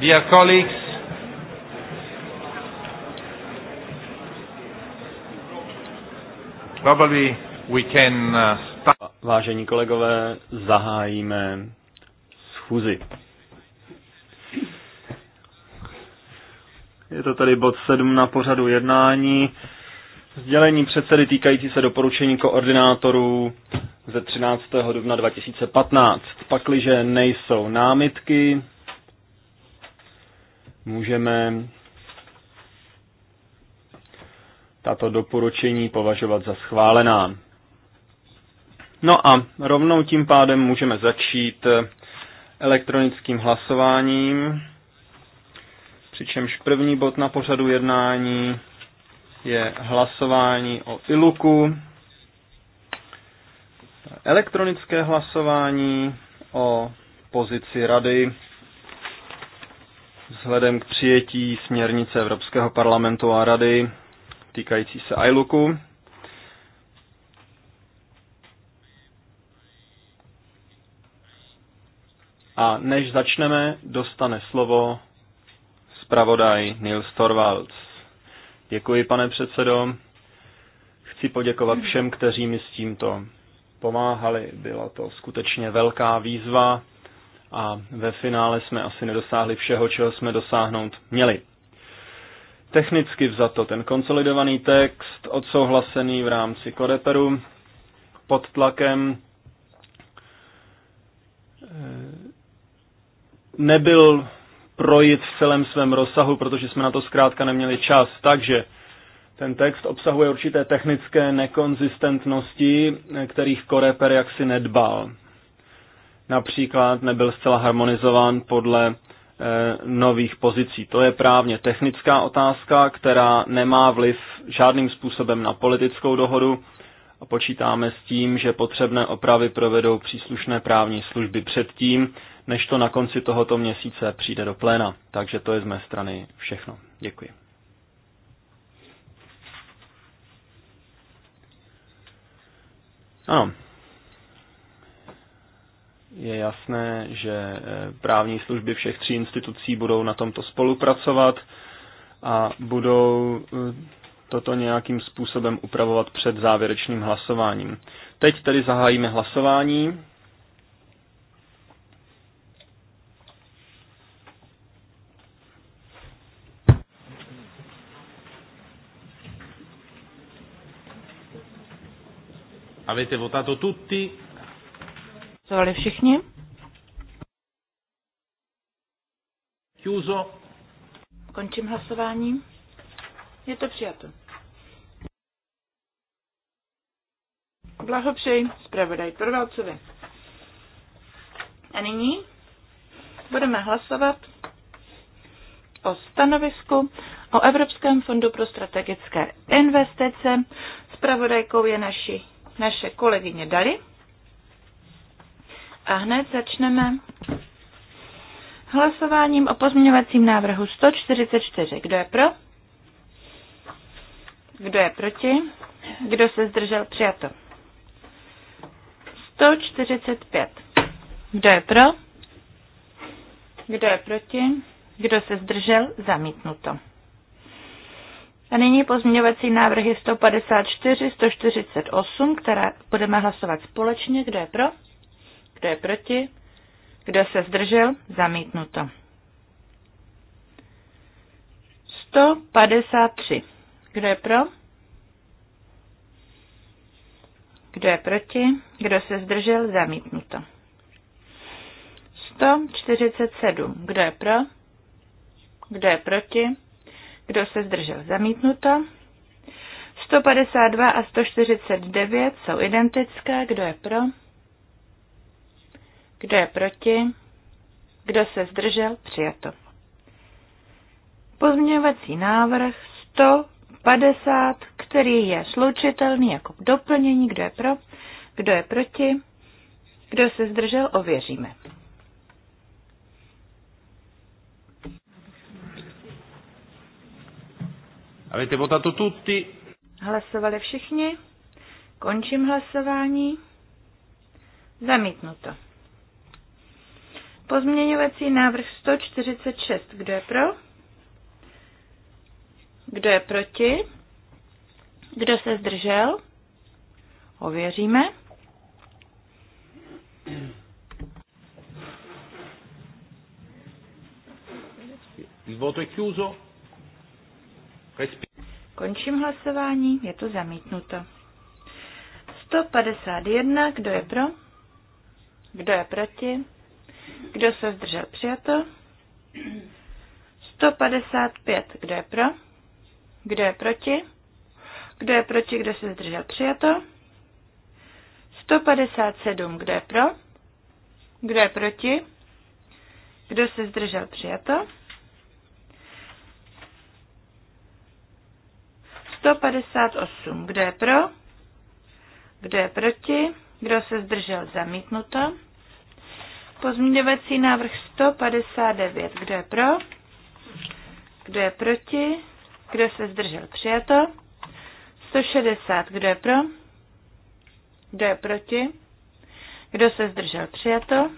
Dear colleagues, probably we can uh, start. Vážení kolegové, zahájíme schůzi. Je to tady bod 7 na pořadu jednání. Sdělení předsedy týkající se doporučení koordinátorů ze 13. dubna 2015. Pakliže nejsou námitky, Můžeme tato doporučení považovat za schválená. No a rovnou tím pádem můžeme začít elektronickým hlasováním, přičemž první bod na pořadu jednání je hlasování o ILUKu, elektronické hlasování o pozici rady vzhledem k přijetí směrnice Evropského parlamentu a rady týkající se ILUKu. A než začneme, dostane slovo zpravodaj Nils Torvalds. Děkuji, pane předsedo. Chci poděkovat všem, kteří mi s tímto pomáhali. Byla to skutečně velká výzva a ve finále jsme asi nedosáhli všeho, čeho jsme dosáhnout měli. Technicky vzato ten konsolidovaný text, odsouhlasený v rámci kodeperu, pod tlakem eh, nebyl projít v celém svém rozsahu, protože jsme na to zkrátka neměli čas. Takže ten text obsahuje určité technické nekonzistentnosti, eh, kterých Koreper jaksi nedbal například nebyl zcela harmonizován podle eh, nových pozicí. To je právně technická otázka, která nemá vliv žádným způsobem na politickou dohodu a počítáme s tím, že potřebné opravy provedou příslušné právní služby předtím, než to na konci tohoto měsíce přijde do pléna. Takže to je z mé strany všechno. Děkuji. Ano, je jasné, že eh, právní služby všech tří institucí budou na tomto spolupracovat a budou eh, toto nějakým způsobem upravovat před závěrečným hlasováním. Teď tedy zahájíme hlasování. Avete votato tutti? Hlasovali všichni? Juzo. Končím hlasování. Je to přijato. Blahopřeji zpravodaj Torvalcovi. A nyní budeme hlasovat o stanovisku o Evropském fondu pro strategické investice. Spravodajkou je naši, naše kolegyně Dali. A hned začneme hlasováním o pozměňovacím návrhu 144. Kdo je pro? Kdo je proti? Kdo se zdržel? Přijato. 145. Kdo je pro? Kdo je proti? Kdo se zdržel? Zamítnuto. A nyní pozměňovací návrhy 154, 148, které budeme hlasovat společně. Kdo je pro? Kdo je proti? Kdo se zdržel? Zamítnuto. 153. Kdo je pro? Kdo je proti? Kdo se zdržel? Zamítnuto. 147. Kdo je pro? Kdo je proti? Kdo se zdržel? Zamítnuto. 152 a 149 jsou identické. Kdo je pro? Kdo je proti? Kdo se zdržel? Přijato. Pozměňovací návrh 150, který je slučitelný jako doplnění. Kdo je pro? Kdo je proti? Kdo se zdržel? Ověříme. Avete votato tutti? Hlasovali všichni. Končím hlasování. Zamítnuto. Pozměňovací návrh 146. Kdo je pro? Kdo je proti? Kdo se zdržel? Ověříme. voto Končím hlasování, je to zamítnuto. 151, kdo je pro? Kdo je proti? Kdo se zdržel? Přijato. 155. Kdo je pro? Kdo je proti? Kdo je proti? Kdo se zdržel? Přijato. 157. Kdo je pro? Kdo je proti? Kdo se zdržel? Přijato. 158. Kdo je pro? Kdo je proti? Kdo se zdržel? Zamítnuto. Pozměňovací návrh 159. Kdo je pro? Kdo je proti? Kdo se zdržel? Přijato. 160. Kdo je pro? Kdo je proti? Kdo se zdržel? Přijato.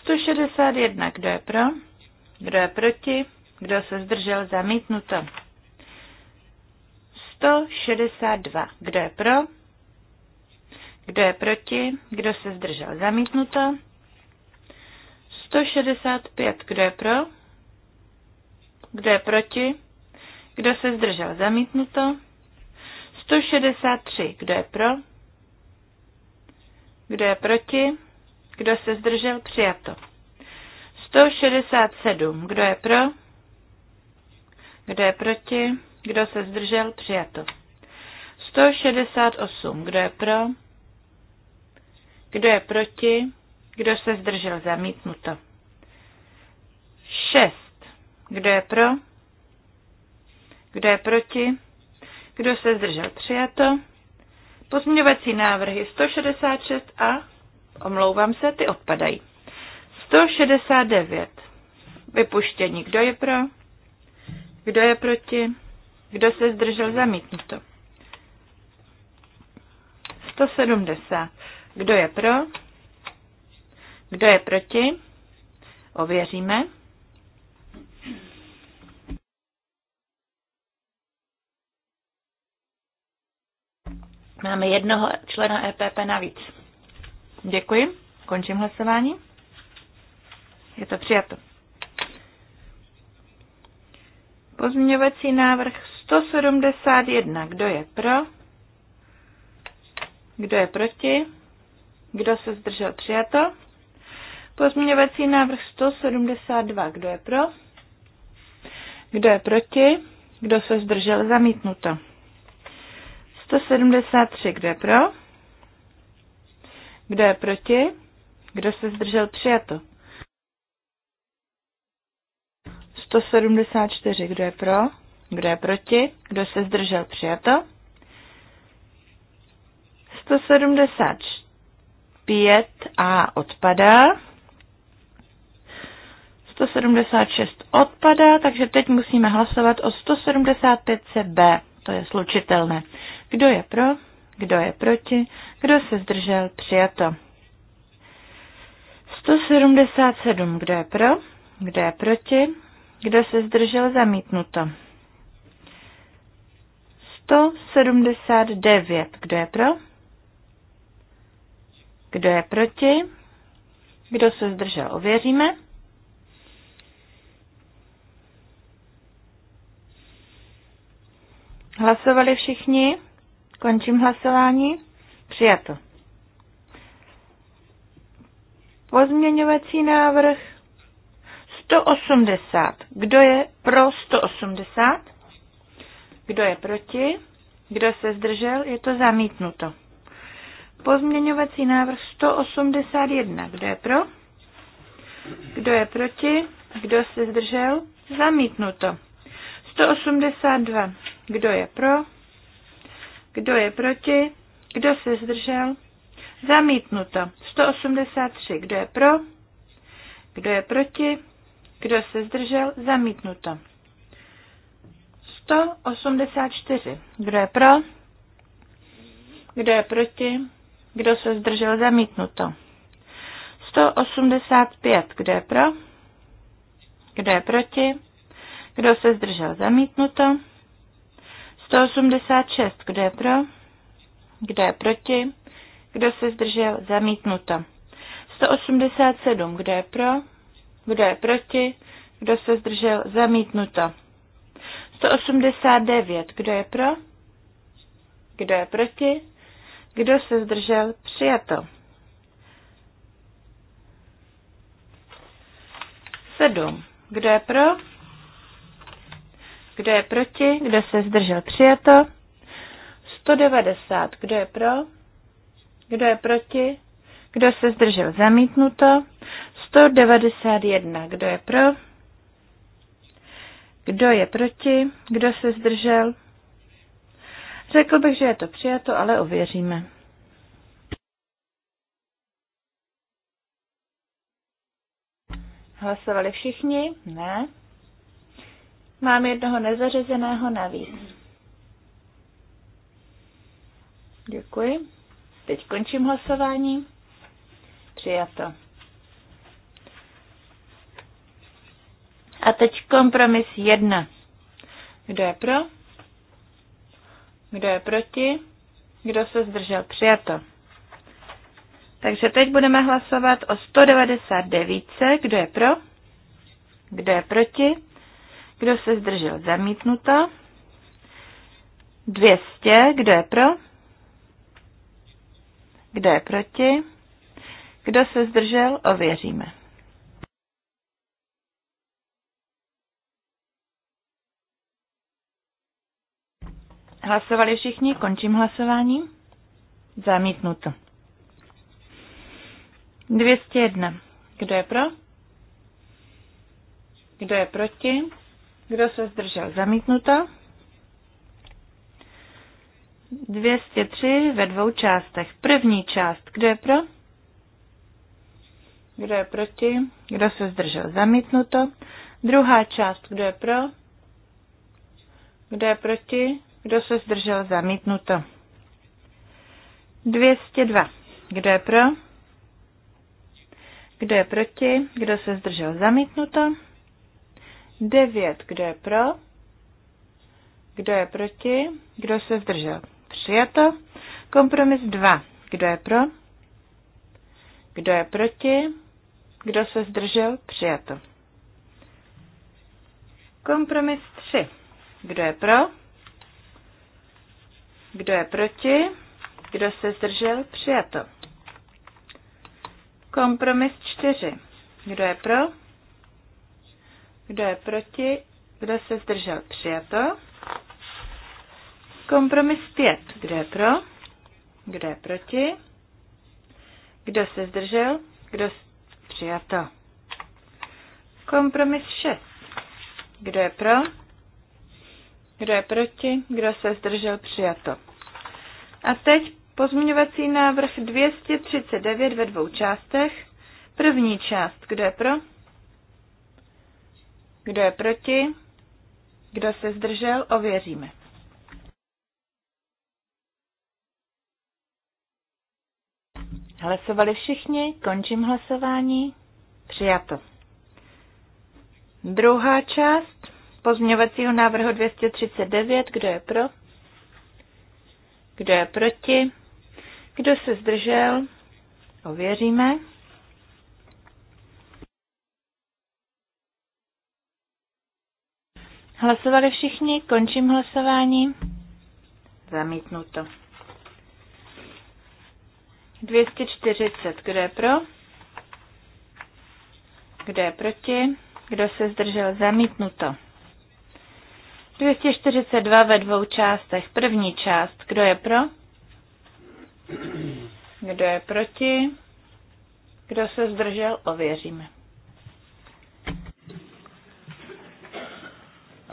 161. Kdo je pro? Kdo je proti? Kdo se zdržel? Zamítnuto. 162. Kdo je pro? Kdo je proti? Kdo se zdržel? Zamítnuto. 165. Kdo je pro? Kdo je proti? Kdo se zdržel? Zamítnuto. 163. Kdo je pro? Kdo je proti? Kdo se zdržel? Přijato. 167. Kdo je pro? Kdo je proti? Kdo se zdržel? Přijato. 168. Kdo je pro? Kdo je proti? Kdo se zdržel? Zamítnuto. 6. Kdo je pro? Kdo je proti? Kdo se zdržel? Přijato. Pozměňovací návrhy 166 a, omlouvám se, ty odpadají. 169. Vypuštění. Kdo je pro? Kdo je proti? Kdo se zdržel? Zamítnuto. 170. Kdo je pro? Kdo je proti? Ověříme. Máme jednoho člena EPP navíc. Děkuji. Končím hlasování. Je to přijato. Pozměňovací návrh 171. Kdo je pro? Kdo je proti? Kdo se zdržel přijato? Pozměňovací návrh 172. Kdo je pro? Kdo je proti? Kdo se zdržel? Zamítnuto. 173. Kdo je pro? Kdo je proti? Kdo se zdržel? Přijato. 174. Kdo je pro? Kdo je proti? Kdo se zdržel? Přijato. 175 a odpadá. 176 odpadá, takže teď musíme hlasovat o 175B. To je slučitelné. Kdo je pro? Kdo je proti? Kdo se zdržel? Přijato. 177. Kdo je pro? Kdo je proti? Kdo se zdržel? Zamítnuto. 179. Kdo je pro? Kdo je proti? Kdo se zdržel? Ověříme. Hlasovali všichni? Končím hlasování. Přijato. Pozměňovací návrh 180. Kdo je pro 180? Kdo je proti? Kdo se zdržel? Je to zamítnuto. Pozměňovací návrh 181. Kdo je pro? Kdo je proti? Kdo se zdržel? Zamítnuto. 182. Kdo je pro? Kdo je proti? Kdo se zdržel? Zamítnuto. 183. Kdo je pro? Kdo je proti? Kdo se zdržel? Zamítnuto. 184. Kdo je pro? Kdo je proti? Kdo se zdržel? Zamítnuto. 185. Kdo je pro? Kdo je proti? Kdo se zdržel? Zamítnuto. 186. Kdo je pro? Kdo je proti? Kdo se zdržel? Zamítnuto. 187. Kdo je pro? Kdo je proti? Kdo se zdržel? Zamítnuto. 189. Kdo je pro? Kdo je proti? Kdo se zdržel? Přijato. 7. Kdo je pro? Kdo je proti? Kdo se zdržel? Přijato. 190. Kdo je pro? Kdo je proti? Kdo se zdržel? Zamítnuto. 191. Kdo je pro? Kdo je proti? Kdo se zdržel? Řekl bych, že je to přijato, ale ověříme. Hlasovali všichni? Ne. Mám jednoho nezařazeného navíc. Děkuji. Teď končím hlasování. Přijato. A teď kompromis jedna. Kdo je pro? Kdo je proti? Kdo se zdržel? Přijato. Takže teď budeme hlasovat o 199. Kdo je pro? Kdo je proti? Kdo se zdržel? Zamítnuto. 200. Kdo je pro? Kdo je proti? Kdo se zdržel? Ověříme. Hlasovali všichni? Končím hlasování. Zamítnuto. 201. Kdo je pro? Kdo je proti? Kdo se zdržel? Zamítnuto. 203 ve dvou částech. První část, kdo je pro? Kdo je proti? Kdo se zdržel? Zamítnuto. Druhá část, kdo je pro? Kdo je proti? Kdo se zdržel? Zamítnuto. 202. Kdo je pro? Kdo je proti? Kdo se zdržel? Zamítnuto. 9. Kdo je pro? Kdo je proti? Kdo se zdržel? Přijato. Kompromis 2. Kdo je pro? Kdo je proti? Kdo se zdržel? Přijato. Kompromis 3. Kdo je pro? Kdo je proti? Kdo se zdržel? Přijato. Kompromis 4. Kdo je pro? Kdo je proti? Kdo se zdržel? Přijato. Kompromis 5. Kdo je pro? Kdo je proti? Kdo se zdržel? Kdo přijato? Kompromis 6. Kdo je pro? Kdo je proti? Kdo se zdržel? Přijato. A teď pozměňovací návrh 239 ve dvou částech. První část. Kdo je pro? Kdo je proti? Kdo se zdržel? Ověříme. Hlasovali všichni, končím hlasování. Přijato. Druhá část pozměňovacího návrhu 239. Kdo je pro? Kdo je proti? Kdo se zdržel? Ověříme. Hlasovali všichni, končím hlasování. Zamítnuto. 240, kdo je pro? Kdo je proti? Kdo se zdržel? Zamítnuto. 242 ve dvou částech. První část, kdo je pro? Kdo je proti? Kdo se zdržel? Ověříme.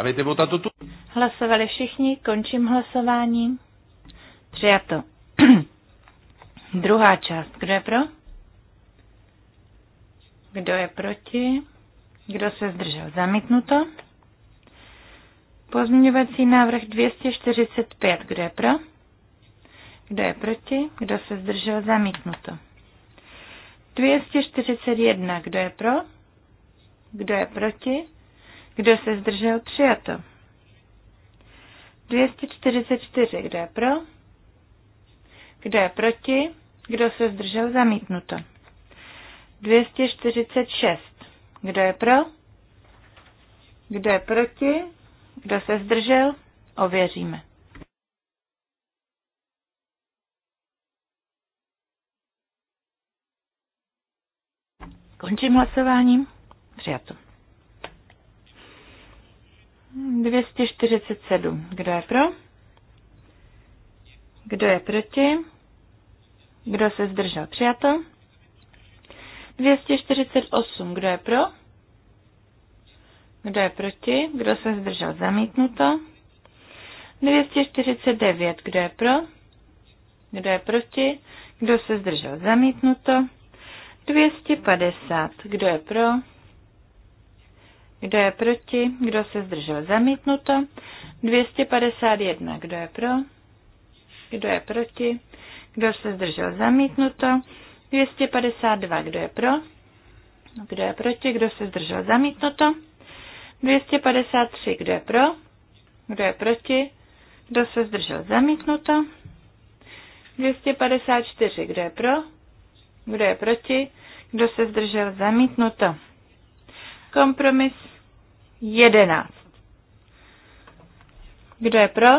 Avete votato tu? Hlasovali všichni, končím hlasování. Přijato. Druhá část. Kdo je pro? Kdo je proti? Kdo se zdržel? Zamítnuto. Pozměňovací návrh 245. Kdo je pro? Kdo je proti? Kdo se zdržel? Zamítnuto. 241. Kdo je pro? Kdo je proti? Kdo se zdržel? Přijato. 244. Kdo je pro? Kdo je proti? Kdo se zdržel? Zamítnuto. 246. Kdo je pro? Kdo je proti? Kdo se zdržel? Ověříme. Končím hlasováním. Přijato. 247. Kdo je pro? Kdo je proti? Kdo se zdržel? Přijato. 248. Kdo je pro? Kdo je proti? Kdo se zdržel? Zamítnuto. 249. Kdo je pro? Kdo je proti? Kdo se zdržel? Zamítnuto. 250. Kdo je pro? Kdo je proti? Kdo se zdržel? Zamítnuto. 251. Kdo je pro? Kdo je proti? Kdo se zdržel? Zamítnuto. 252. Kdo je pro? Kdo je proti? Kdo se zdržel? Zamítnuto. 253. Kdo je pro? Kdo je proti? Kdo se zdržel? Zamítnuto. 254. Kdo je pro? Kdo je proti? Kdo se zdržel? Zamítnuto. Kompromis 11. Kdo je pro?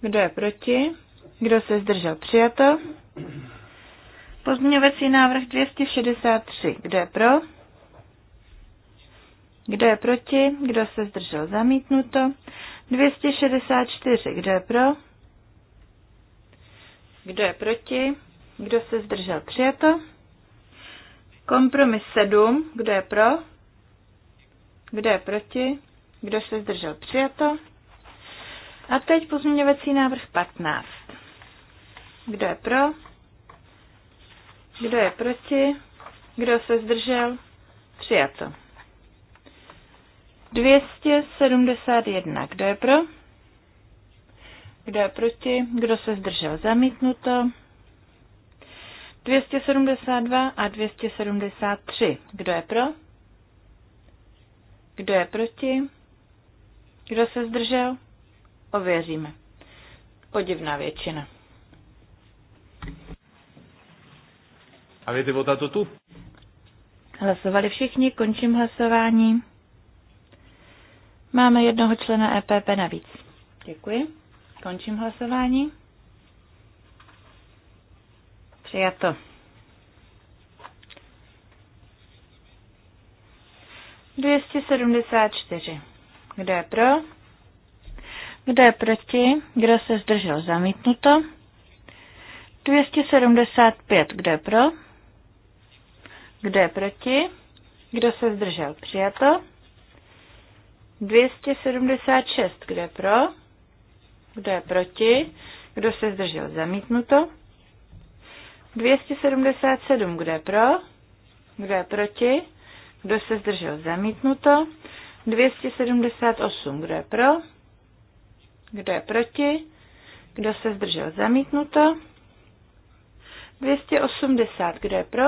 Kdo je proti? Kdo se zdržel? Přijato. Pozměňovací návrh 263. Kdo je pro? Kdo je proti? Kdo se zdržel? Zamítnuto. 264. Kdo je pro? Kdo je proti? Kdo se zdržel? Přijato. Kompromis 7. Kdo je pro? Kdo je proti? Kdo se zdržel? Přijato. A teď pozměňovací návrh 15. Kdo je pro? Kdo je proti? Kdo se zdržel? Přijato. 271. Kdo je pro? Kdo je proti? Kdo se zdržel? Zamítnuto. 272 a 273. Kdo je pro? Kdo je proti? Kdo se zdržel? Ověříme. Podivná většina. vota to tu? Hlasovali všichni, končím hlasování. Máme jednoho člena EPP navíc. Děkuji. Končím hlasování. Přijato. 274. Kdo je pro? Kdo je proti? Kdo se zdržel? Zamítnuto. 275. Kdo je pro? Kdo je proti? Kdo se zdržel? Přijato. 276. Kdo je pro? Kdo je proti? Kdo se zdržel? Zamítnuto. 277. Kdo je pro? Kdo je proti? Kdo se zdržel? Zamítnuto. 278. Kdo je pro? Kdo je proti? Kdo se zdržel? Zamítnuto. 280. Kdo je pro?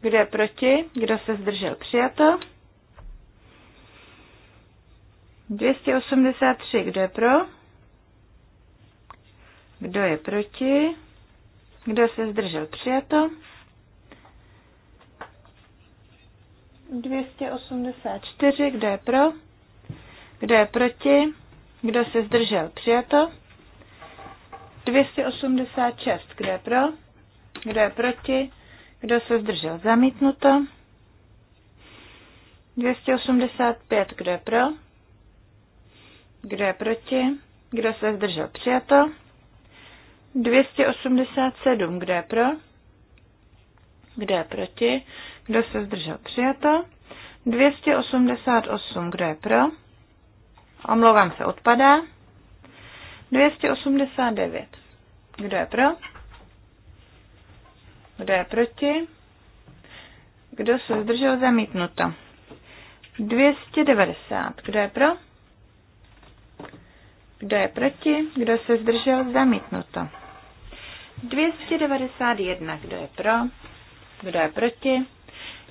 Kdo je proti? Kdo se zdržel? Přijato. 283. Kdo je pro? Kdo je proti? Kdo se zdržel? Přijato. 284, kdo je pro, kdo je proti, kdo se zdržel, přijato. 286, kdo je pro, kdo je proti, kdo se zdržel, zamítnuto. 285, kdo je pro, kdo je proti, kdo se zdržel, přijato. 287, kdo je pro, kdo je proti, kdo se zdržel? Přijato. 288. Kdo je pro? Omlouvám se, odpadá. 289. Kdo je pro? Kdo je proti? Kdo se zdržel? Zamítnuto. 290. Kdo je pro? Kdo je proti? Kdo se zdržel? Zamítnuto. 291. Kdo je pro? Kdo je proti?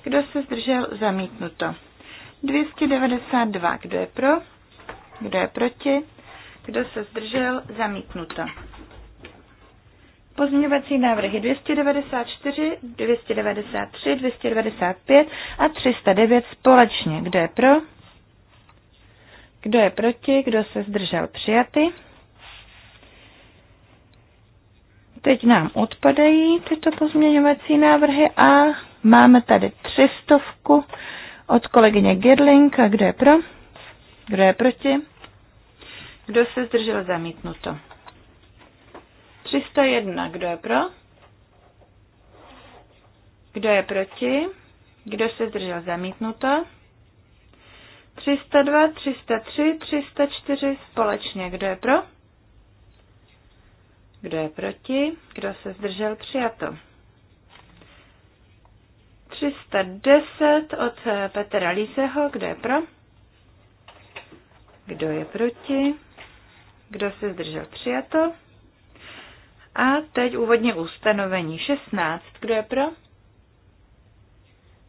Kdo se zdržel? Zamítnuto. 292. Kdo je pro? Kdo je proti? Kdo se zdržel? Zamítnuto. Pozměňovací návrhy 294, 293, 295 a 309 společně. Kdo je pro? Kdo je proti? Kdo se zdržel? Přijaty. Teď nám odpadají tyto pozměňovací návrhy a Máme tady třistovku od kolegyně Girling. A kdo je pro? Kdo je proti? Kdo se zdržel zamítnuto? 301. Kdo je pro? Kdo je proti? Kdo se zdržel zamítnuto? 302, 303, 304 společně. Kdo je pro? Kdo je proti? Kdo se zdržel přijato? 310 od eh, Petra Líseho. Kdo je pro? Kdo je proti? Kdo se zdržel? Přijato. A teď úvodně ustanovení 16. Kdo je pro?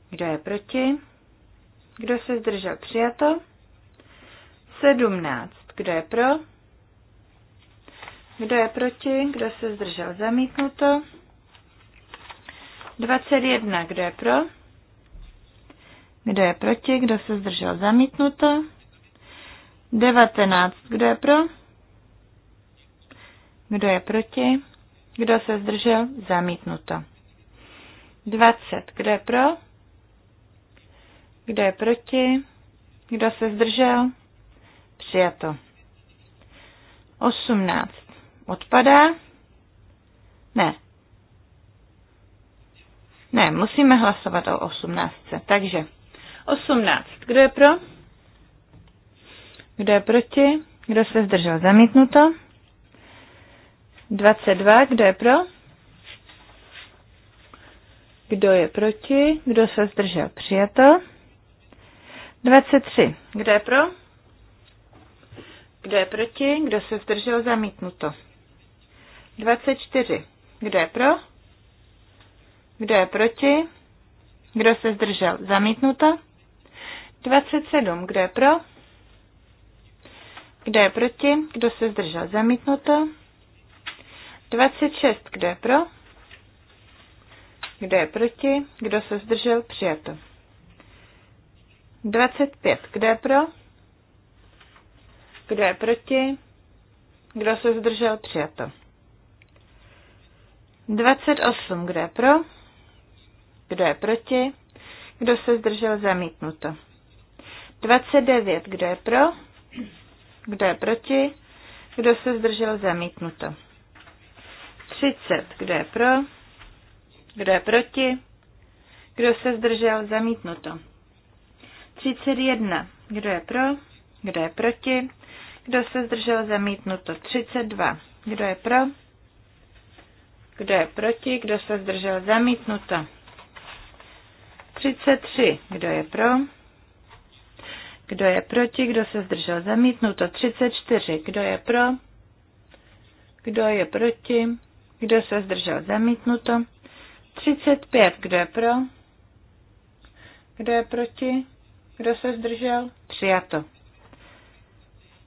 Kdo je proti? Kdo se zdržel? Přijato. 17. Kdo je pro? Kdo je proti? Kdo se zdržel? Zamítnuto. 21. Kdo je pro? Kdo je proti? Kdo se zdržel? Zamítnuto. 19. Kdo je pro? Kdo je proti? Kdo se zdržel? Zamítnuto. 20. Kdo je pro? Kdo je proti? Kdo se zdržel? Přijato. 18. Odpadá? Ne, ne, musíme hlasovat o 18. Takže 18. Kdo je pro? Kdo je proti? Kdo se zdržel? Zamítnuto. 22. Kdo je pro? Kdo je proti? Kdo se zdržel? Přijato. 23. Kdo je pro? Kdo je proti? Kdo se zdržel? Zamítnuto. 24. Kdo je pro? Kdo je proti? Kdo se zdržel? Zamítnuto. 27. Kdo je pro? Kdo je proti? Kdo se zdržel? Zamítnuto. 26. Kdo je pro? Kdo je proti? Kdo se zdržel? Přijato. 25. Kdo je pro? Kdo je proti? Kdo se zdržel? Přijato. 28. Kdo je pro? Kdo je proti? Kdo se zdržel? Zamítnuto. 29. Kdo je pro? Kdo je proti? Kdo se zdržel? Zamítnuto. 30. Kdo je pro? Kdo je proti? Kdo se zdržel? Zamítnuto. 31. Kdo je pro? Kdo je proti? Kdo se zdržel? Zamítnuto. 32. Kdo je pro? Kdo je proti? Kdo se zdržel? Zamítnuto. 33. Kdo je pro? Kdo je proti? Kdo se zdržel? Zamítnuto. 34. Kdo je pro? Kdo je proti? Kdo se zdržel? Zamítnuto. 35. Kdo je pro? Kdo je proti? Kdo se zdržel? Přijato.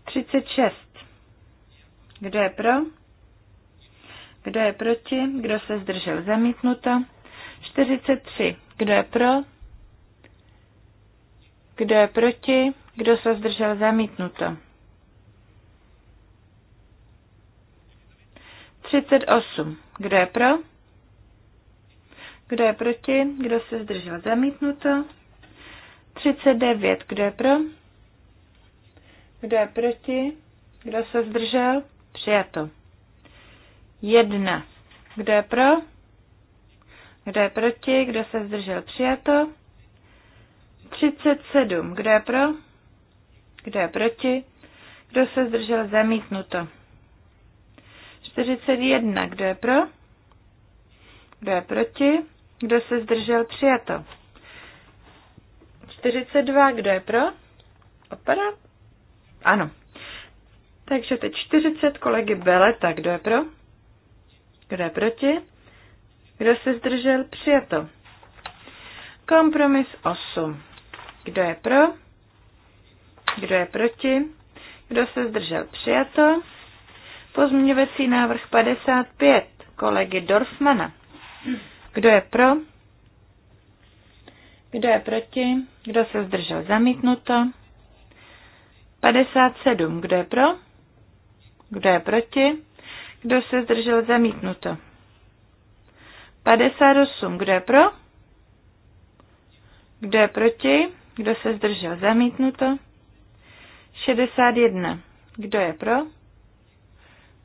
36. Kdo je pro? Kdo je proti? Kdo se zdržel? Zamítnuto. 43. Kdo je pro? Kdo je proti? Kdo se zdržel zamítnuto? 38. Kdo je pro? Kdo je proti? Kdo se zdržel zamítnuto? 39. Kdo je pro? Kdo je proti? Kdo se zdržel? Přijato. 1. Kdo je pro? Kdo je proti? Kdo se zdržel? Přijato. 37. Kdo je pro? Kdo je proti? Kdo se zdržel? Zamítnuto. 41. Kdo je pro? Kdo je proti? Kdo se zdržel? Přijato. 42. Kdo je pro? Opada? Ano. Takže teď 40 kolegy Beleta. Kdo je pro? Kdo je proti? Kdo se zdržel? Přijato. Kompromis 8. Kdo je pro? Kdo je proti? Kdo se zdržel? Přijato. Pozměňovací návrh 55 kolegy Dorfmana. Kdo je pro? Kdo je proti? Kdo se zdržel? Zamítnuto. 57. Kdo je pro? Kdo je proti? Kdo se zdržel? Zamítnuto. 58. Kdo je pro? Kdo je proti? Kdo se zdržel? Zamítnuto. 61. Kdo je pro?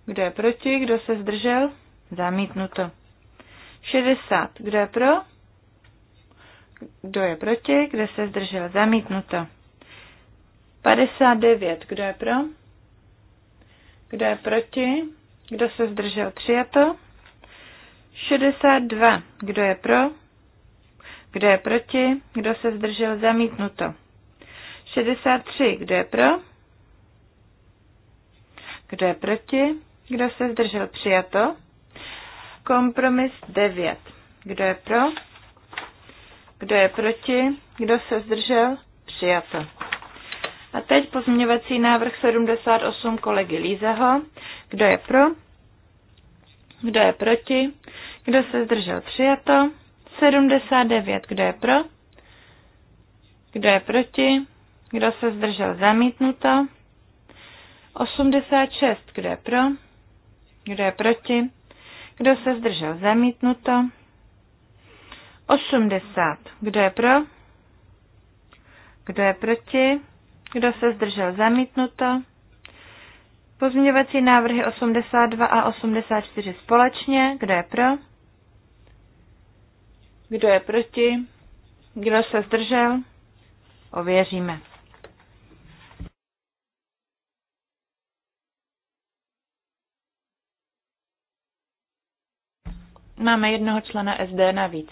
Kdo je proti? Kdo se zdržel? Zamítnuto. 60. Kdo je pro? Kdo je proti? Kdo se zdržel? Zamítnuto. 59. Kdo je pro? Kdo je proti? Kdo se zdržel? Přijato. 62. Kdo je pro? Kdo je proti? Kdo se zdržel? Zamítnuto. 63. Kdo je pro? Kdo je proti? Kdo se zdržel? Přijato. Kompromis 9. Kdo je pro? Kdo je proti? Kdo se zdržel? Přijato. A teď pozměňovací návrh 78 kolegy Lízeho. Kdo je pro? kdo je proti, kdo se zdržel přijato, 79, kdo je pro, kdo je proti, kdo se zdržel zamítnuto, 86, kdo je pro, kdo je proti, kdo se zdržel zamítnuto, 80, kdo je pro, kdo je proti, kdo se zdržel zamítnuto, Pozměňovací návrhy 82 a 84 společně. Kdo je pro? Kdo je proti? Kdo se zdržel? Ověříme. Máme jednoho člena SD navíc.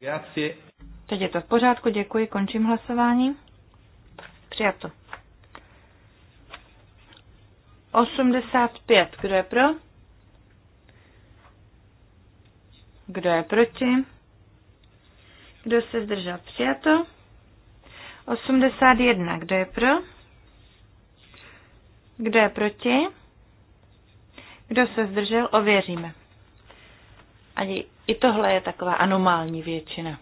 Grazie. Teď je to v pořádku, děkuji, končím hlasování. Přijato. 85. Kdo je pro? Kdo je proti? Kdo se zdržel? Přijato. 81. Kdo je pro? Kdo je proti? Kdo se zdržel? Ověříme. Ani i tohle je taková anomální většina.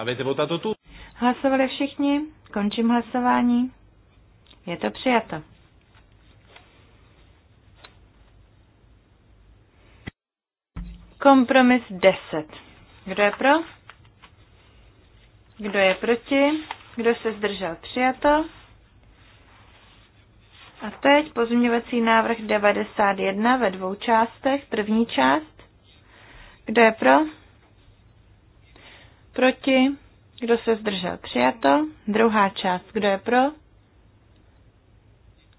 Avete votato tu? Hlasovali všichni? Končím hlasování. Je to přijato. Kompromis 10. Kdo je pro? Kdo je proti? Kdo se zdržel? Přijato. A teď pozměňovací návrh 91 ve dvou částech. První část. Kdo je pro? Proti? Kdo se zdržel? Přijato. Druhá část. Kdo je pro?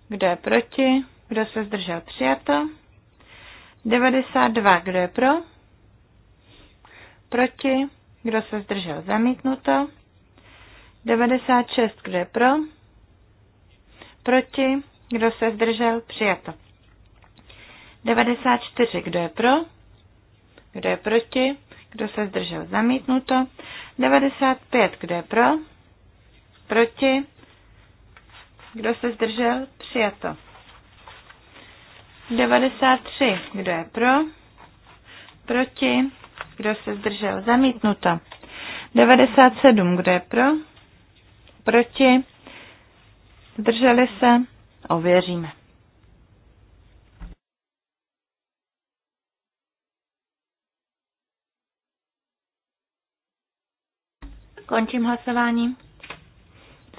Kdo je proti? Kdo se zdržel? Přijato. 92. Kdo je pro? Proti? Kdo se zdržel? Zamítnuto. 96. Kdo je pro? Proti? Kdo se zdržel? Přijato. 94. Kdo je pro? Kdo je proti? Kdo se zdržel? Zamítnuto. 95. Kdo je pro? Proti? Kdo se zdržel? Přijato. 93. Kdo je pro? Proti? Kdo se zdržel? Zamítnuto. 97. Kdo je pro? Proti? Zdrželi se? Ověříme. Končím hlasování.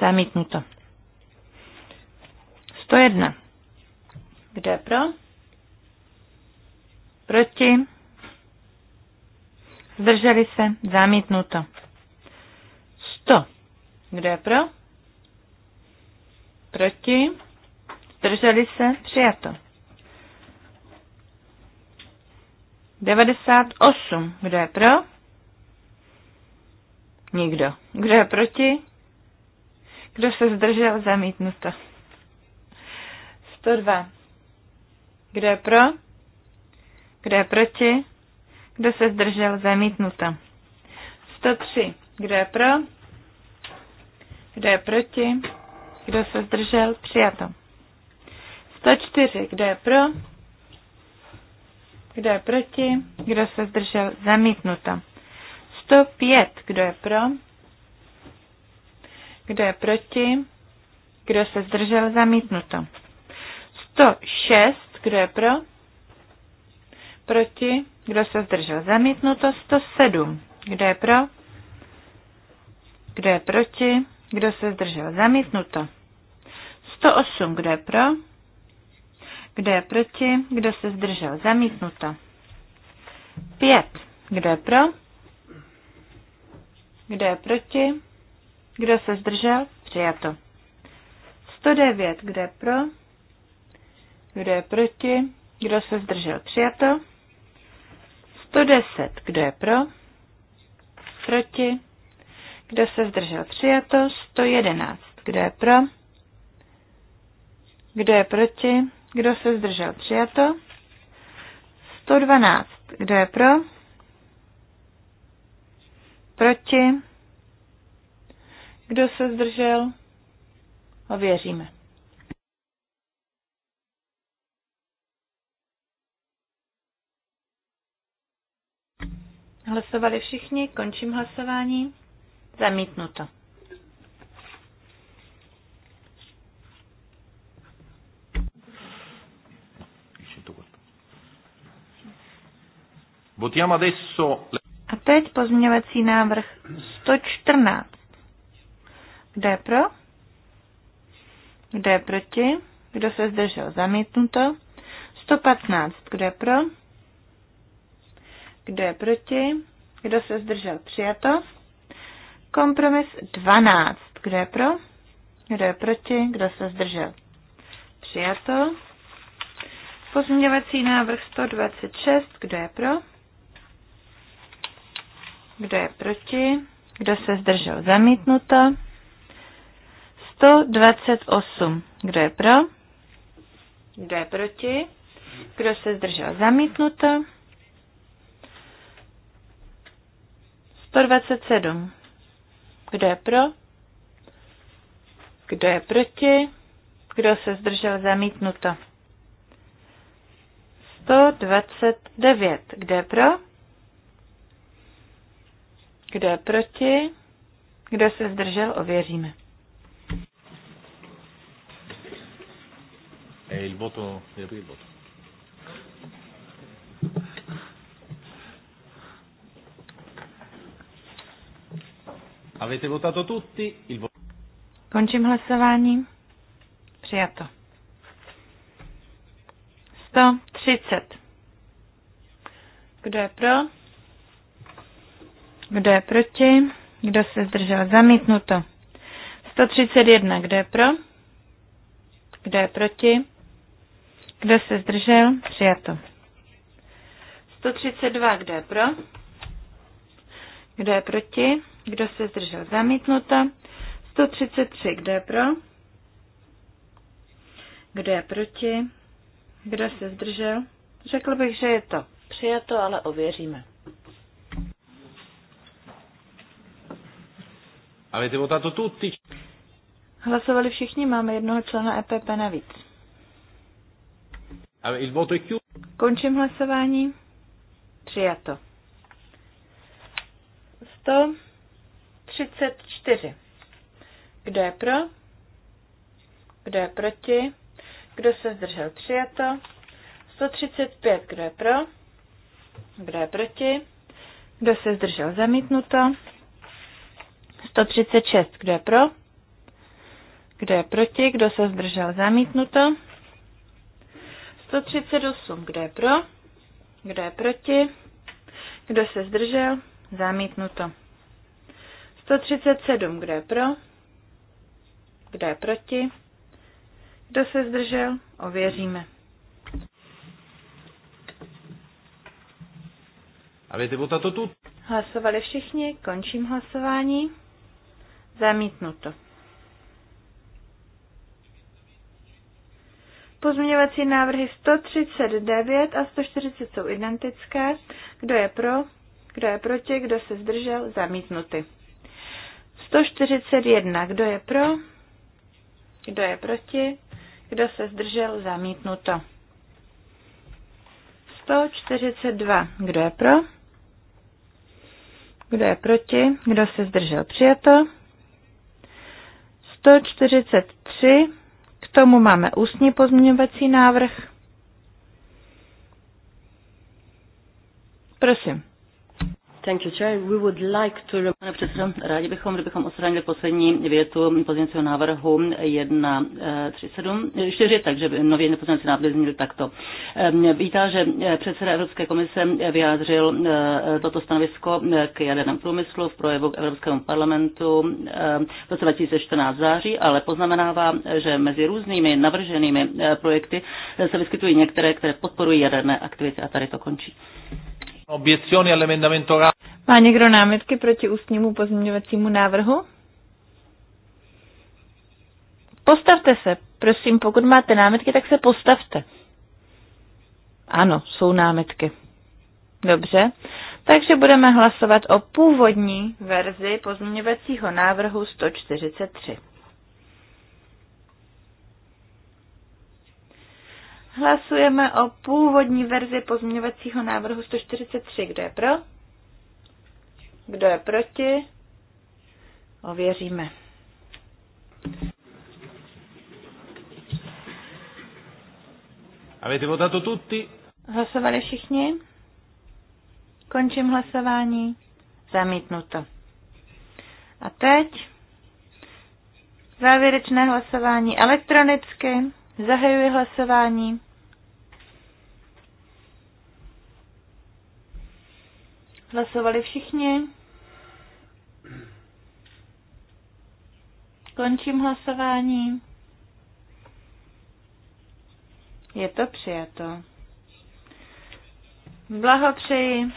Zamítnuto. 101. Kdo je pro? Proti? Zdrželi se? Zamítnuto. 100. Kdo je pro? Proti? Zdrželi se? Přijato. 98. Kdo je pro? Nikdo. Kdo je proti? Kdo se zdržel? Zamítnuto. 102. Kdo je pro? Kdo je proti? Kdo se zdržel? Zamítnuto. 103. Kdo je pro? Kdo je proti? Kdo se zdržel? Přijato. 104. Kdo je pro? Kdo je proti? Kdo se zdržel? Zamítnuto. 105. Kdo je pro? Kdo je proti? Kdo se zdržel? Zamítnuto. 106. Kdo je pro? Proti? Kdo se zdržel? Zamítnuto. 107. Kdo je pro? Kdo je proti? Kdo se zdržel? Zamítnuto. 108. Kdo je pro? Kdo je proti? Kdo se zdržel? Zamítnuto. 5. Kdo je pro? Kdo je proti? Kdo se zdržel? Přijato. 109. Kdo je pro? Kdo je proti? Kdo se zdržel? Přijato. 110. Kdo je pro? Proti? Kdo se zdržel? Přijato. 111. Kdo je pro? Kdo je proti? Kdo se zdržel? Přijato. 112. Kdo je pro? Proti? Kdo se zdržel? a věříme. Hlasovali všichni, končím hlasování. Zamítnuto. Votiamo adesso teď pozměňovací návrh 114. Kdo je pro? Kdo je proti? Kdo se zdržel? Zamítnuto. 115. Kdo je pro? Kdo je proti? Kdo se zdržel? Přijato. Kompromis 12. Kdo je pro? Kdo je proti? Kdo se zdržel? Přijato. Pozměňovací návrh 126. Kdo je pro? Kdo je proti? Kdo se zdržel? Zamítnuto. 128. Kdo je pro? Kdo je proti? Kdo se zdržel? Zamítnuto. 127. Kdo je pro? Kdo je proti? Kdo se zdržel? Zamítnuto. 129. Kdo je pro? Kdo je proti? Kdo se zdržel? Ověříme. E il voto, il voto. Avete votato tutti? Il voto. Končím hlasování. Přijato. 130. Kdo je pro? Kdo je proti? Kdo se zdržel? Zamítnuto. 131. Kdo je pro? Kdo je proti? Kdo se zdržel? Přijato. 132. Kdo je pro? Kdo je proti? Kdo se zdržel? Zamítnuto. 133. Kdo je pro? Kdo je proti? Kdo se zdržel? Řekl bych, že je to přijato, ale ověříme. Avete votato tutti? Hlasovali všichni, máme jednoho člena EPP navíc. Il voto è chiuso. Končím hlasování. Přijato. 134. Kdo je pro? Kdo je proti? Kdo se zdržel? Přijato. 135. Kdo je pro? Kdo je proti? Kdo se zdržel? Zamítnuto. 136. Kdo je pro? Kdo je proti? Kdo se zdržel? Zamítnuto. 138. Kdo je pro? Kdo je proti? Kdo se zdržel? Zamítnuto. 137. Kdo je pro? Kdo je proti? Kdo se zdržel? Ověříme. Avete votato tutti? Hlasovali všichni, končím hlasování. Zamítnuto. Pozměňovací návrhy 139 a 140 jsou identické. Kdo je pro, kdo je proti, kdo se zdržel, zamítnuty. 141. Kdo je pro, kdo je proti, kdo se zdržel, zamítnuto. 142. Kdo je pro? Kdo je proti? Kdo se zdržel? Přijato. 143, k tomu máme ústní pozměňovací návrh. Prosím. Thank you, Chair. We would like to... Pane předsedo, rádi bychom, kdybychom odstranili poslední větu pozměňovacího návrhu 1.3.7.4, eh, takže nově pozměňovací návrh zněl takto. Ehm, vítá, že eh, předseda Evropské komise vyjádřil eh, toto stanovisko k jadernému průmyslu v projevu k Evropskému parlamentu v roce 2014 září, ale poznamenává, že mezi různými navrženými projekty se vyskytují některé, které podporují jaderné aktivity a tady to končí. Obiezioni all'emendamento Má někdo námitky proti ústnímu pozměňovacímu návrhu? Postavte se, prosím, pokud máte námitky, tak se postavte. Ano, jsou námitky. Dobře, takže budeme hlasovat o původní verzi pozměňovacího návrhu 143. Hlasujeme o původní verzi pozměňovacího návrhu 143. Kdo je pro? Kdo je proti? Ověříme. Avete votato tutti? Hlasovali všichni? Končím hlasování. Zamítnuto. A teď závěrečné hlasování elektronicky. Zahajuji hlasování. Hlasovali všichni. Končím hlasování. Je to přijato. Blahopřeji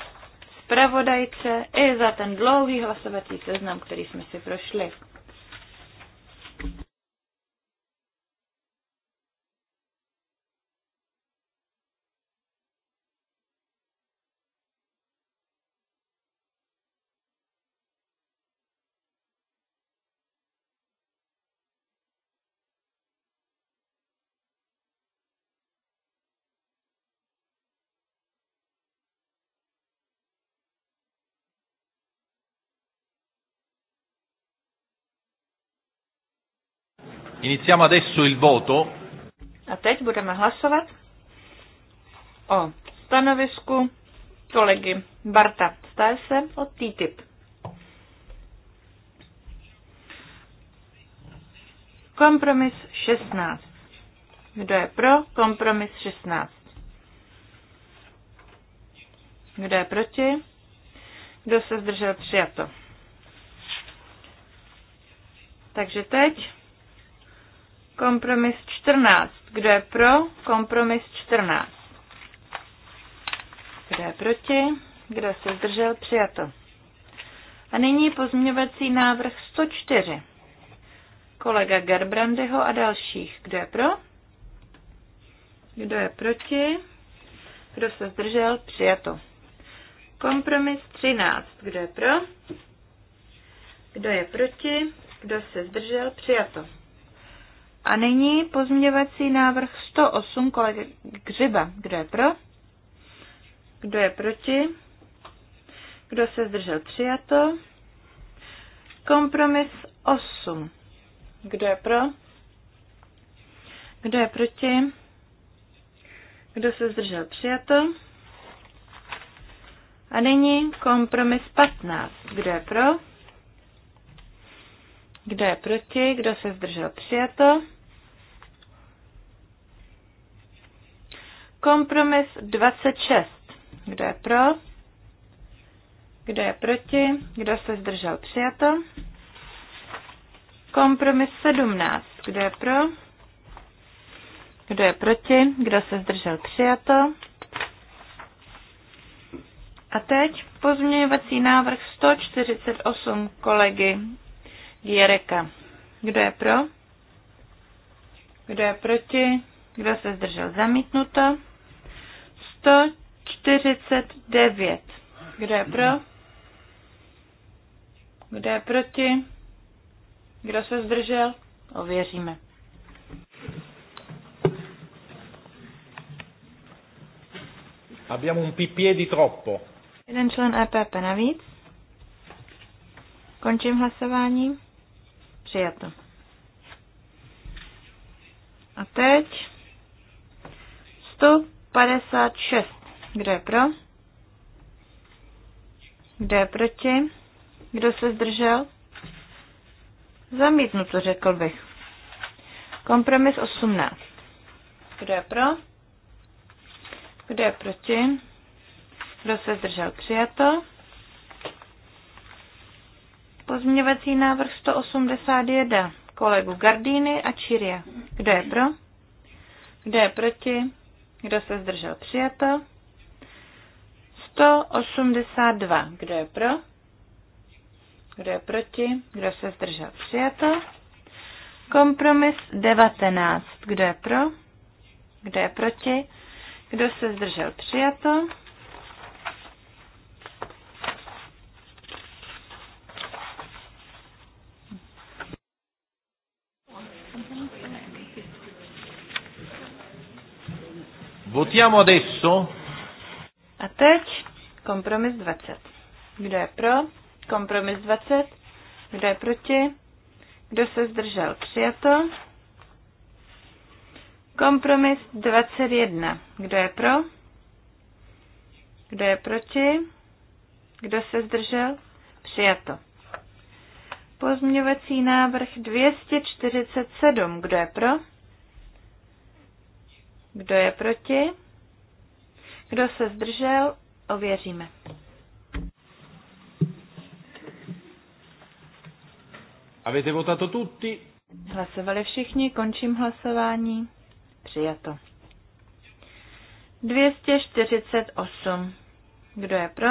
zpravodajce i za ten dlouhý hlasovací seznam, který jsme si prošli. Iniziamo adesso il voto. A teď budeme hlasovat o stanovisku kolegy Barta Stajse o TTIP. Kompromis 16. Kdo je pro kompromis 16? Kdo je proti? Kdo se zdržel přijato? Takže teď Kompromis 14. Kdo je pro? Kompromis 14. Kdo je proti? Kdo se zdržel? Přijato. A nyní pozměňovací návrh 104. Kolega Gerbrandyho a dalších. Kdo je pro? Kdo je proti? Kdo se zdržel? Přijato. Kompromis 13. Kdo je pro? Kdo je proti? Kdo se zdržel? Přijato. A nyní pozměňovací návrh 108 kolegy Gřiba. Kdo je pro? Kdo je proti? Kdo se zdržel přijato? Kompromis 8. Kdo je pro? Kdo je proti? Kdo se zdržel přijato? A nyní kompromis 15. Kdo je pro? Kdo je proti? Kdo se zdržel přijato? Kompromis 26. Kdo je pro? Kdo je proti? Kdo se zdržel? Přijato. Kompromis 17. Kdo je pro? Kdo je proti? Kdo se zdržel? Přijato. A teď pozměňovací návrh 148 kolegy Jereka. Kdo je pro? Kdo je proti? Kdo se zdržel? Zamítnuto. 149. Kdo je pro? Kdo je proti? Kdo se zdržel? Ověříme. Abbiamo un pipie di troppo. Jeden člen EPP navíc. Končím hlasování. Přijato. A teď 100 56. Kdo je pro? Kdo je proti? Kdo se zdržel? Zamítnuto, řekl bych. Kompromis 18. Kdo je pro? Kdo je proti? Kdo se zdržel? Přijato. Pozměňovací návrh 181 kolegu Gardíny a Čiria. Kdo je pro? Kdo je proti? Kdo se zdržel? Přijato. 182. Kdo je pro? Kdo je proti? Kdo se zdržel? Přijato. Kompromis 19. Kdo je pro? Kdo je proti? Kdo se zdržel? Přijato. Votiamo adesso. A teď kompromis 20. Kdo je pro? Kompromis 20. Kdo je proti? Kdo se zdržel? Přijato. Kompromis 21. Kdo je pro? Kdo je proti? Kdo se zdržel? Přijato. Pozměňovací návrh 247. Kdo je pro? Kdo je proti? Kdo se zdržel? Ověříme. Avete votato tutti? Hlasovali všichni, končím hlasování. Přijato. 248. Kdo je pro?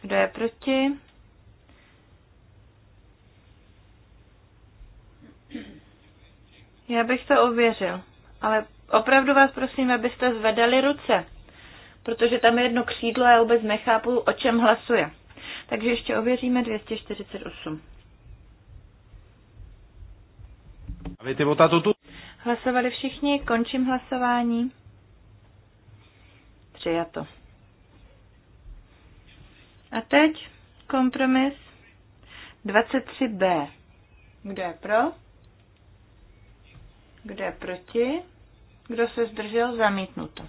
Kdo je proti? Já bych to ověřil ale opravdu vás prosím, abyste zvedali ruce, protože tam je jedno křídlo a já vůbec nechápu, o čem hlasuje. Takže ještě ověříme 248. Hlasovali všichni, končím hlasování. Přijato. A teď kompromis 23b. Kdo je pro? Kdo je proti? Kdo se zdržel? Zamítnuto.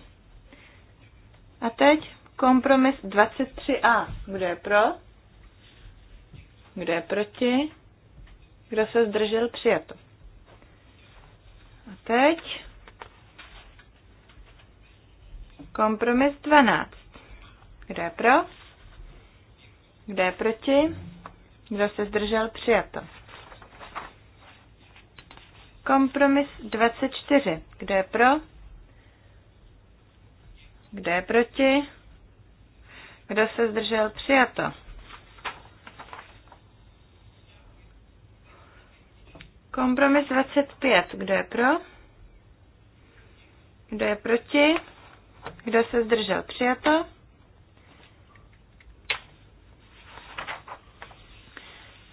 A teď kompromis 23a. Kdo je pro? Kdo je proti? Kdo se zdržel? Přijato. A teď kompromis 12. Kdo je pro? Kdo je proti? Kdo se zdržel? Přijato. Kompromis 24. Kdo je pro? Kdo je proti? Kdo se zdržel? Přijato. Kompromis 25. Kdo je pro? Kdo je proti? Kdo se zdržel? Přijato.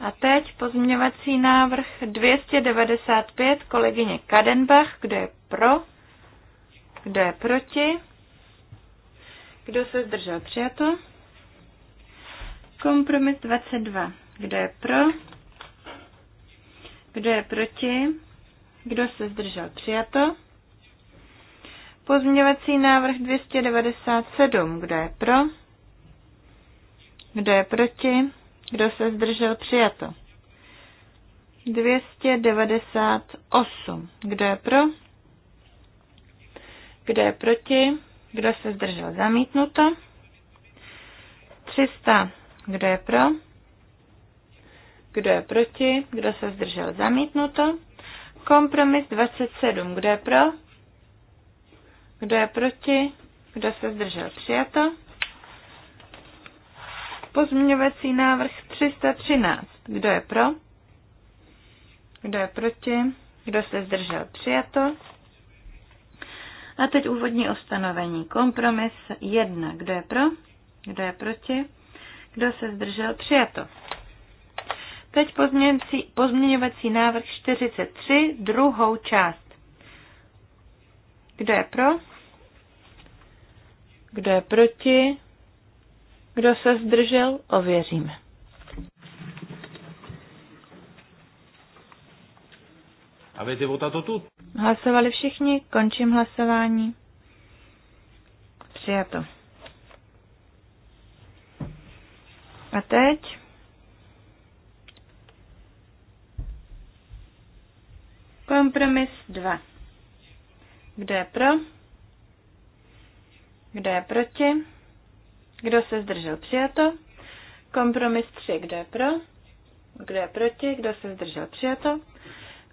A teď pozměňovací návrh 295 kolegyně Kadenbach. Kdo je pro? Kdo je proti? Kdo se zdržel? Přijato. Kompromis 22. Kdo je pro? Kdo je proti? Kdo se zdržel? Přijato. Pozměňovací návrh 297. Kdo je pro? Kdo je proti? Kdo se zdržel? Přijato. 298. Kdo je pro? Kdo je proti? Kdo se zdržel? Zamítnuto. 300. Kdo je pro? Kdo je proti? Kdo se zdržel? Zamítnuto. Kompromis 27. Kdo je pro? Kdo je proti? Kdo se zdržel? Přijato. Pozměňovací návrh 313. Kdo je pro? Kdo je proti? Kdo se zdržel? Přijato. A teď úvodní ustanovení. Kompromis 1. Kdo je pro? Kdo je proti? Kdo se zdržel? Přijato. Teď pozměňovací návrh 43, druhou část. Kdo je pro? Kdo je proti? Kdo se zdržel, ověříme. vy to tu? Hlasovali všichni, končím hlasování. Přijato. A teď? Kompromis 2. Kdo je pro? Kdo je proti? Kdo se zdržel? Přijato. Kompromis 3. Kdo je pro? Kdo je proti? Kdo se zdržel? Přijato.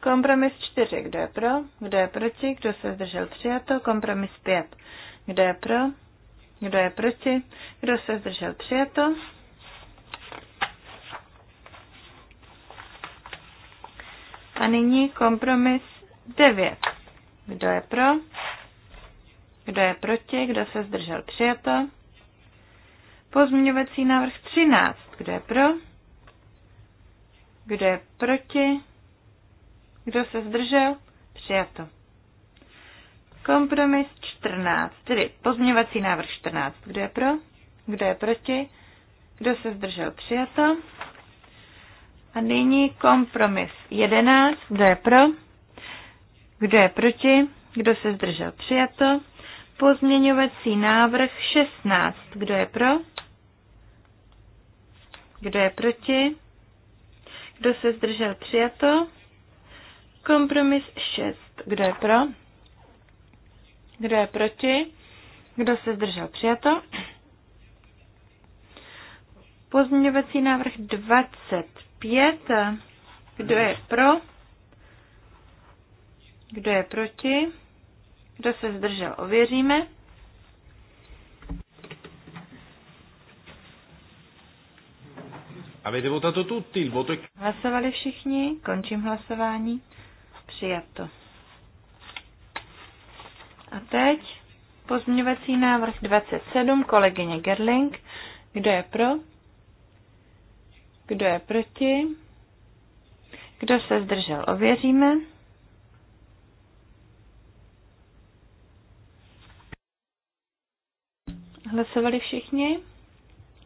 Kompromis 4. Kdo je pro? Kdo je proti? Kdo se zdržel? Přijato. Kompromis 5. Kdo je pro? Kdo je proti? Kdo se zdržel? Přijato. A nyní kompromis 9. Kdo je pro? Kdo je proti? Kdo se zdržel? Přijato. Pozměňovací návrh 13. Kdo je pro? Kdo je proti? Kdo se zdržel? Přijato. Kompromis 14, tedy pozměňovací návrh 14. Kdo je pro? Kdo je proti? Kdo se zdržel? Přijato. A nyní kompromis 11. Kdo je pro? Kdo je proti? Kdo se zdržel? Přijato. Pozměňovací návrh 16. Kdo je pro? Kdo je proti? Kdo se zdržel? Přijato. Kompromis 6. Kdo je pro? Kdo je proti? Kdo se zdržel? Přijato. Pozměňovací návrh 25. Kdo je pro? Kdo je proti? Kdo se zdržel? Ověříme. Avete votato tutti, il voto è... Hlasovali všichni, končím hlasování. Přijato. A teď pozměňovací návrh 27, kolegyně Gerling. Kdo je pro? Kdo je proti? Kdo se zdržel? Ověříme. Hlasovali všichni?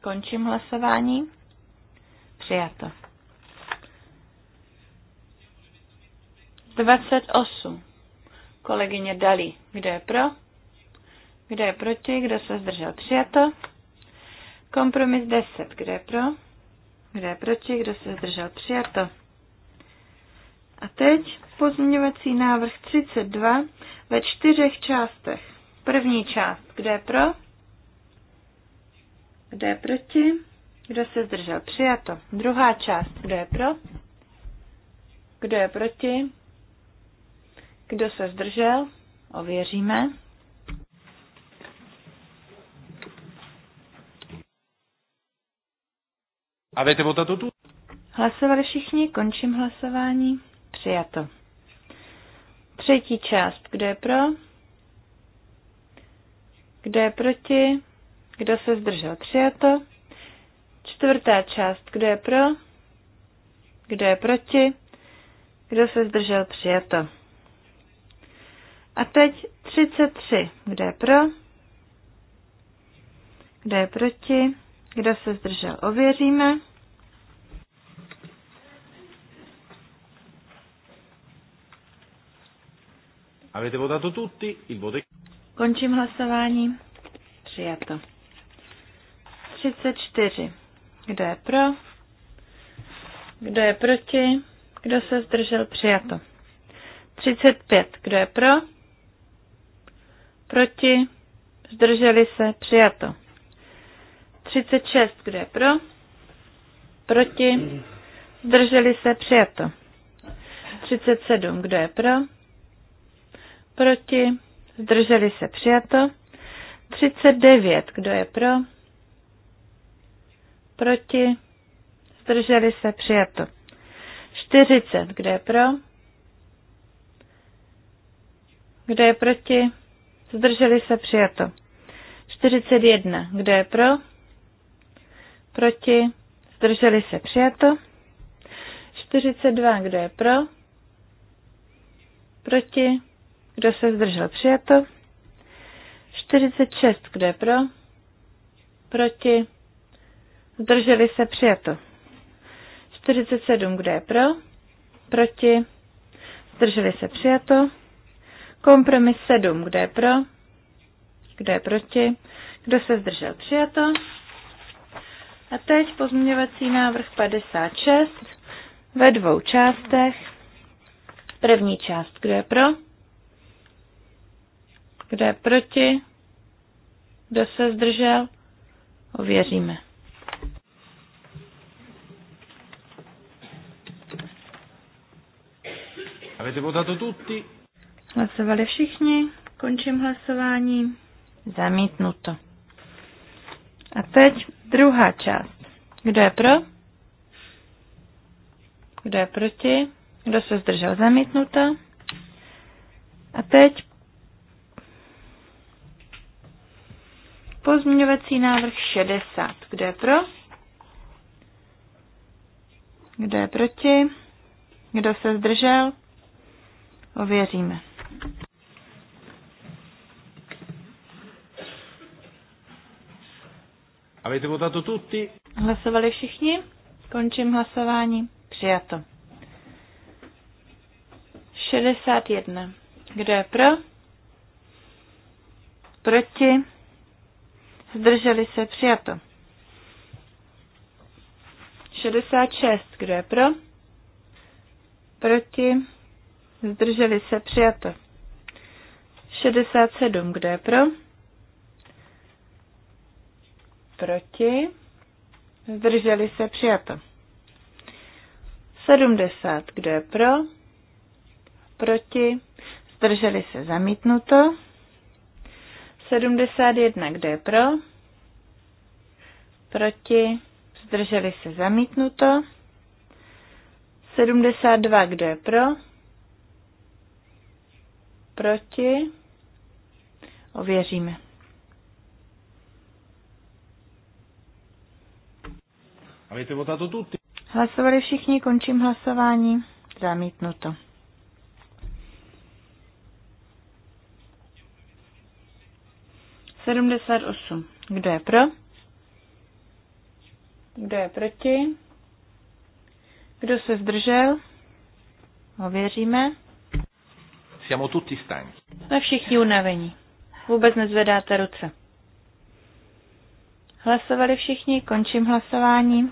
Končím hlasování. Přijato. 28. Kolegyně Dalí. Kdo je pro? Kdo je proti? Kdo se zdržel? Přijato. Kompromis 10. Kdo je pro? Kdo je proti? Kdo se zdržel? Přijato. A teď pozměňovací návrh 32 ve čtyřech částech. První část. Kdo je pro? Kdo je proti? Kdo se zdržel? Přijato. Druhá část. Kdo je pro? Kdo je proti? Kdo se zdržel? Ověříme. Avete votato tu? Hlasovali všichni, končím hlasování. Přijato. Třetí část. Kdo je pro? Kdo je proti? Kdo se zdržel? Přijato. Čtvrtá část. Kdo je pro? Kdo je proti? Kdo se zdržel? Přijato. A teď 33. Kdo je pro? Kdo je proti? Kdo se zdržel? Ověříme. Avete votato tutti, il voto Končím hlasování. Přijato. 34. Kdo je pro? Kdo je proti? Kdo se zdržel? Přijato. 35. Kdo je pro? Proti? Zdrželi se? Přijato. 36. Kdo je pro? Proti? Zdrželi se? Přijato. 37. Kdo je pro? Proti? Zdrželi se? Přijato. 39. Kdo je pro? proti, zdrželi se, přijato. 40, kdo je pro, kdo je proti, zdrželi se, přijato. 41, kdo je pro, proti, zdrželi se, přijato. 42, kdo je pro, proti, kdo se zdržel, přijato. 46, kdo je pro, proti, zdrželi se přijato. 47, kdo je pro, proti, zdrželi se přijato. Kompromis 7, kdo je pro, kdo je proti, kdo se zdržel přijato. A teď pozměňovací návrh 56 ve dvou částech. První část, kdo je pro, kdo je proti, kdo se zdržel, ověříme. Avete votato tutti? Hlasovali všichni. Končím hlasování. Zamítnuto. A teď druhá část. Kdo je pro? Kdo je proti? Kdo se zdržel? Zamítnuto. A teď pozměňovací návrh 60. Kdo je pro? Kdo je proti? Kdo se zdržel? ověříme. Hlasovali všichni? Končím hlasování. Přijato. 61. Kdo je pro? Proti? Zdrželi se? Přijato. 66. Kdo je pro? Proti? zdrželi se, přijato. 67, kdo je pro? Proti, zdrželi se, přijato. 70, kdo je pro? Proti, zdrželi se, zamítnuto. 71, kdo je pro? Proti, zdrželi se, zamítnuto. 72, kdo je pro? Proti? Ověříme. Hlasovali všichni, končím hlasování. Zamítnuto. Sedmdesát osm. Kdo je pro? Kdo je proti? Kdo se zdržel? Ověříme. Siamo tutti stanchi. Jsme všichni unavení. Vůbec nezvedáte ruce. Hlasovali všichni, končím hlasování.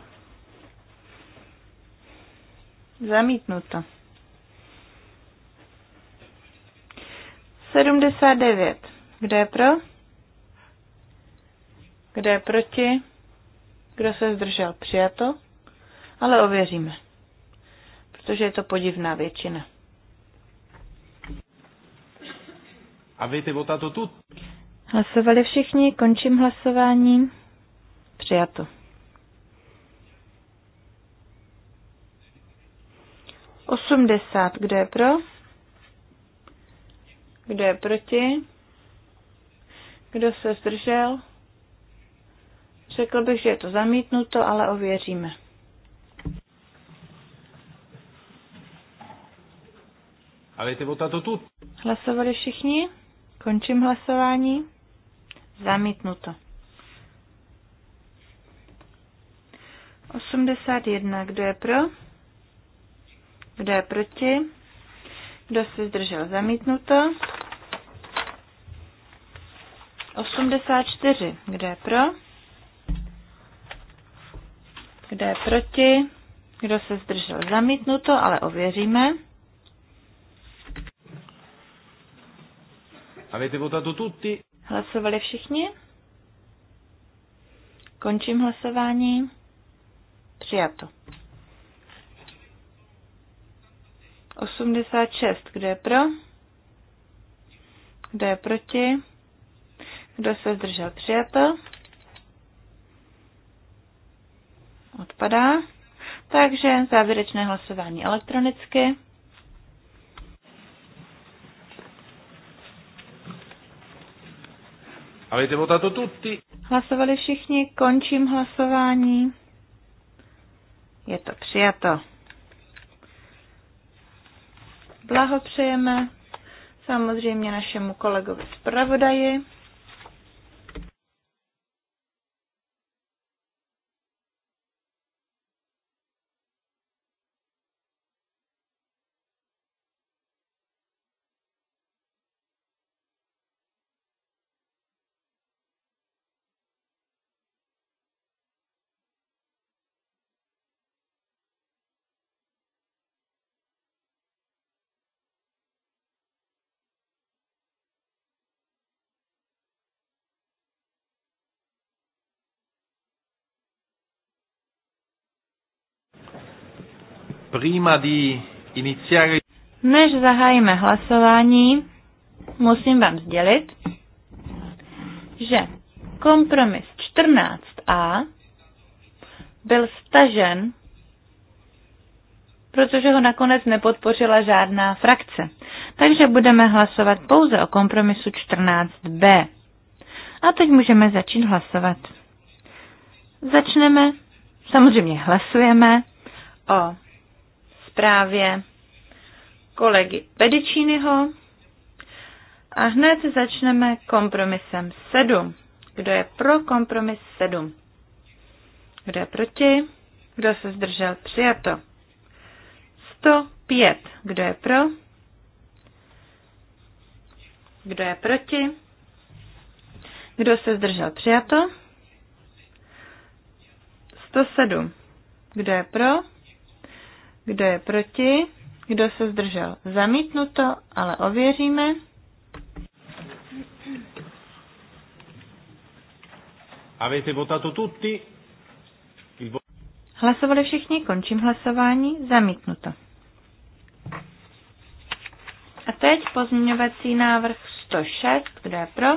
Zamítnuto. 79. Kdo je pro? Kdo je proti? Kdo se zdržel? Přijato? Ale ověříme, protože je to podivná většina. Avete votato tutti? Hlasovali všichni, končím hlasování. Přijato. Osmdesát, kdo je pro? Kdo je proti? Kdo se zdržel? Řekl bych, že je to zamítnuto, ale ověříme. Avete votato tutti? Hlasovali všichni? Končím hlasování. Zamítnuto. 81. Kdo je pro? Kdo je proti? Kdo se zdržel? Zamítnuto. 84. Kdo je pro? Kdo je proti? Kdo se zdržel? Zamítnuto, ale ověříme. Avete votato tutti? Hlasovali všichni? Končím hlasování. Přijato. 86. Kdo je pro? Kdo je proti? Kdo se zdržel? Přijato. Odpadá. Takže závěrečné hlasování elektronicky. Avete votato tutti? Hlasovali všichni, končím hlasování. Je to přijato. Blahopřejeme samozřejmě našemu kolegovi zpravodaji. prima di iniziare... Než zahájíme hlasování, musím vám sdělit, že kompromis 14a byl stažen, protože ho nakonec nepodpořila žádná frakce. Takže budeme hlasovat pouze o kompromisu 14b. A teď můžeme začít hlasovat. Začneme, samozřejmě hlasujeme o zprávě kolegy Pedičínyho a hned začneme kompromisem 7. Kdo je pro kompromis 7? Kdo je proti? Kdo se zdržel? Přijato. 105. Kdo je pro? Kdo je proti? Kdo se zdržel? Přijato. 107. Kdo je pro? Kdo je proti? Kdo se zdržel? Zamítnuto, ale ověříme. Avete votato tutti? Hlasovali všichni, končím hlasování, zamítnuto. A teď pozměňovací návrh 106, kdo je pro?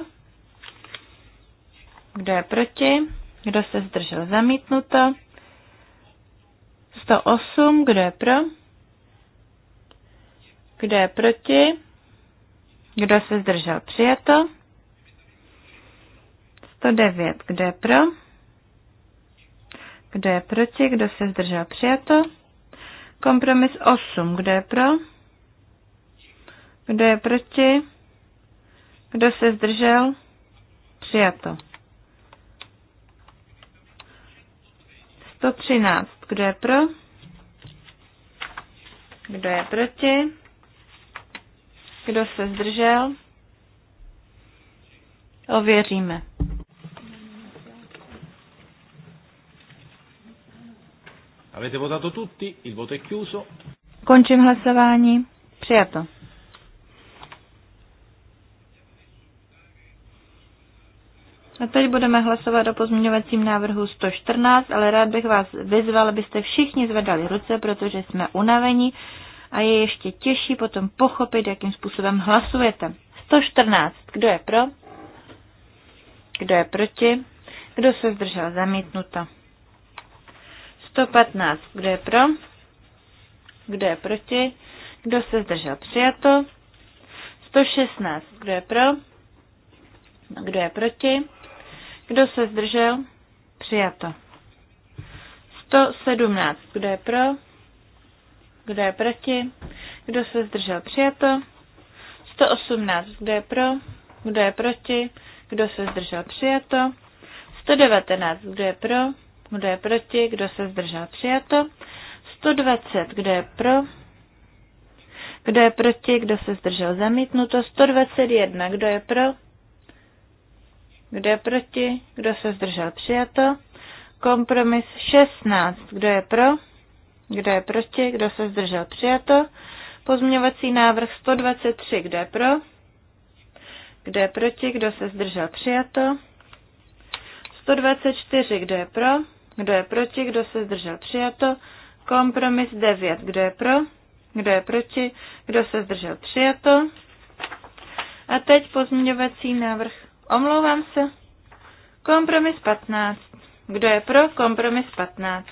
Kdo je proti? Kdo se zdržel zamítnuto? 108, kdo je pro? Kdo je proti? Kdo se zdržel? Přijato. 109, kdo je pro? Kdo je proti? Kdo se zdržel? Přijato. Kompromis 8, kdo je pro? Kdo je proti? Kdo se zdržel? Přijato. 113. Kdo je pro? Kdo je proti? Kdo se zdržel? Ověříme. Avete votato tutti, il voto è chiuso. Končím hlasování. Přijato. A teď budeme hlasovat o pozměňovacím návrhu 114, ale rád bych vás vyzval, abyste všichni zvedali ruce, protože jsme unavení a je ještě těžší potom pochopit, jakým způsobem hlasujete. 114. Kdo je pro? Kdo je proti? Kdo se zdržel? Zamítnuto. 115. Kdo je pro? Kdo je proti? Kdo se zdržel? Přijato. 116. Kdo je pro? Kdo je proti? Kdo se zdržel? Přijato. 117. Kdo je pro? Kdo je proti? Kdo se zdržel? Přijato. 118. Kdo je pro? Kdo je proti? Kdo se zdržel? Přijato. 119. Kdo je pro? Kdo je proti? Kdo se zdržel? Přijato. 120. Kdo je pro? Kdo je proti? Kdo se zdržel? Zamítnuto. 121. Kdo je pro? Kdo je proti? Kdo se zdržel? Přijato. Kompromis 16. Kdo je pro? Kdo je proti? Kdo se zdržel? Přijato. Pozměňovací návrh 123. Kdo je pro? Kdo je proti? Kdo se zdržel? Přijato. 124. Kdo je pro? Kdo je proti? Kdo se zdržel? Přijato. Kompromis 9. Kdo je pro? Kdo je proti? Kdo se zdržel? Přijato. A teď pozměňovací návrh Omlouvám se. Kompromis 15. Kdo je pro? Kompromis 15.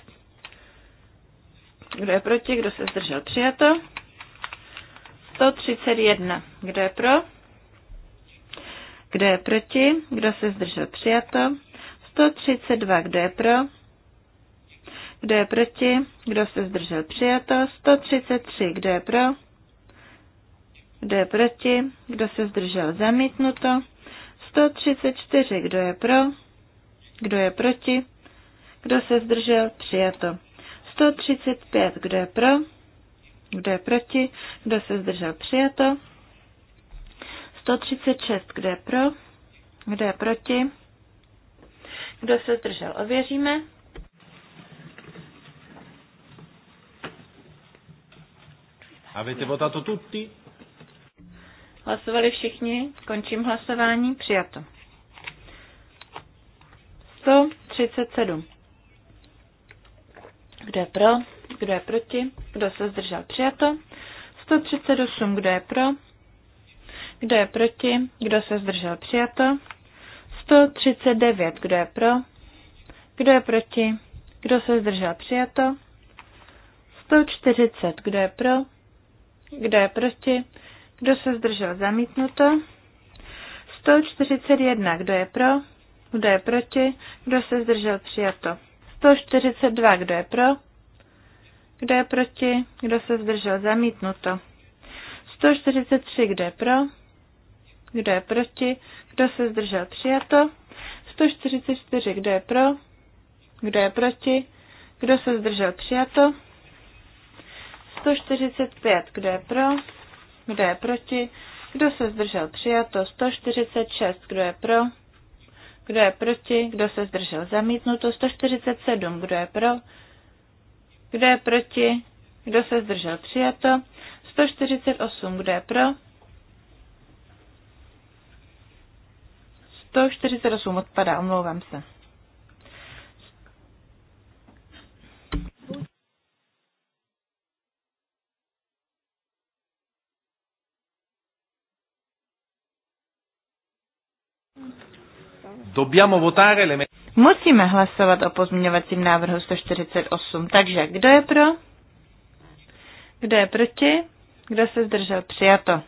Kdo je proti? Kdo se zdržel? Přijato. 131. Kdo je pro? Kdo je proti? Kdo se zdržel? Přijato. 132. Kdo je pro? Kdo je proti? Kdo se zdržel? Přijato. 133. Kdo je pro? Kdo je proti? Kdo se zdržel? Zamítnuto. 134. Kdo je pro? Kdo je proti? Kdo se zdržel? Přijato. 135. Kdo je pro? Kdo je proti? Kdo se zdržel? Přijato. 136. Kdo je pro? Kdo je proti? Kdo se zdržel? Ověříme. Avete votato tutti? Hlasovali všichni? Končím hlasování. Přijato. 137. Kdo je pro? Kdo je proti? Kdo se zdržel? Přijato. 138. Kdo je pro? Kdo je proti? Kdo se zdržel? Přijato. 139. Kdo je pro? Kdo je proti? Kdo se zdržel? Přijato. 140. Kdo je pro? Kdo je proti? Kdo se zdržel? Zamítnuto. 141. Kdo je pro? Kdo je proti? Kdo se zdržel? Přijato. 142. Kdo je pro? Kdo je proti? Kdo se zdržel? Zamítnuto. 143. Kdo je pro? Kdo je proti? Kdo se zdržel? Přijato. 144. Kdo je pro? Kdo je proti? Kdo se zdržel? Přijato. 145. Kdo je pro? Kdo je proti? Kdo se zdržel? Přijato. 146. Kdo je pro? Kdo je proti? Kdo se zdržel? Zamítnuto. 147. Kdo je pro? Kdo je proti? Kdo se zdržel? Přijato. 148. Kdo je pro? 148 odpadá, omlouvám se. Dobbiamo votare le... Musíme hlasovat o pozměňovacím návrhu 148. Takže kdo je pro? Kdo je proti? Kdo se zdržel? Přijato.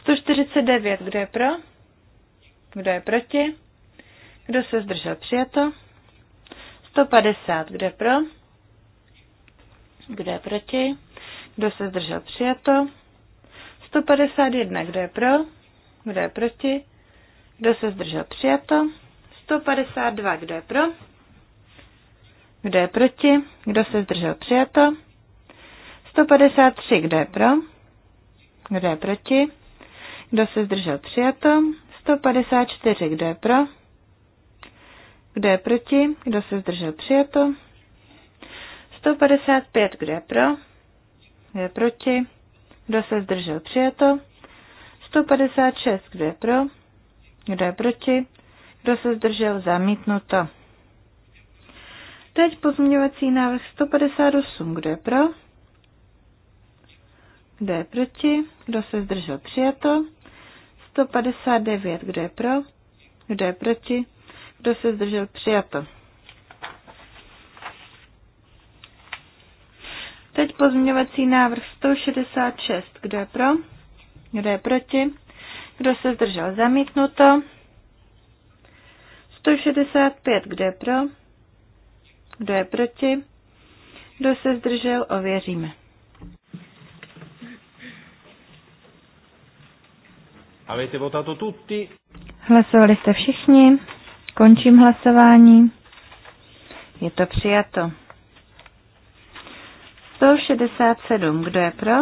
149. Kdo je pro? Kdo je proti? Kdo se zdržel? Přijato. 150. Kdo je pro? Kdo je proti? Kdo se zdržel? Přijato. 151. Kdo je pro? Kdo je proti? Kdo se zdržel? Přijato. 152. Kdo je pro? Kdo je proti? Kdo se zdržel? Přijato. 153. Kdo je pro? Kdo je proti? Kdo se zdržel? Přijato. 154. Kdo je pro? Kdo je proti? Kdo se zdržel? Přijato. 155. Kdo je pro? Kdo je proti? Kdo se zdržel? Přijato. 156. Kdo je pro? Kdo je proti? Kdo se zdržel? Zamítnuto. Teď pozměňovací návrh 158. Kdo je pro? Kdo je proti? Kdo se zdržel? Přijato. 159. Kdo je pro? Kdo je proti? Kdo se zdržel? Přijato. Teď pozměňovací návrh 166. Kdo je pro? Kdo je proti? Kdo se zdržel? Zamítnuto. 165. Kdo je pro? Kdo je proti? Kdo se zdržel? Ověříme. Avete votato tutti? Hlasovali jste všichni. Končím hlasování. Je to přijato. 167. Kdo je pro?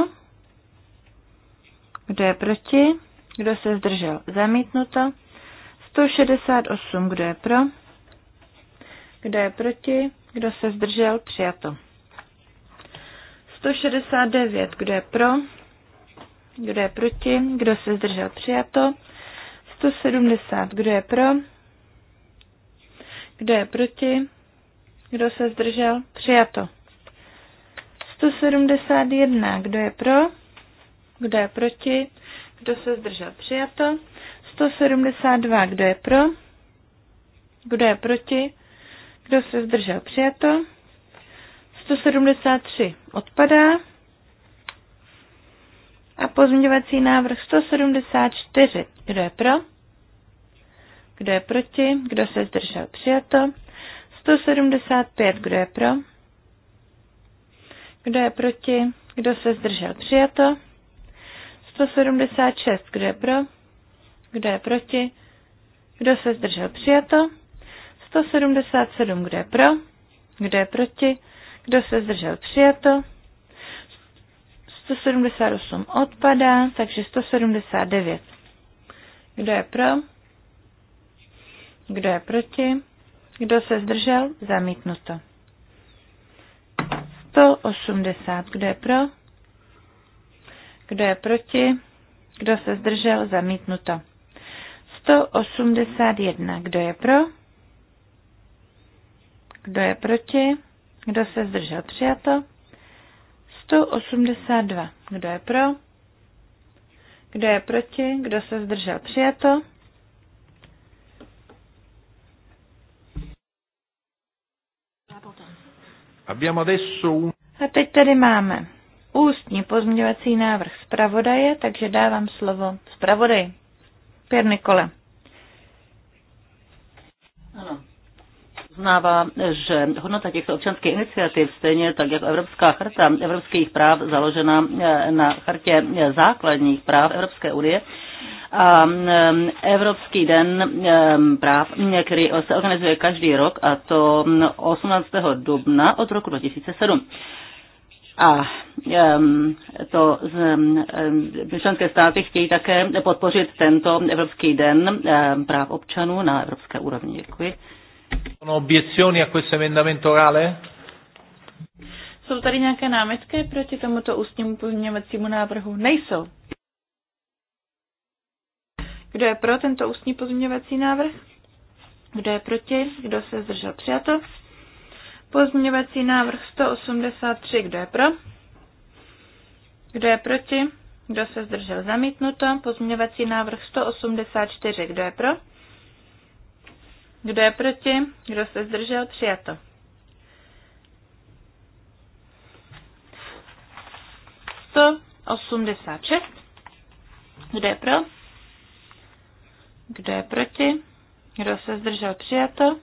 Kdo je proti? Kdo se zdržel? Zamítnuto. 168. Kdo je pro? Kdo je proti? Kdo se zdržel? Přijato. 169. Kdo je pro? Kdo je proti? Kdo se zdržel? Přijato. 170. Kdo je pro? Kdo je proti? Kdo se zdržel? Přijato. 171. Kdo je pro? Kdo je proti? Kdo se zdržel? Přijato. 172. Kdo je pro? Kdo je proti? Kdo se zdržel? Přijato. 173 odpadá. A pozměňovací návrh 174. Kdo je pro? Kdo je proti? Kdo se zdržel? Přijato. 175. Kdo je pro? Kdo je proti? Kdo se zdržel? Přijato. 176. Kdo je pro? Kdo je proti? Kdo se zdržel? Přijato. 177. Kdo je pro? Kdo je proti? Kdo se zdržel? Přijato. 178 odpadá, takže 179. Kdo je pro? Kdo je proti? Kdo se zdržel? Zamítnuto. 180. Kdo je pro? Kdo je proti? Kdo se zdržel? Zamítnuto. 181. Kdo je pro? Kdo je proti? Kdo se zdržel? Přijato. 182. Kdo je pro? Kdo je proti? Kdo se zdržel? Přijato. A teď tady máme ústní pozměňovací návrh zpravodaje, takže dávám slovo zpravodaji. Pěr Nikole. Ano uznává, že hodnota těchto občanských iniciativ, stejně tak jako Evropská charta evropských práv založená eh, na chartě eh, základních práv Evropské unie, a eh, Evropský den práv, který se organizuje každý rok, a to mm, 18. dubna od roku 2007. A to členské státy chtějí také podpořit tento Evropský den práv občanů na evropské úrovni. Děkuji. a Jsou tady nějaké námitky proti tomuto ústnímu pozměňovacímu návrhu? Nejsou. Kdo je pro tento ústní pozměňovací návrh? Kdo je proti? Kdo se zdržel? Přijato. Pozměňovací návrh 183, kdo je pro? Kdo je proti? Kdo se zdržel? Zamítnuto. Pozměňovací návrh 184, kdo je pro? Kdo je proti? Kdo se zdržel? Přijato. To 86. Kdo je pro? Kdo je proti? Kdo se zdržel? Přijato.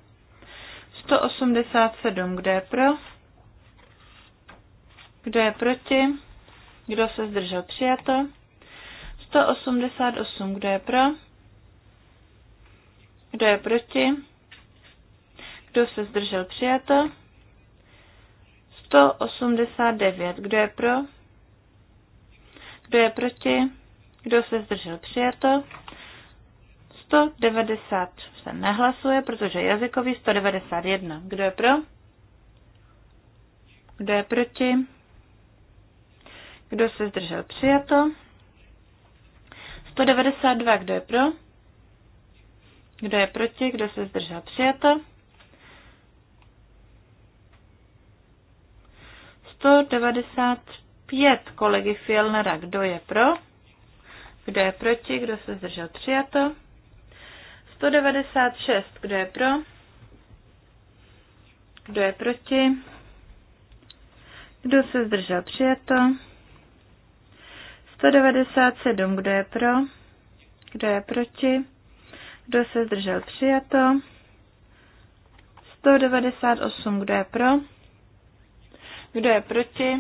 187, kdo je pro? Kdo je proti? Kdo se zdržel? Přijato. 188, kdo je pro? Kdo je proti? Kdo se zdržel? Přijato. 189, kdo je pro? Kdo je proti? Kdo se zdržel? Přijato. 190 se nehlasuje, protože jazykový 191. Kdo je pro? Kdo je proti? Kdo se zdržel? Přijato. 192. Kdo je pro? Kdo je proti? Kdo se zdržel? Přijato. 195 kolegy Fielnera. Kdo je pro? Kdo je proti? Kdo se zdržel? Přijato. 196. Kdo je pro? Kdo je proti? Kdo se zdržel? Přijeto. 197. Kdo je pro? Kdo je proti? Kdo se zdržel? Přijato. 198. Kdo je pro? Kdo je proti?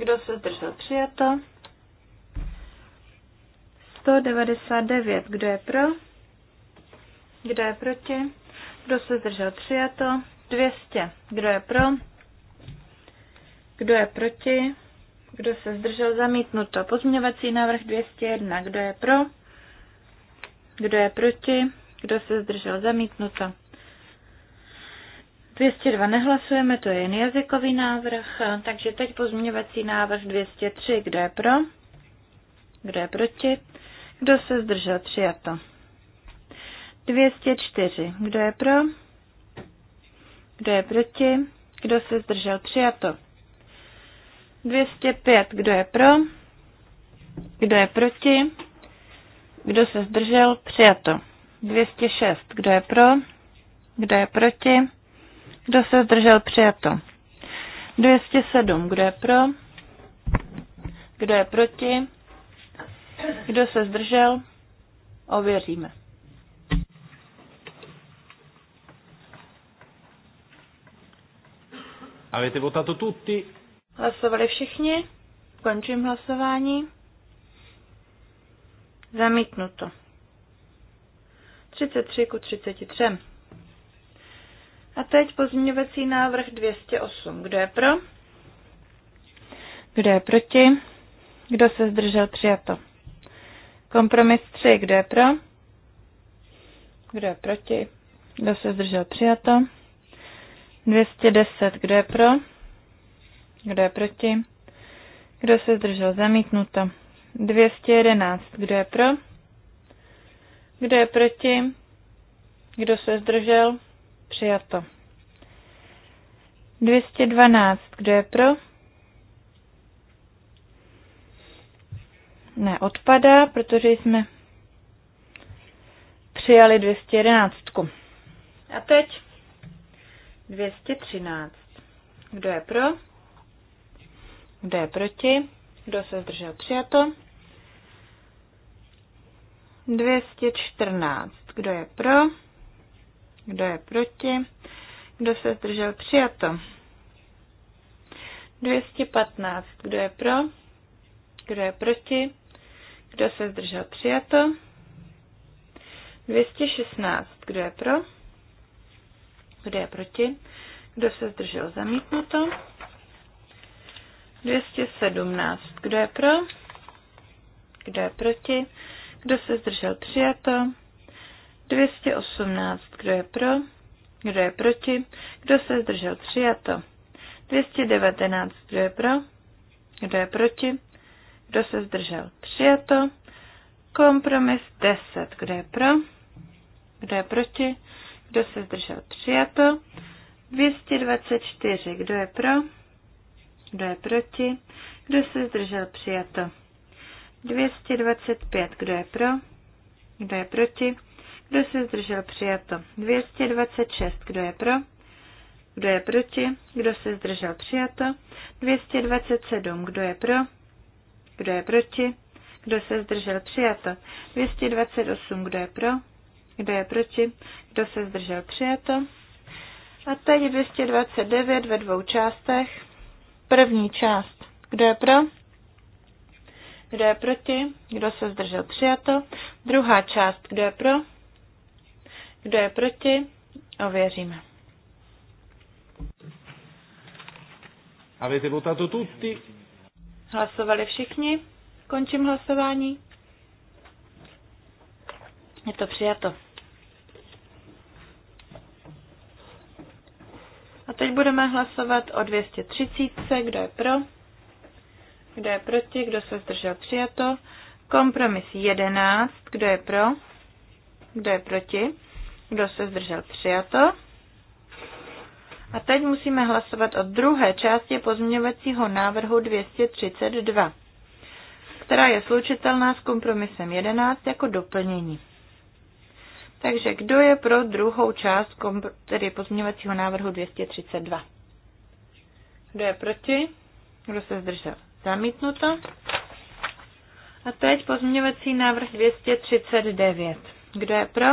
Kdo se zdržel? Přijato. 199. Kdo je pro? Kdo je proti? Kdo se zdržel? Přijato. 200. Kdo je pro? Kdo je proti? Kdo se zdržel? Zamítnuto. Pozměňovací návrh 201. Kdo je pro? Kdo je proti? Kdo se zdržel? Zamítnuto. 202 nehlasujeme, to je jen jazykový návrh, takže teď pozměňovací návrh 203. Kdo je pro? Kdo je proti? Kdo se zdržel? Přijato. 204. Kdo je pro? Kdo je proti? Kdo se zdržel? Přijato. 205. Kdo je pro? Kdo je proti? Kdo se zdržel? Přijato. 206. Kdo je pro? Kdo je proti? Kdo se zdržel? Přijato. 207. Kdo je pro? Kdo je proti? Kdo se zdržel? Ověříme. Avete votato tutti? Hlasovali všichni. Končím hlasování. Zamítnuto. 33 ku 33. A teď pozměňovací návrh 208. Kdo je pro? Kdo je proti? Kdo se zdržel přijato? Kompromis 3. Kdo je pro? Kdo je proti? Kdo se zdržel přijato? 210. Kdo je pro? Kdo je proti? Kdo se zdržel? Zamítnuto. 211. Kdo je pro? Kdo je proti? Kdo se zdržel? Přijato. 212. Kdo je pro? Ne, odpadá, protože jsme přijali 211. A teď 213. Kdo je pro? Kdo je proti? Kdo se zdržel? Přijato. 214. Kdo je pro? Kdo je proti? Kdo se zdržel? Přijato. 215. Kdo je pro? Kdo je proti? Kdo se zdržel? Přijato. 216. Kdo je pro? Kdo je proti? Kdo se zdržel? Zamítnuto. 217. Kdo je pro? Kdo je proti? Kdo se zdržel? Přijato. 218. Kdo je pro? Kdo je proti? Kdo se zdržel? Přijato. 219. Kdo je pro? Kdo je proti? Kdo se zdržel? Přijato. Kompromis 10. Kdo je pro? Kdo je proti? Kdo se zdržel? Přijato. 224. Kdo je pro? Kdo je proti? Kdo se zdržel? Přijato. 225. Kdo je pro? Kdo je proti? Kdo se zdržel? Přijato. 226. Kdo je pro? Kdo je proti? Kdo se zdržel? Přijato. 227. Kdo je pro? Kdo je proti? Kdo se zdržel? Přijato. 228. Kdo je pro? Kdo je proti? Kdo se zdržel? Přijato. A teď 229 ve dvou částech. První část. Kdo je pro? Kdo je proti? Kdo se zdržel? Přijato. Druhá část. Kdo je pro? Kdo je proti? Ověříme. Avete votato tutti? Hlasovali všichni? Končím hlasování. Je to přijato. A teď budeme hlasovat o 230, kdo je pro, kdo je proti, kdo se zdržel přijato. Kompromis 11, kdo je pro, kdo je proti, kdo se zdržel přijato. A teď musíme hlasovat o druhé části pozměňovacího návrhu 232, která je slučitelná s kompromisem 11 jako doplnění. Takže kdo je pro druhou část tedy pozměňovacího návrhu 232? Kdo je proti? Kdo se zdržel? Zamítnuto. A teď pozměňovací návrh 239. Kdo je pro?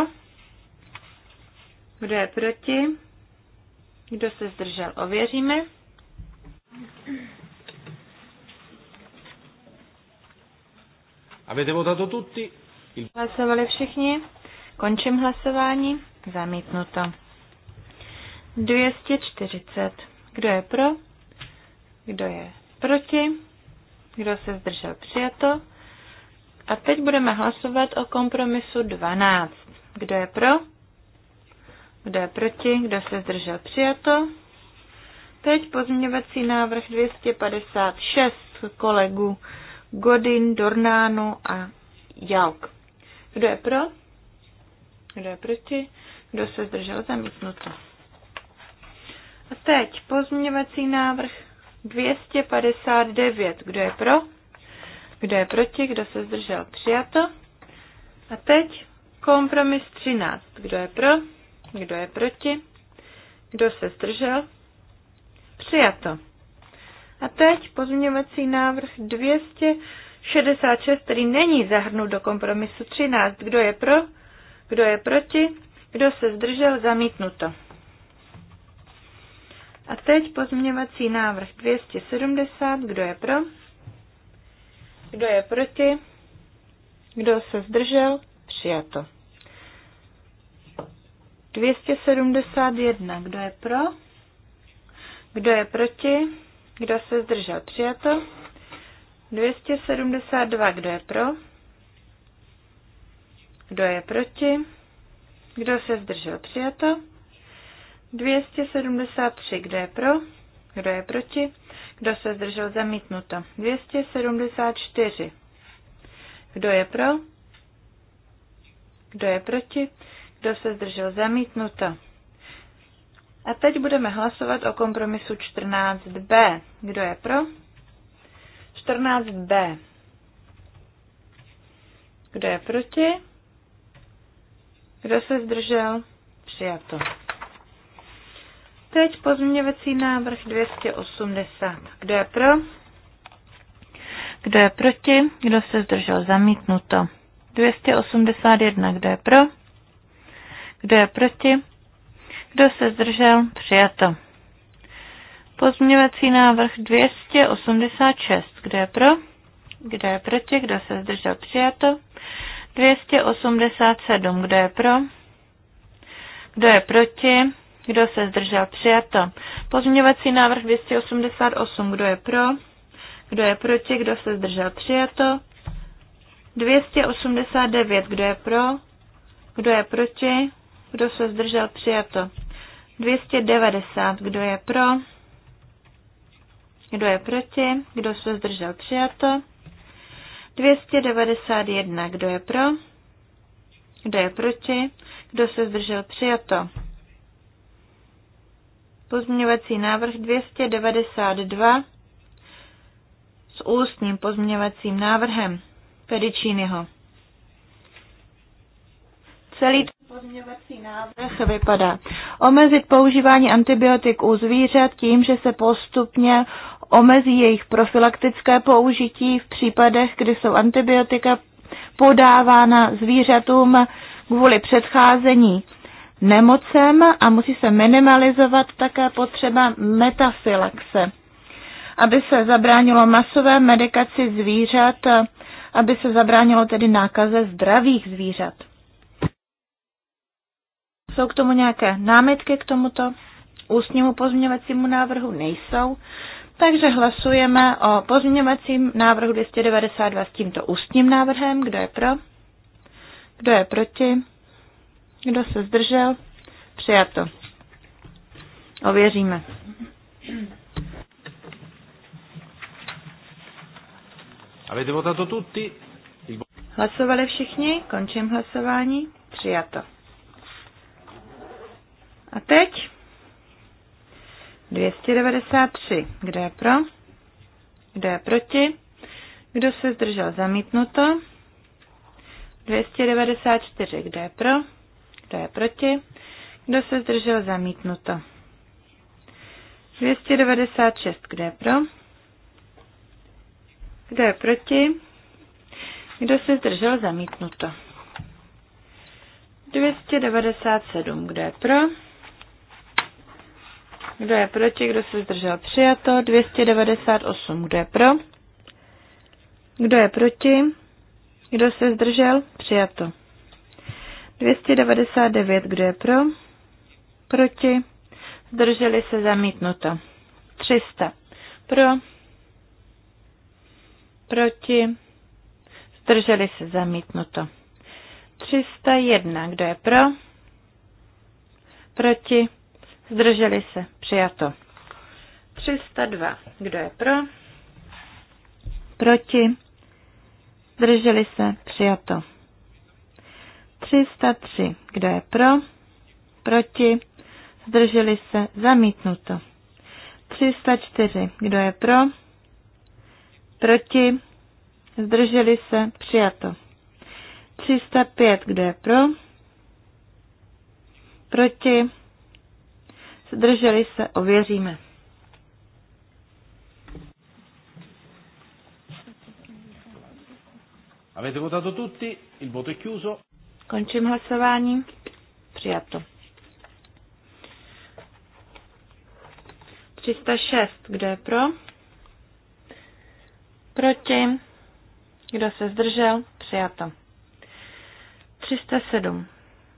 Kdo je proti? Kdo se zdržel? Ověříme. Avete votato tutti? Hlasovali všichni? Končím hlasování. Zamítnuto. 240. Kdo je pro? Kdo je proti? Kdo se zdržel? Přijato. A teď budeme hlasovat o kompromisu 12. Kdo je pro? Kdo je proti? Kdo se zdržel? Přijato. Teď pozměňovací návrh 256 kolegů Godin, Dornánu a Jalk. Kdo je pro? Kdo je proti? Kdo se zdržel? Zamítnuto. A teď pozměňovací návrh 259. Kdo je pro? Kdo je proti? Kdo se zdržel? Přijato. A teď kompromis 13. Kdo je pro? Kdo je proti? Kdo se zdržel? Přijato. A teď pozměňovací návrh 266, který není zahrnut do kompromisu 13. Kdo je pro? Kdo je proti? Kdo se zdržel? Zamítnuto. A teď pozměňovací návrh 270. Kdo je pro? Kdo je proti? Kdo se zdržel? Přijato. 271. Kdo je pro? Kdo je proti? Kdo se zdržel? Přijato. 272. Kdo je pro? Kdo je proti? Kdo se zdržel? Přijato. 273. Kdo je pro? Kdo je proti? Kdo se zdržel? Zamítnuto. 274. Kdo je pro? Kdo je proti? Kdo se zdržel? Zamítnuto. A teď budeme hlasovat o kompromisu 14b. Kdo je pro? 14b. Kdo je proti? Kdo se zdržel? Přijato. Teď pozměňovací návrh 280. Kdo je pro? Kdo je proti? Kdo se zdržel? Zamítnuto. 281. Kdo je pro? Kdo je proti? Kdo se zdržel? Přijato. Pozměňovací návrh 286. Kdo je pro? Kdo je proti? Kdo se zdržel? Přijato. 287. Kdo je pro? Kdo je proti? Kdo se zdržel? Přijato. Pozměňovací návrh 288. Kdo je pro? Kdo je proti? Kdo se zdržel? Přijato. 289. Kdo je pro? Kdo je proti? Kdo se zdržel? Přijato. 290. Kdo je pro? Kdo je proti? Kdo se zdržel? Přijato. 291. Kdo je pro? Kdo je proti? Kdo se zdržel? Přijato. Pozměňovací návrh 292 s ústním pozměňovacím návrhem Pedičínyho. Celý pozměňovací návrh vypadá. Omezit používání antibiotik u zvířat tím, že se postupně omezí jejich profilaktické použití v případech, kdy jsou antibiotika podávána zvířatům kvůli předcházení nemocem a musí se minimalizovat také potřeba metafilaxe, aby se zabránilo masové medikaci zvířat, aby se zabránilo tedy nákaze zdravých zvířat. Jsou k tomu nějaké námitky k tomuto ústnímu pozměňovacímu návrhu? Nejsou. Takže hlasujeme o pozměňovacím návrhu 292 s tímto ústním návrhem. Kdo je pro? Kdo je proti? Kdo se zdržel? Přijato. Ověříme. Hlasovali všichni, končím hlasování, přijato. A teď 293. Kdo je pro? Kdo je proti? Kdo se zdržel zamítnuto? 294. Kdo je pro? Kdo je proti? Kdo se zdržel zamítnuto? 296. Kdo je pro? Kdo je proti? Kdo se zdržel zamítnuto? 297. Kdo je pro? Kdo je proti? Kdo se zdržel? Přijato. 298. Kdo je pro? Kdo je proti? Kdo se zdržel? Přijato. 299. Kdo je pro? Proti? Zdrželi se zamítnuto. 300. Pro? Proti? Zdrželi se zamítnuto. 301. Kdo je pro? Proti? Zdrželi se. Přijato. 302. Kdo je pro? Proti. Zdrželi se. Přijato. 303. Kdo je pro? Proti. Zdrželi se. Zamítnuto. 304. Kdo je pro? Proti. Zdrželi se. Přijato. 305. Kdo je pro? Proti zdrželi se, ověříme. Avete votato tutti, il voto è chiuso. Končím hlasování. Přijato. 306. Kdo je pro? Proti? Kdo se zdržel? Přijato. 307.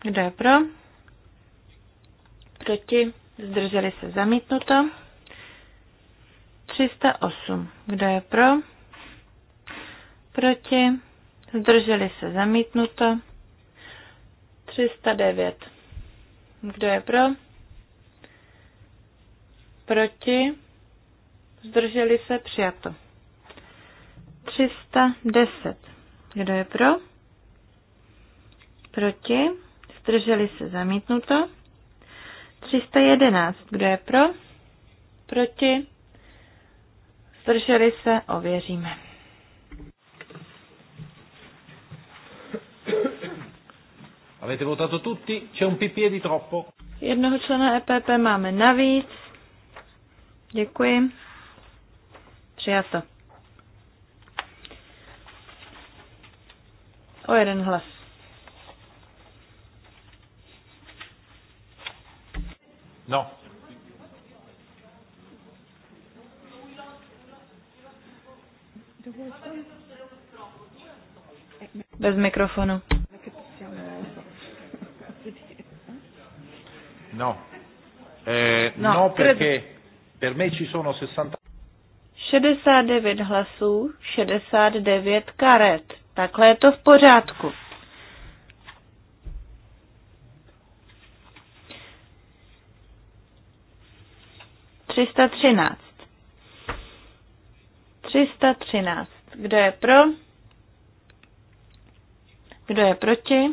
Kdo je pro? Proti? zdrželi se zamítnuto. 308. Kdo je pro? Proti? Zdrželi se zamítnuto. 309. Kdo je pro? Proti? Zdrželi se přijato. 310. Kdo je pro? Proti? Zdrželi se zamítnuto. 311. Kdo je pro? Proti? Zdrželi se? Ověříme. Avete votato tutti? C'è un PPE di troppo? Jednoho člena EPP máme navíc. Děkuji. Přijato. O jeden hlas. No. Bez mikrofonu. No. Eh, no, no perché per me ci sono 60 69 hlasů, 69 karet. Takhle je to v pořádku. 313. 313. Kdo je pro? Kdo je proti?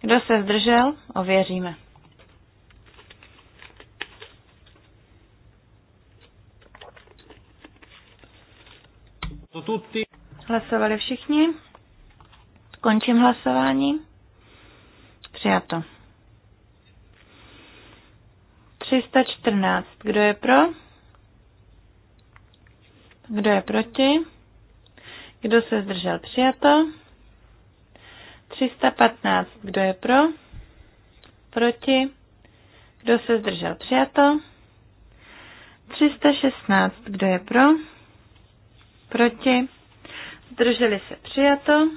Kdo se zdržel? Ověříme. Hlasovali všichni? Končím hlasování. Přijato. 314. Kdo je pro? Kdo je proti? Kdo se zdržel? Přijato. 315. Kdo je pro? Proti? Kdo se zdržel? Přijato. 316. Kdo je pro? Proti? Zdrželi se? Přijato.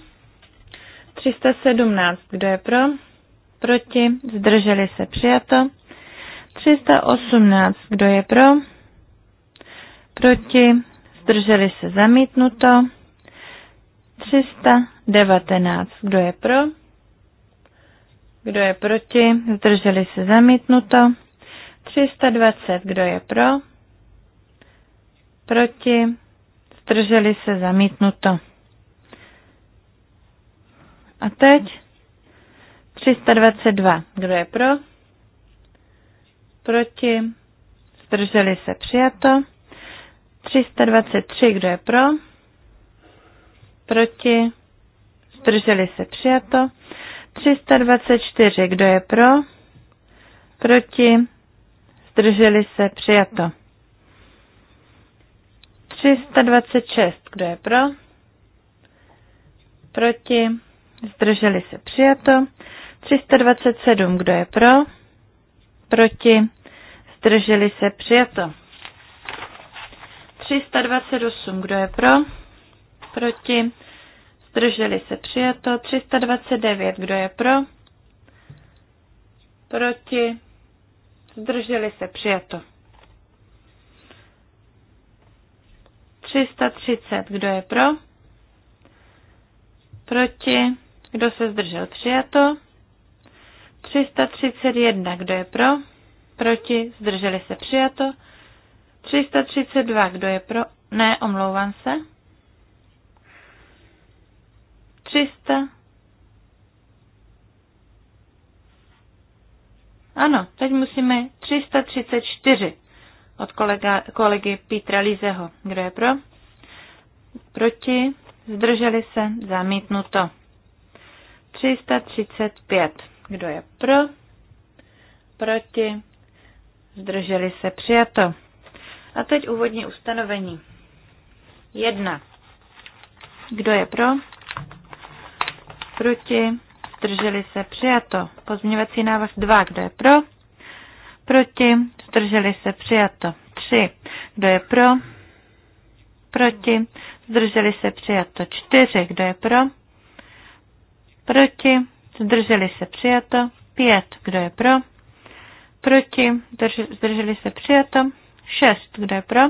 317. Kdo je pro? Proti? Zdrželi se? Přijato. 318. Kdo je pro? Proti? Zdrželi se zamítnuto. 319. Kdo je pro? Kdo je proti? Zdrželi se zamítnuto. 320. Kdo je pro? Proti? Zdrželi se zamítnuto. A teď 322. Kdo je pro? proti, zdrželi se přijato. 323, kdo je pro, proti, zdrželi se přijato. 324, kdo je pro, proti, zdrželi se přijato. 326, kdo je pro, proti, zdrželi se přijato. 327, kdo je pro, proti, zdrželi se, přijato. 328, kdo je pro, proti, zdrželi se, přijato. 329, kdo je pro, proti, zdrželi se, přijato. 330, kdo je pro, proti, kdo se zdržel, přijato. 331, kdo je pro? proti, zdrželi se přijato. 332, kdo je pro, ne, omlouvám se. 300. Ano, teď musíme 334 od kolega, kolegy Petra Lízeho, Kdo je pro? Proti, zdrželi se, zamítnuto. 335. Kdo je pro? Proti, zdrželi se, přijato. A teď úvodní ustanovení. Jedna. Kdo je pro? Proti? Zdrželi se? Přijato. Pozměňovací návrh 2. Kdo je pro? Proti? Zdrželi se? Přijato. 3. Kdo je pro? Proti? Zdrželi se? Přijato. 4. Kdo je pro? Proti? Zdrželi se? Přijato. 5. Kdo je pro? Proti. Zdrželi se přijato. 6. Kdo je pro?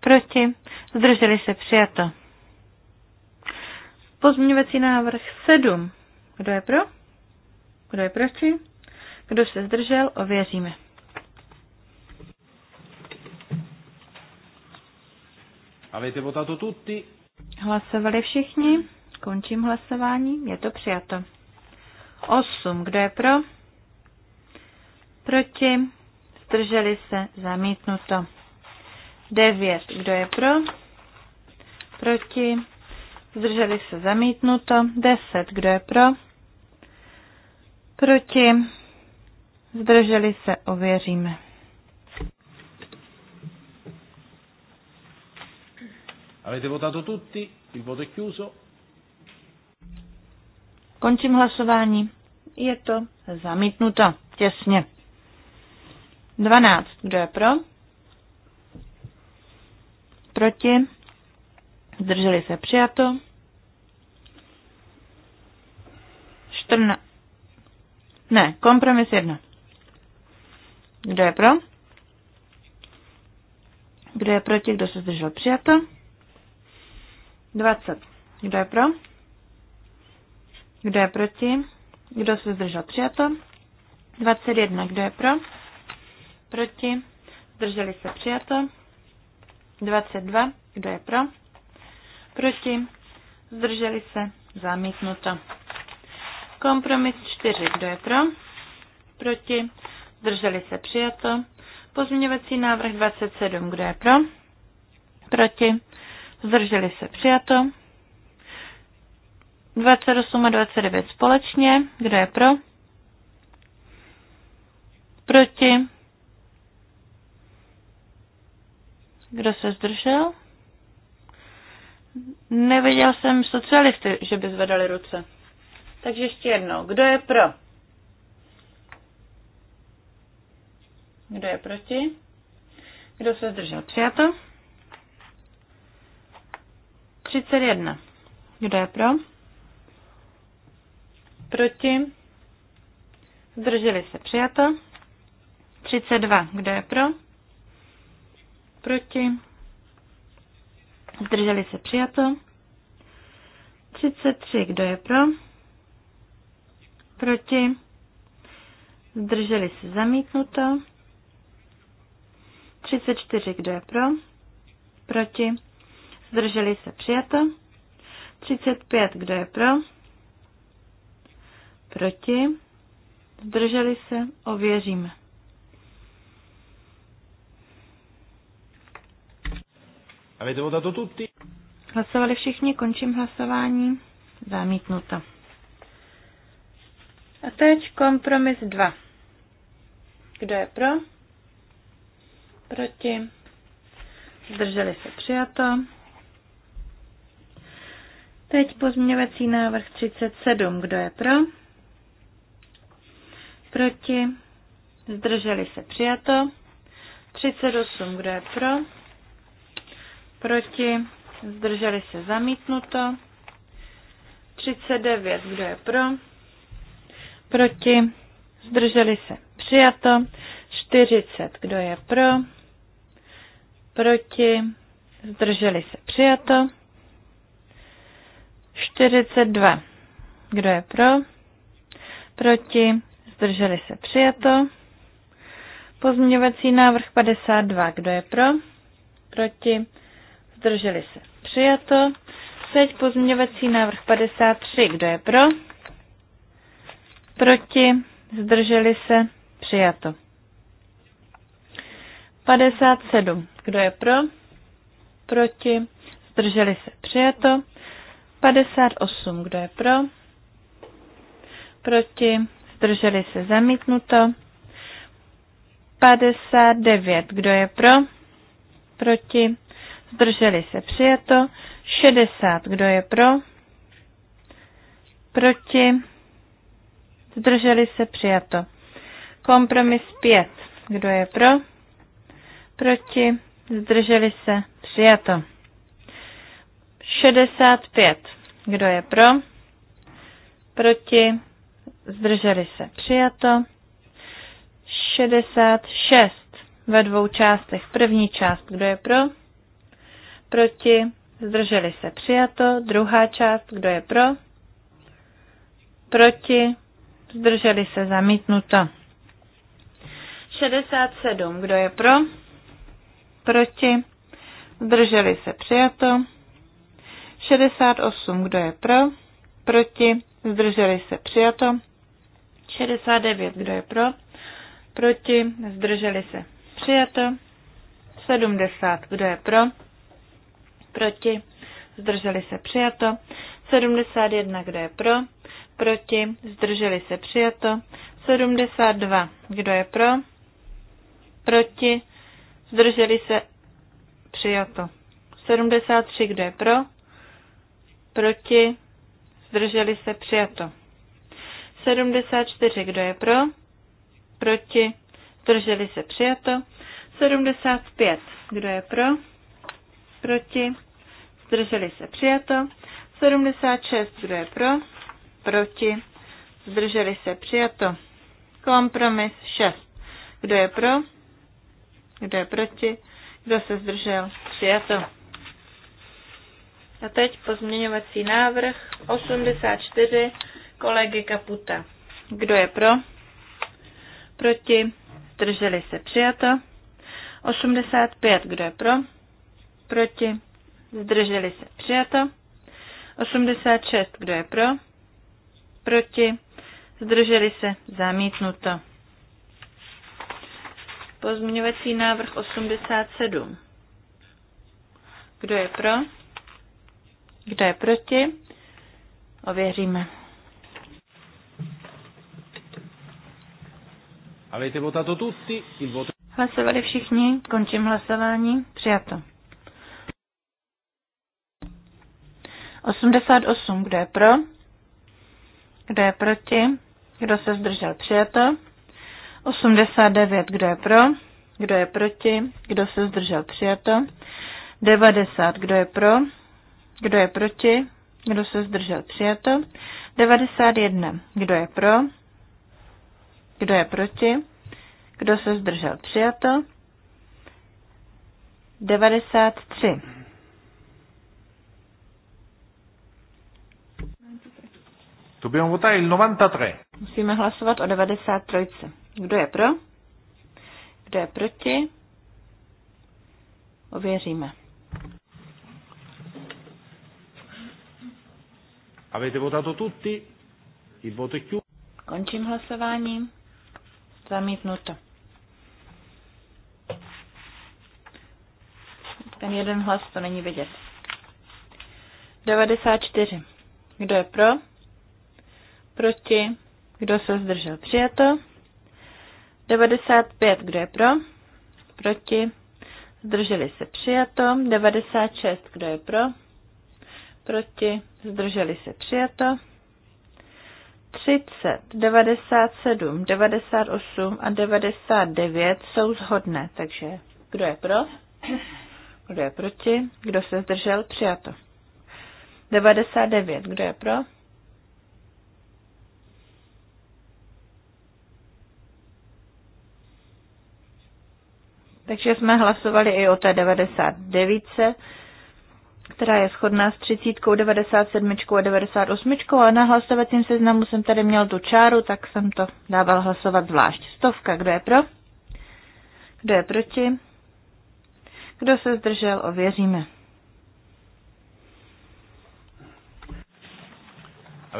Proti. Zdrželi se přijato. Pozměňovací návrh 7. Kdo je pro? Kdo je proti? Kdo se zdržel? Ověříme. Avete votato tutti? Hlasovali všichni. Končím hlasování. Je to přijato. 8. Kdo je pro? Proti? Zdrželi se? Zamítnuto. 9. Kdo je pro? Proti? Zdrželi se? Zamítnuto. 10. Kdo je pro? Proti? Zdrželi se? Ověříme. Avete votato tutti? Il voto è chiuso. Končím hlasování. Je to zamítnuto. Těsně. 12. Kdo je pro? Proti? Zdrželi se přijato. 14. Ne, kompromis 1. Kdo je pro? Kdo je proti? Kdo se zdržel? Přijato. 20. Kdo je pro? Kdo je proti? Kdo se zdržel? Přijato. 21. Kdo je pro? proti, zdrželi se přijato. 22, kdo je pro, proti, zdrželi se zamítnuto. Kompromis 4, kdo je pro, proti, zdrželi se přijato. Pozměňovací návrh 27, kdo je pro, proti, zdrželi se přijato. 28 a 29 společně, kdo je pro, proti, Kdo se zdržel? Neviděl jsem socialisty, že by zvedali ruce. Takže ještě jednou. Kdo je pro? Kdo je proti? Kdo se zdržel? Přijato. 31. Kdo je pro? Proti? Zdrželi se. Přijato. 32. Kdo je pro? proti, zdrželi se přijato. 33, kdo je pro, proti, zdrželi se zamítnuto. 34, kdo je pro, proti, zdrželi se přijato. 35, kdo je pro, proti, zdrželi se, ověříme. Avete votato tutti? Hlasovali všichni, končím hlasování. Zamítnuto. A teď kompromis 2. Kdo je pro? Proti? Zdrželi se přijato. Teď pozměňovací návrh 37. Kdo je pro? Proti? Zdrželi se přijato. 38. Kdo je pro? proti, zdrželi se zamítnuto. 39, kdo je pro, proti, zdrželi se přijato. 40, kdo je pro, proti, zdrželi se přijato. 42, kdo je pro, proti, zdrželi se přijato. Pozměňovací návrh 52, kdo je pro, proti, zdrželi se. Přijato. Teď pozměňovací návrh 53. Kdo je pro? Proti? Zdrželi se? Přijato. 57. Kdo je pro? Proti? Zdrželi se? Přijato. 58. Kdo je pro? Proti? Zdrželi se? Zamítnuto. 59. Kdo je pro? Proti? zdrželi se přijato, 60, kdo je pro, proti, zdrželi se přijato. Kompromis 5, kdo je pro, proti, zdrželi se přijato. 65, kdo je pro, proti, zdrželi se přijato. 66 ve dvou částech. První část, kdo je pro? proti, zdrželi se přijato, druhá část, kdo je pro, proti, zdrželi se zamítnuto. 67, kdo je pro, proti, zdrželi se přijato. 68, kdo je pro, proti, zdrželi se přijato. 69, kdo je pro, proti, zdrželi se přijato. 70, kdo je pro, proti, zdrželi se přijato, 71, kdo je pro, proti, zdrželi se přijato, 72, kdo je pro, proti, zdrželi se přijato, 73, kdo je pro, proti, zdrželi se přijato, 74, kdo je pro, proti, zdrželi se přijato, 75, kdo je pro, proti, zdrželi se přijato, 76, kdo je pro, proti, zdrželi se přijato, kompromis 6, kdo je pro, kdo je proti, kdo se zdržel, přijato. A teď pozměňovací návrh 84 kolegy Kaputa. Kdo je pro? Proti? Zdrželi se přijato. 85. Kdo je pro? proti, zdrželi se přijato. 86, kdo je pro, proti, zdrželi se zamítnuto. Pozměňovací návrh 87. Kdo je pro? Kdo je proti? Ověříme. Hlasovali všichni, končím hlasování, přijato. 88, kdo je pro, kdo je proti, kdo se zdržel, přijato. 89, kdo je pro, kdo je proti, kdo se zdržel, přijato. 90, kdo je pro, kdo je proti, kdo se zdržel, přijato. 91, kdo je pro, kdo je proti, kdo se zdržel, přijato. 93. Dobbiamo votare il 93. Musíme hlasovat o 93. Kdo je pro? Kdo je proti? Ověříme. Avete votato tutti? Il voto è chiuso. Končím hlasování. Zamítnuto. Ten jeden hlas to není vidět. 94. Kdo je pro? proti, kdo se zdržel přijato. 95, kdo je pro, proti, zdrželi se přijato. 96, kdo je pro, proti, zdrželi se přijato. 30, 97, 98 a 99 jsou zhodné, takže kdo je pro? Kdo je proti? Kdo se zdržel? Přijato. 99. Kdo je pro? Takže jsme hlasovali i o té 99, která je shodná s 30, 97 a 98, a na hlasovacím seznamu jsem tady měl tu čáru, tak jsem to dával hlasovat zvlášť. Stovka, kdo je pro? Kdo je proti? Kdo se zdržel, ověříme. A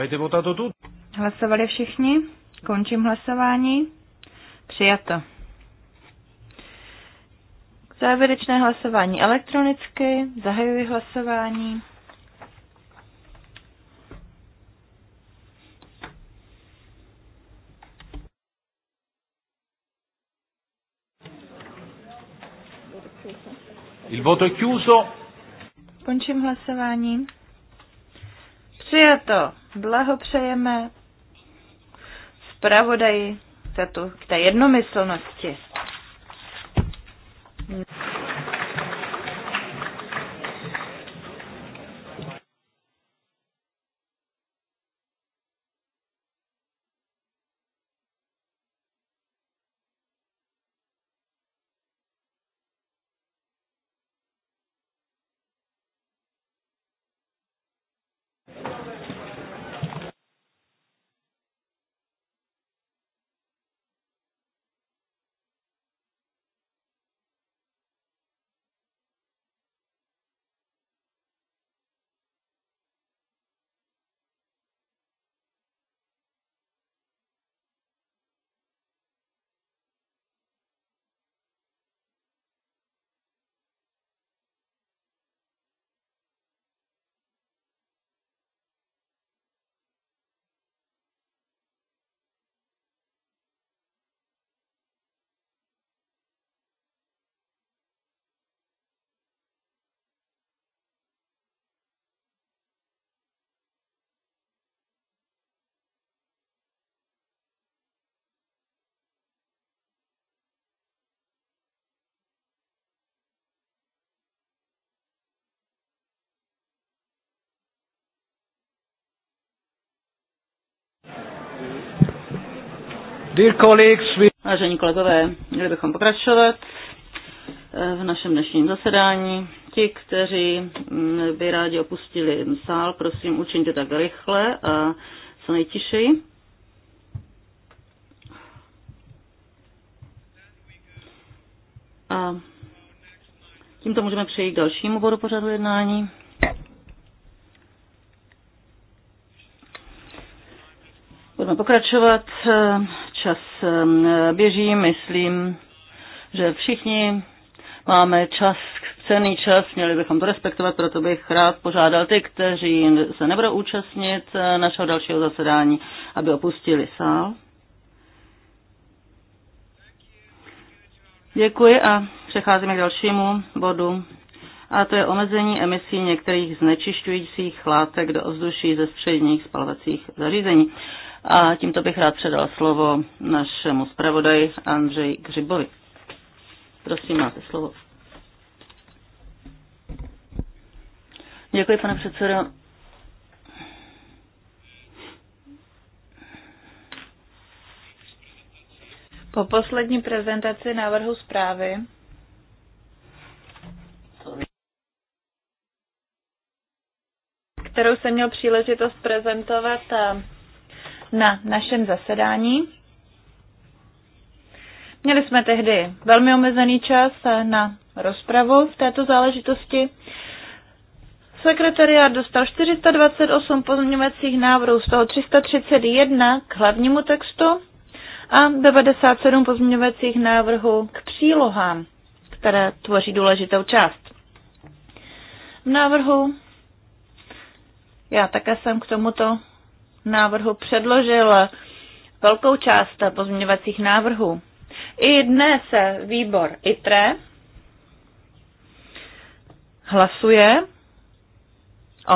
Hlasovali všichni? Končím hlasování. Přijato. Závěrečné hlasování elektronicky. Zahajuji hlasování. Il voto è chiuso. Končím hlasování. Přijato. Blahopřejeme zpravodaji za tu, k té jednomyslnosti. Děkuji. Dear colleagues, we... Vážení kolegové, měli bychom pokračovat eh, v našem dnešním zasedání. Ti, kteří mm, by rádi opustili sál, prosím, učiňte tak rychle a co nejtišeji. A tímto můžeme přejít k dalšímu bodu pořadu jednání. Budeme pokračovat eh, čas běží, myslím, že všichni máme čas, cený čas, měli bychom to respektovat, proto bych rád požádal ty, kteří se nebudou účastnit eh, našeho dalšího zasedání, aby opustili sál. Děkuji a přecházíme k dalšímu bodu. A to je omezení emisí některých znečišťujících látek do ovzduší ze středních spalovacích zařízení. A tímto bych rád předal slovo našemu zpravodaji Andřej Gřibovi. Prosím, máte slovo. Děkuji, pane předsedo. Po poslední prezentaci návrhu zprávy kterou jsem měl příležitost prezentovat eh, na našem zasedání. Měli jsme tehdy velmi omezený čas na rozpravu v této záležitosti. Sekretariát dostal 428 pozměňovacích návrhů, z toho 331 k hlavnímu textu a 97 pozměňovacích návrhů k přílohám, které tvoří důležitou část. V návrhu já také jsem k tomuto návrhu předložil velkou část pozměňovacích návrhů. I dnes výbor ITRE hlasuje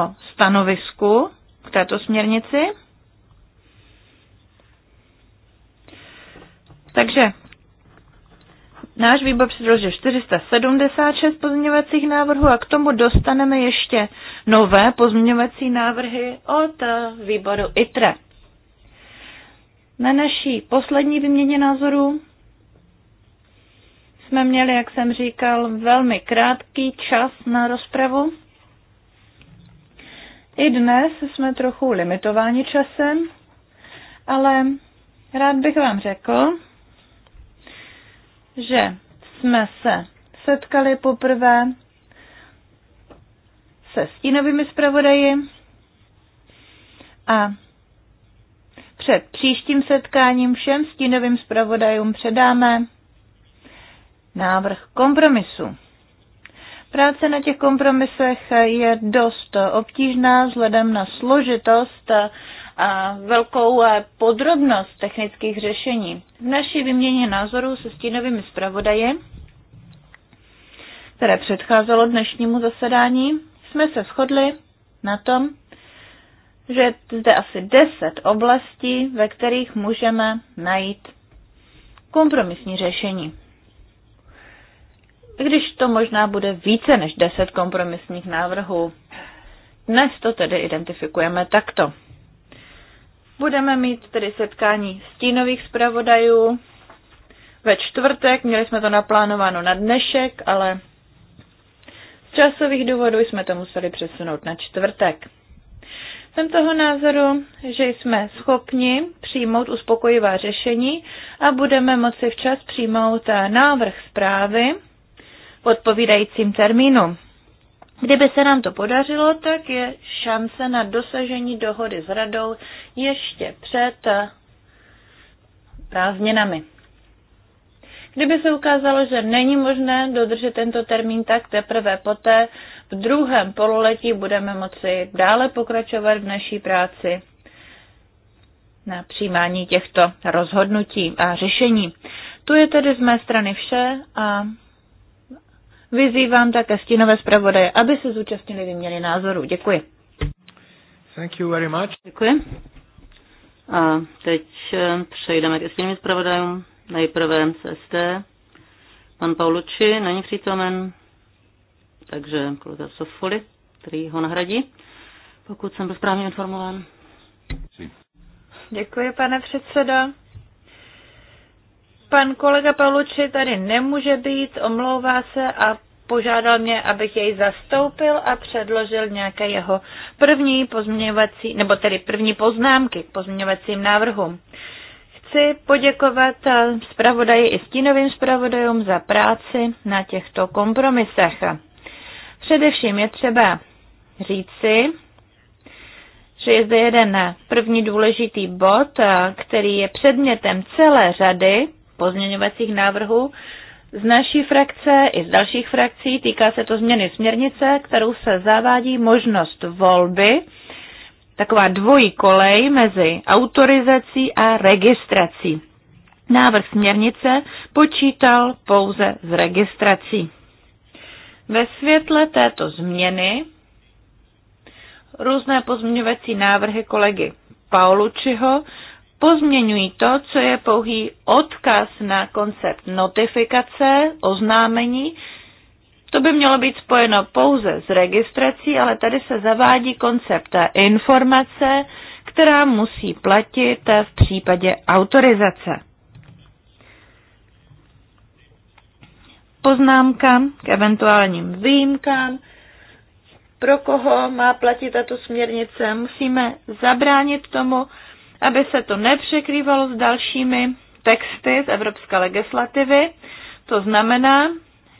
o stanovisku k této směrnici. Takže Náš výbor předložil 476 pozměňovacích návrhů a k tomu dostaneme ještě nové pozměňovací návrhy od výboru ITRE. Na naší poslední vyměně názorů jsme měli, jak jsem říkal, velmi krátký čas na rozpravu. I dnes jsme trochu limitováni časem, ale rád bych vám řekl, že jsme se setkali poprvé se stínovými zpravodaji a před příštím setkáním všem stínovým zpravodajům předáme návrh kompromisu. Práce na těch kompromisech je dost obtížná vzhledem na složitost a velkou eh, podrobnost technických řešení. V naší výměně názorů se stínovými zpravodajem, které předcházelo dnešnímu zasedání, jsme se shodli na tom, že zde asi deset oblastí, ve kterých můžeme najít kompromisní řešení. I když to možná bude více než deset kompromisních návrhů, dnes to tedy identifikujeme takto. Budeme mít tedy setkání stínových zpravodajů ve čtvrtek, měli jsme to naplánováno na dnešek, ale z časových důvodů jsme to museli přesunout na čtvrtek. Jsem toho názoru, že jsme schopni přijmout uspokojivá řešení a budeme moci včas přijmout návrh zprávy v odpovídajícím termínu. Kdyby se nám to podařilo, tak je šance na dosažení dohody s radou ještě před eh, prázdninami. Kdyby se ukázalo, že není možné dodržet tento termín, tak teprve poté v druhém pololetí budeme moci dále pokračovat v naší práci na přijímání těchto rozhodnutí a řešení. To je tedy z mé strany vše a Vyzývám také stínové zpravodaje, aby se zúčastnili výměny názorů. Děkuji. Thank you very much. Děkuji. A teď eh, přejdeme ke stínovým zpravodajům. Nejprve SST. Pan Pauluči, není přítomen, takže kolega Sofoli, který ho nahradí, pokud jsem byl správně informován. Děkuji, pane předsedo. Pan kolega Paluči tady nemůže být, omlouvá se a požádal mě, abych jej zastoupil a předložil nějaké jeho první pozměňovací, nebo tedy první poznámky k pozměňovacím návrhům. Chci poděkovat zpravodaji i stínovým zpravodajům za práci na těchto kompromisech. Především je třeba říci, že je zde jeden první důležitý bod, který je předmětem celé řady pozměňovacích návrhů z naší frakce i z dalších frakcí. Týká se to změny směrnice, kterou se zavádí možnost volby, taková dvojí kolej mezi autorizací a registrací. Návrh směrnice počítal pouze s registrací. Ve světle této změny různé pozměňovací návrhy kolegy Paulučiho pozměňují to, co je pouhý odkaz na koncept notifikace, oznámení. To by mělo být spojeno pouze s registrací, ale tady se zavádí koncept informace, která musí platit v případě autorizace. Poznámka k eventuálním výjimkám pro koho má platit tato směrnice. Musíme zabránit tomu, aby se to nepřekrývalo s dalšími texty z evropské legislativy. To znamená,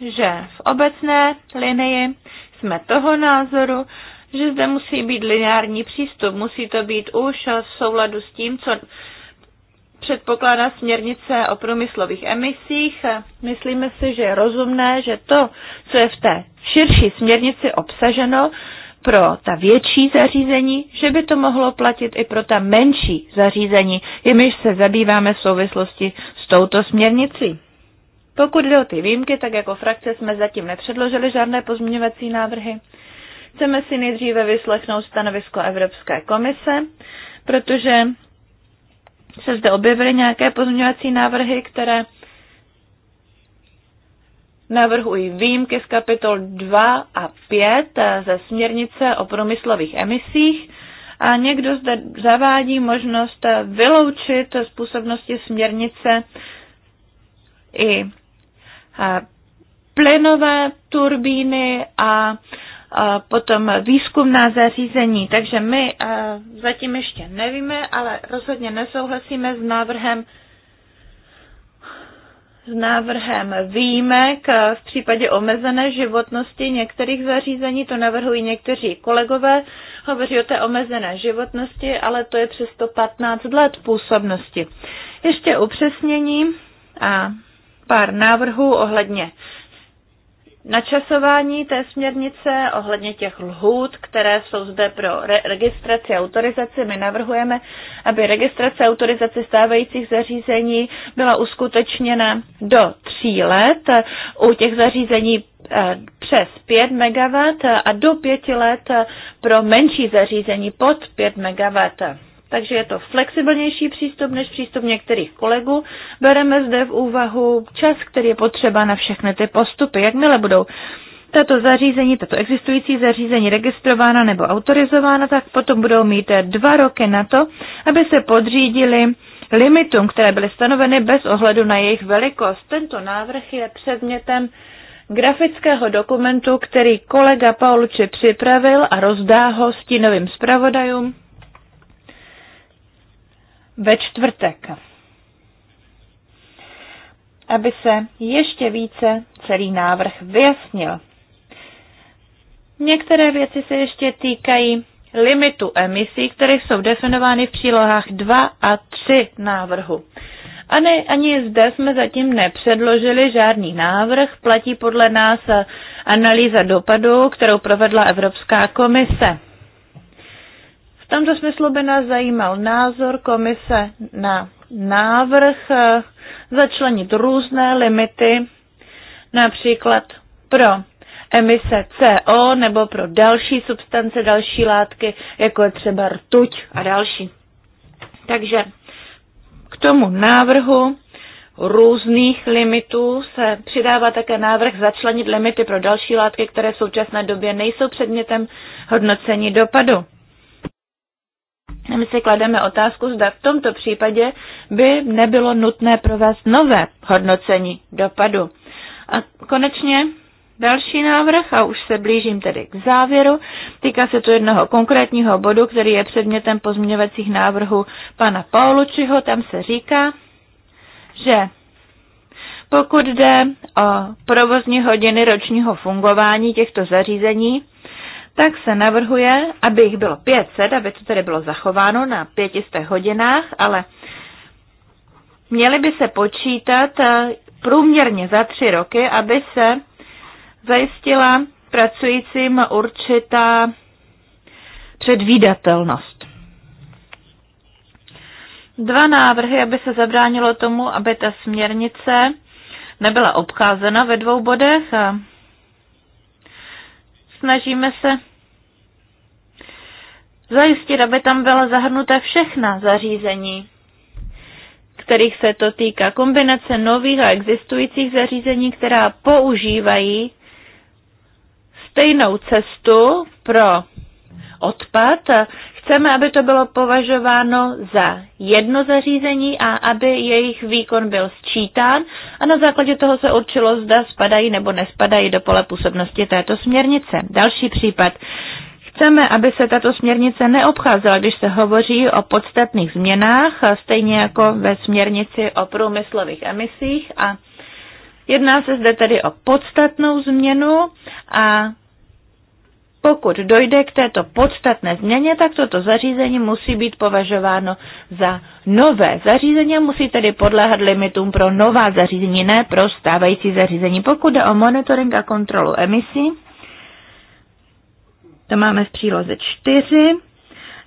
že v obecné linii jsme toho názoru, že zde musí být lineární přístup, musí to být už v souladu s tím, co předpokládá směrnice o průmyslových emisích. Myslíme si, že je rozumné, že to, co je v té širší směrnici obsaženo, pro ta větší zařízení, že by to mohlo platit i pro ta menší zařízení, jimiž se zabýváme v souvislosti s touto směrnicí. Pokud jde o ty výjimky, tak jako frakce jsme zatím nepředložili žádné pozměňovací návrhy. Chceme si nejdříve vyslechnout stanovisko Evropské komise, protože se zde objevily nějaké pozměňovací návrhy, které navrhují výjimky z kapitol 2 a 5 ze směrnice o průmyslových emisích a někdo zde zavádí možnost vyloučit z působnosti směrnice i plynové turbíny a potom výzkumná zařízení. Takže my zatím ještě nevíme, ale rozhodně nesouhlasíme s návrhem s návrhem výjimek v případě omezené životnosti některých zařízení, to navrhují někteří kolegové, hovoří o té omezené životnosti, ale to je přesto 15 let působnosti. Ještě upřesnění a pár návrhů ohledně Načasování té směrnice ohledně těch lhůt, které jsou zde pro re- registraci a autorizaci, my navrhujeme, aby registrace a autorizace stávajících zařízení byla uskutečněna do tří let u těch zařízení eh, přes 5 MW a do pěti let pro menší zařízení pod 5 MW. Takže je to flexibilnější přístup než přístup některých kolegů. Bereme zde v úvahu čas, který je potřeba na všechny ty postupy. Jakmile budou tato zařízení, tato existující zařízení registrována nebo autorizována, tak potom budou mít dva roky na to, aby se podřídili limitům, které byly stanoveny bez ohledu na jejich velikost. Tento návrh je předmětem grafického dokumentu, který kolega Pauluči připravil a rozdá ho stínovým zpravodajům ve čtvrtek, aby se ještě více celý návrh vyjasnil. Některé věci se ještě týkají limitu emisí, které jsou definovány v přílohách 2 a 3 návrhu. A ne, ani zde jsme zatím nepředložili žádný návrh, platí podle nás analýza dopadu, kterou provedla Evropská komise tomto smyslu by nás zajímal názor komise na návrh eh, začlenit různé limity, například pro emise CO nebo pro další substance, další látky, jako je třeba rtuť a další. Takže k tomu návrhu různých limitů se přidává také návrh začlenit limity pro další látky, které v současné době nejsou předmětem hodnocení dopadu. My si klademe otázku, zda v tomto případě by nebylo nutné provést nové hodnocení dopadu. A konečně další návrh, a už se blížím tedy k závěru, týká se to jednoho konkrétního bodu, který je předmětem pozměňovacích návrhů pana Paulučiho. Tam se říká, že pokud jde o provozní hodiny ročního fungování těchto zařízení, tak se navrhuje, aby jich bylo 500, aby to tedy bylo zachováno na 500 hodinách, ale měly by se počítat eh, průměrně za tři roky, aby se zajistila pracujícím určitá předvídatelnost. Dva návrhy, aby se zabránilo tomu, aby ta směrnice nebyla obcházena ve dvou bodech. A snažíme se zajistit, aby tam byla zahrnuta všechna zařízení, kterých se to týká. Kombinace nových a existujících zařízení, která používají stejnou cestu pro odpad. Chceme, aby to bylo považováno za jedno zařízení a aby jejich výkon byl sčítán a na základě toho se určilo, zda spadají nebo nespadají do pole působnosti této směrnice. Další případ. Chceme, aby se tato směrnice neobcházela, když se hovoří o podstatných změnách, stejně jako ve směrnici o průmyslových emisích a Jedná se zde tedy o podstatnou změnu a pokud dojde k této podstatné změně, tak toto zařízení musí být považováno za nové zařízení a musí tedy podléhat limitům pro nová zařízení, ne pro stávající zařízení. Pokud jde o monitoring a kontrolu emisí, to máme v příloze 4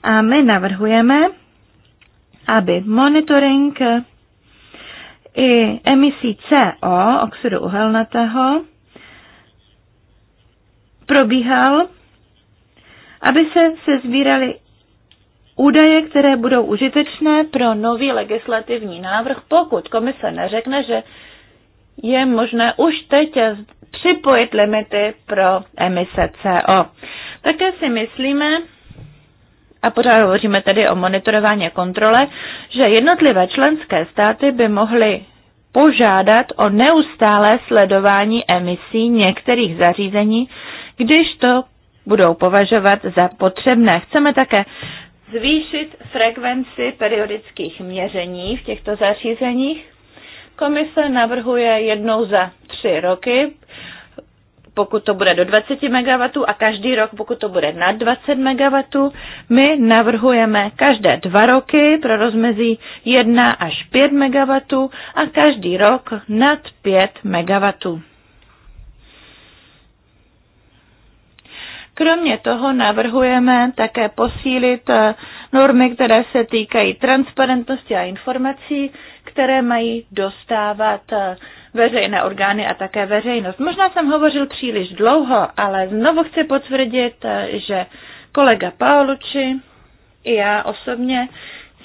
a my navrhujeme, aby monitoring i emisí CO, oxidu uhelnatého, probíhal aby se se údaje, které budou užitečné pro nový legislativní návrh, pokud komise neřekne, že je možné už teď připojit limity pro emise CO. Také si myslíme, a pořád hovoříme tedy o monitorování a kontrole, že jednotlivé členské státy by mohly požádat o neustálé sledování emisí některých zařízení, když to budou považovat za potřebné. Chceme také zvýšit frekvenci periodických měření v těchto zařízeních. Komise navrhuje jednou za tři roky, pokud to bude do 20 MW a každý rok, pokud to bude nad 20 MW. My navrhujeme každé dva roky pro rozmezí 1 až 5 MW a každý rok nad 5 MW. Kromě toho navrhujeme také posílit eh, normy, které se týkají transparentnosti a informací, které mají dostávat eh, veřejné orgány a také veřejnost. Možná jsem hovořil příliš dlouho, ale znovu chci potvrdit, eh, že kolega Paolucci i já osobně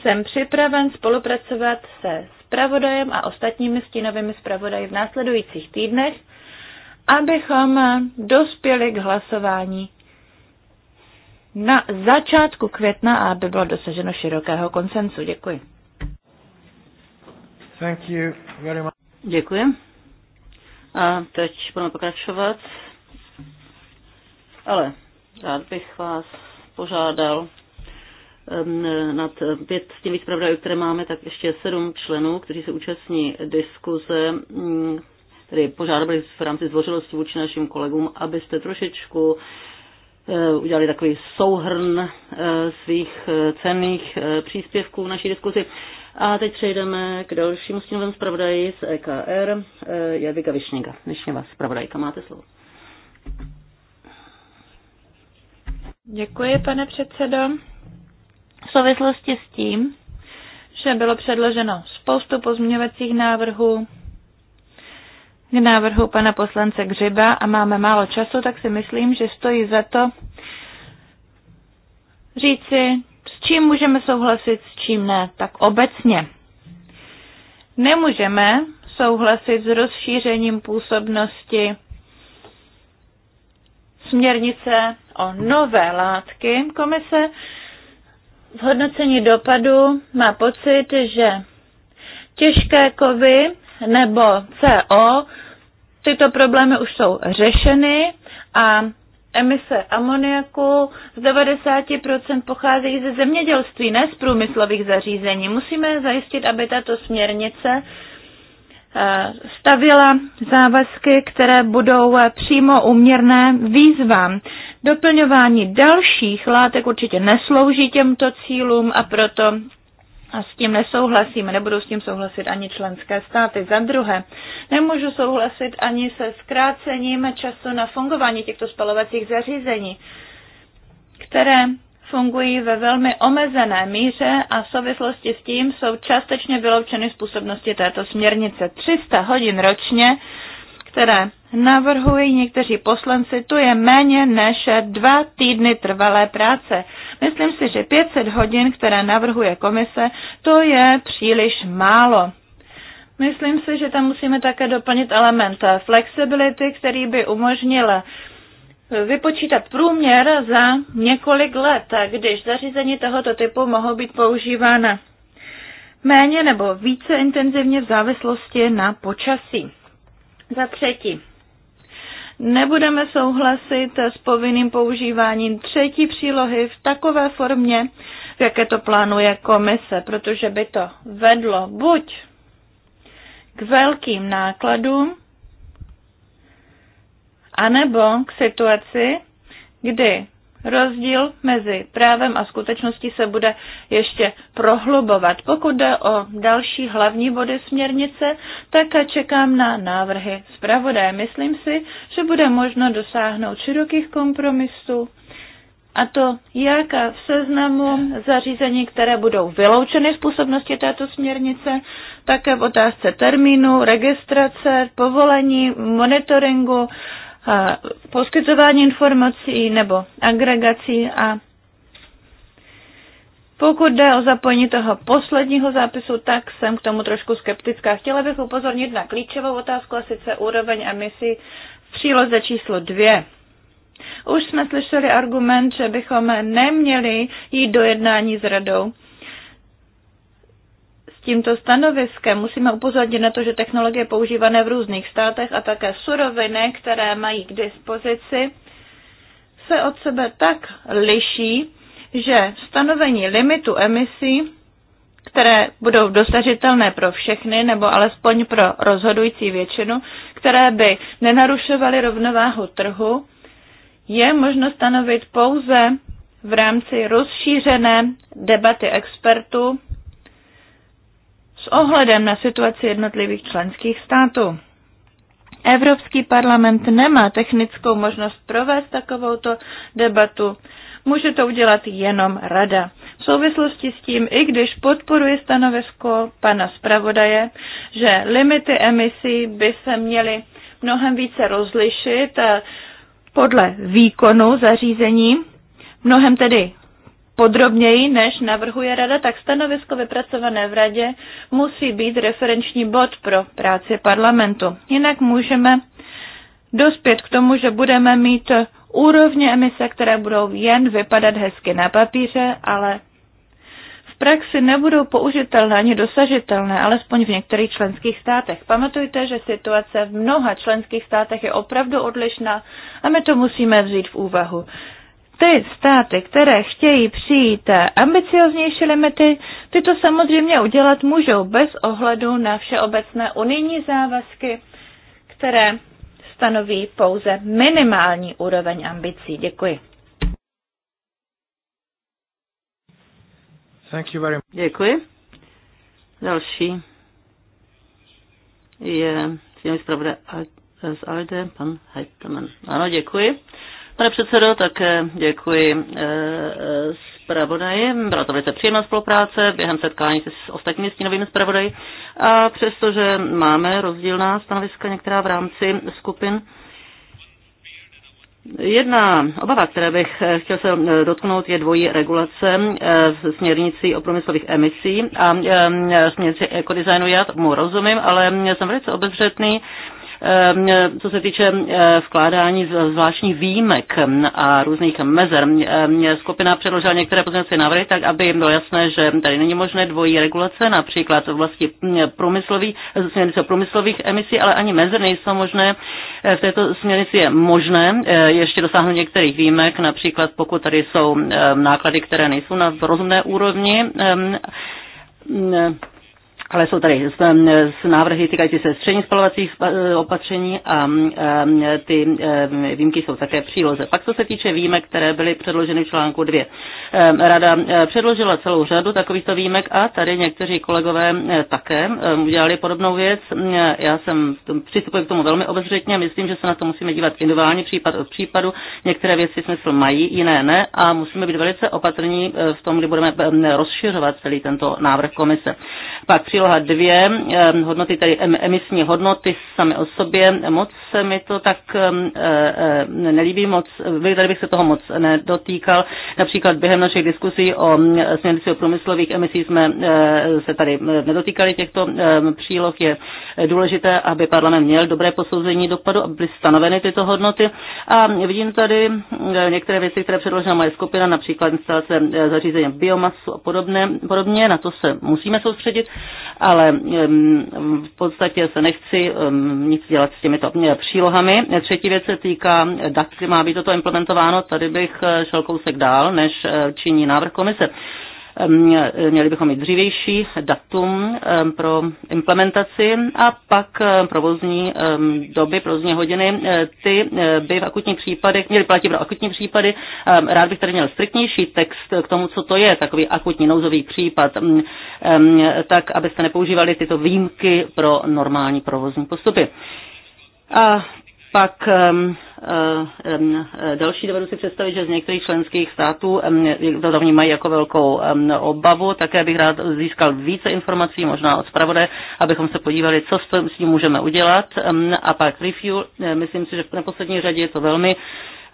jsem připraven spolupracovat se zpravodajem a ostatními stínovými zpravodaji v následujících týdnech, abychom dospěli k hlasování na začátku května a aby bylo dosaženo širokého konsensu. Děkuji. Thank you very much. Děkuji. A teď budeme pokračovat. Ale rád bych vás požádal nad pět z těch zpravodajů, které máme, tak ještě sedm členů, kteří se účastní diskuze, tedy požádali v rámci zdvořilosti vůči našim kolegům, abyste trošičku Eh, udělali takový souhrn eh, svých eh, cenných příspěvků v naší diskuzi. A teď přejdeme k dalšímu stínovému zpravodaji z EKR, Jadvika Višněga. Dnešně vás zpravodajka, máte slovo. Děkuji, pane předsedo. V souvislosti s tím, že bylo předloženo spoustu pozměňovacích návrhů, k návrhu pana poslance Gřiba a máme málo času, tak si myslím, že stojí za to říci, s čím můžeme souhlasit, s čím ne, tak obecně. Nemůžeme souhlasit s rozšířením působnosti směrnice o nové látky. Komise v hodnocení dopadu má pocit, že těžké kovy nebo CO, tyto problémy už jsou řešeny a emise amoniaku z 90% pocházejí ze zemědělství, ne z průmyslových zařízení. Musíme zajistit, aby tato směrnice eh, stavila závazky, které budou eh, přímo uměrné výzvám. Doplňování dalších látek určitě neslouží těmto cílům a proto a s tím nesouhlasím, nebudou s tím souhlasit ani členské státy. Za druhé, nemůžu souhlasit ani se zkrácením času na fungování těchto spalovacích zařízení, které fungují ve velmi omezené míře a v souvislosti s tím jsou částečně vyloučeny z působnosti této směrnice. 300 hodin ročně, které navrhují někteří poslanci, to je méně než dva týdny trvalé práce. Myslím si, že 500 hodin, které navrhuje komise, to je příliš málo. Myslím si, že tam musíme také doplnit element flexibility, který by umožnil vypočítat průměr za několik let, když zařízení tohoto typu mohou být používána méně nebo více intenzivně v závislosti na počasí. Za třetí, Nebudeme souhlasit s povinným používáním třetí přílohy v takové formě, v jaké to plánuje komise, protože by to vedlo buď k velkým nákladům, anebo k situaci, kdy Rozdíl mezi právem a skutečností se bude ještě prohlubovat. Pokud jde o další hlavní body směrnice, tak čekám na návrhy zpravodaje. Myslím si, že bude možno dosáhnout širokých kompromisů a to jak v seznamu zařízení, které budou vyloučeny z působnosti této směrnice, také v otázce termínu, registrace, povolení, monitoringu, poskytování informací nebo agregací a pokud jde o zapojení toho posledního zápisu, tak jsem k tomu trošku skeptická. Chtěla bych upozornit na klíčovou otázku, a sice úroveň emisí v příloze číslo 2. Už jsme slyšeli argument, že bychom neměli jít do jednání s radou tímto stanoviskem. Musíme upozornit na to, že technologie používané v různých státech a také suroviny, které mají k dispozici, se od sebe tak liší, že stanovení limitu emisí, které budou dosažitelné pro všechny nebo alespoň pro rozhodující většinu, které by nenarušovaly rovnováhu trhu, je možno stanovit pouze v rámci rozšířené debaty expertů s ohledem na situaci jednotlivých členských států. Evropský parlament nemá technickou možnost provést takovouto debatu. Může to udělat jenom rada. V souvislosti s tím, i když podporuji stanovisko pana zpravodaje, že limity emisí by se měly mnohem více rozlišit eh, podle výkonu zařízení, mnohem tedy podrobněji, než navrhuje rada, tak stanovisko vypracované v radě musí být referenční bod pro práci parlamentu. Jinak můžeme dospět k tomu, že budeme mít úrovně emise, které budou jen vypadat hezky na papíře, ale v praxi nebudou použitelné ani dosažitelné, alespoň v některých členských státech. Pamatujte, že situace v mnoha členských státech je opravdu odlišná a my to musíme vzít v úvahu ty státy, které chtějí přijít ambicioznější limity, ty to samozřejmě udělat můžou bez ohledu na všeobecné unijní závazky, které stanoví pouze minimální úroveň ambicí. Děkuji. Thank you very much. Děkuji. Další je sněmový zpravodaj z ALDE, pan Heitman. Ano, děkuji. Pane předsedo, také eh, děkuji eh, zpravodaji. Byla to velice příjemná spolupráce během setkání s ostatními stínovými zpravodaji. A přestože máme rozdílná stanoviska některá v rámci skupin, Jedna obava, které bych eh, chtěl se dotknout, je dvojí regulace směrnicí o průmyslových emisí a směrnici ekodesignu. Já tomu rozumím, ale jsem velice obezřetný Ehm, co se týče eh, vkládání zvláštních výjimek ehm, a různých mezer. Ehm, skupina předložila některé pozměnce návrhy tak, aby jim bylo jasné, že tady není možné dvojí regulace, například v oblasti mm, průmyslových, eh, směrnice průmyslových emisí, ale ani mezer nejsou možné. Eh, v této směrnici je možné ještě dosáhnout některých výjimek, například pokud tady jsou náklady, které nejsou na rozumné úrovni, mm, ale jsou tady z návrhy týkající se střední spalovacích eh, opatření a ty eh, výjimky jsou také příloze. Pak co se týče výjimek, které byly předloženy v článku 2. Rada eh, předložila celou řadu takovýchto výjimek a tady někteří kolegové také udělali podobnou věc. Já jsem přistupuji k tomu velmi obezřetně, myslím, že se na to musíme dívat individuálně případ od případu. Některé věci smysl mají, jiné ne a musíme být velice opatrní v tom, kdy budeme rozšiřovat celý tento návrh komise. Pak příloha dvě, hodnoty tedy emisní hodnoty samé o sobě, moc se mi to tak e, e, nelíbí, moc, tady bych se toho moc nedotýkal. Například během našich diskusí o směrnici o průmyslových emisí jsme e, se tady nedotýkali těchto příloh. Je důležité, aby parlament měl dobré posouzení dopadu, aby byly stanoveny tyto hodnoty. A vidím tady některé věci, které předložila moje skupina, například instalace zařízení biomasu a podobné, podobně. Na to se musíme soustředit ale v podstatě se nechci nic dělat s těmito přílohami. Třetí věc se týká eh, DAC, má být toto implementováno, tady bych eh, šel kousek dál, než eh, činí návrh komise. Měli bychom mít dřívější datum pro implementaci a pak provozní doby, provozní hodiny, ty by v akutních případech měly platit pro akutní případy. Rád bych tady měl striktnější text k tomu, co to je takový akutní nouzový případ, tak abyste nepoužívali tyto výjimky pro normální provozní postupy. A pak ehm, ehm, ehm, další dovedu si představit, že z některých členských států to tam mají jako velkou obavu. Také bych rád získal více informací, možná od zpravodaje, abychom se podívali, co s tím můžeme udělat. A pak review, myslím si, že v neposlední řadě je to velmi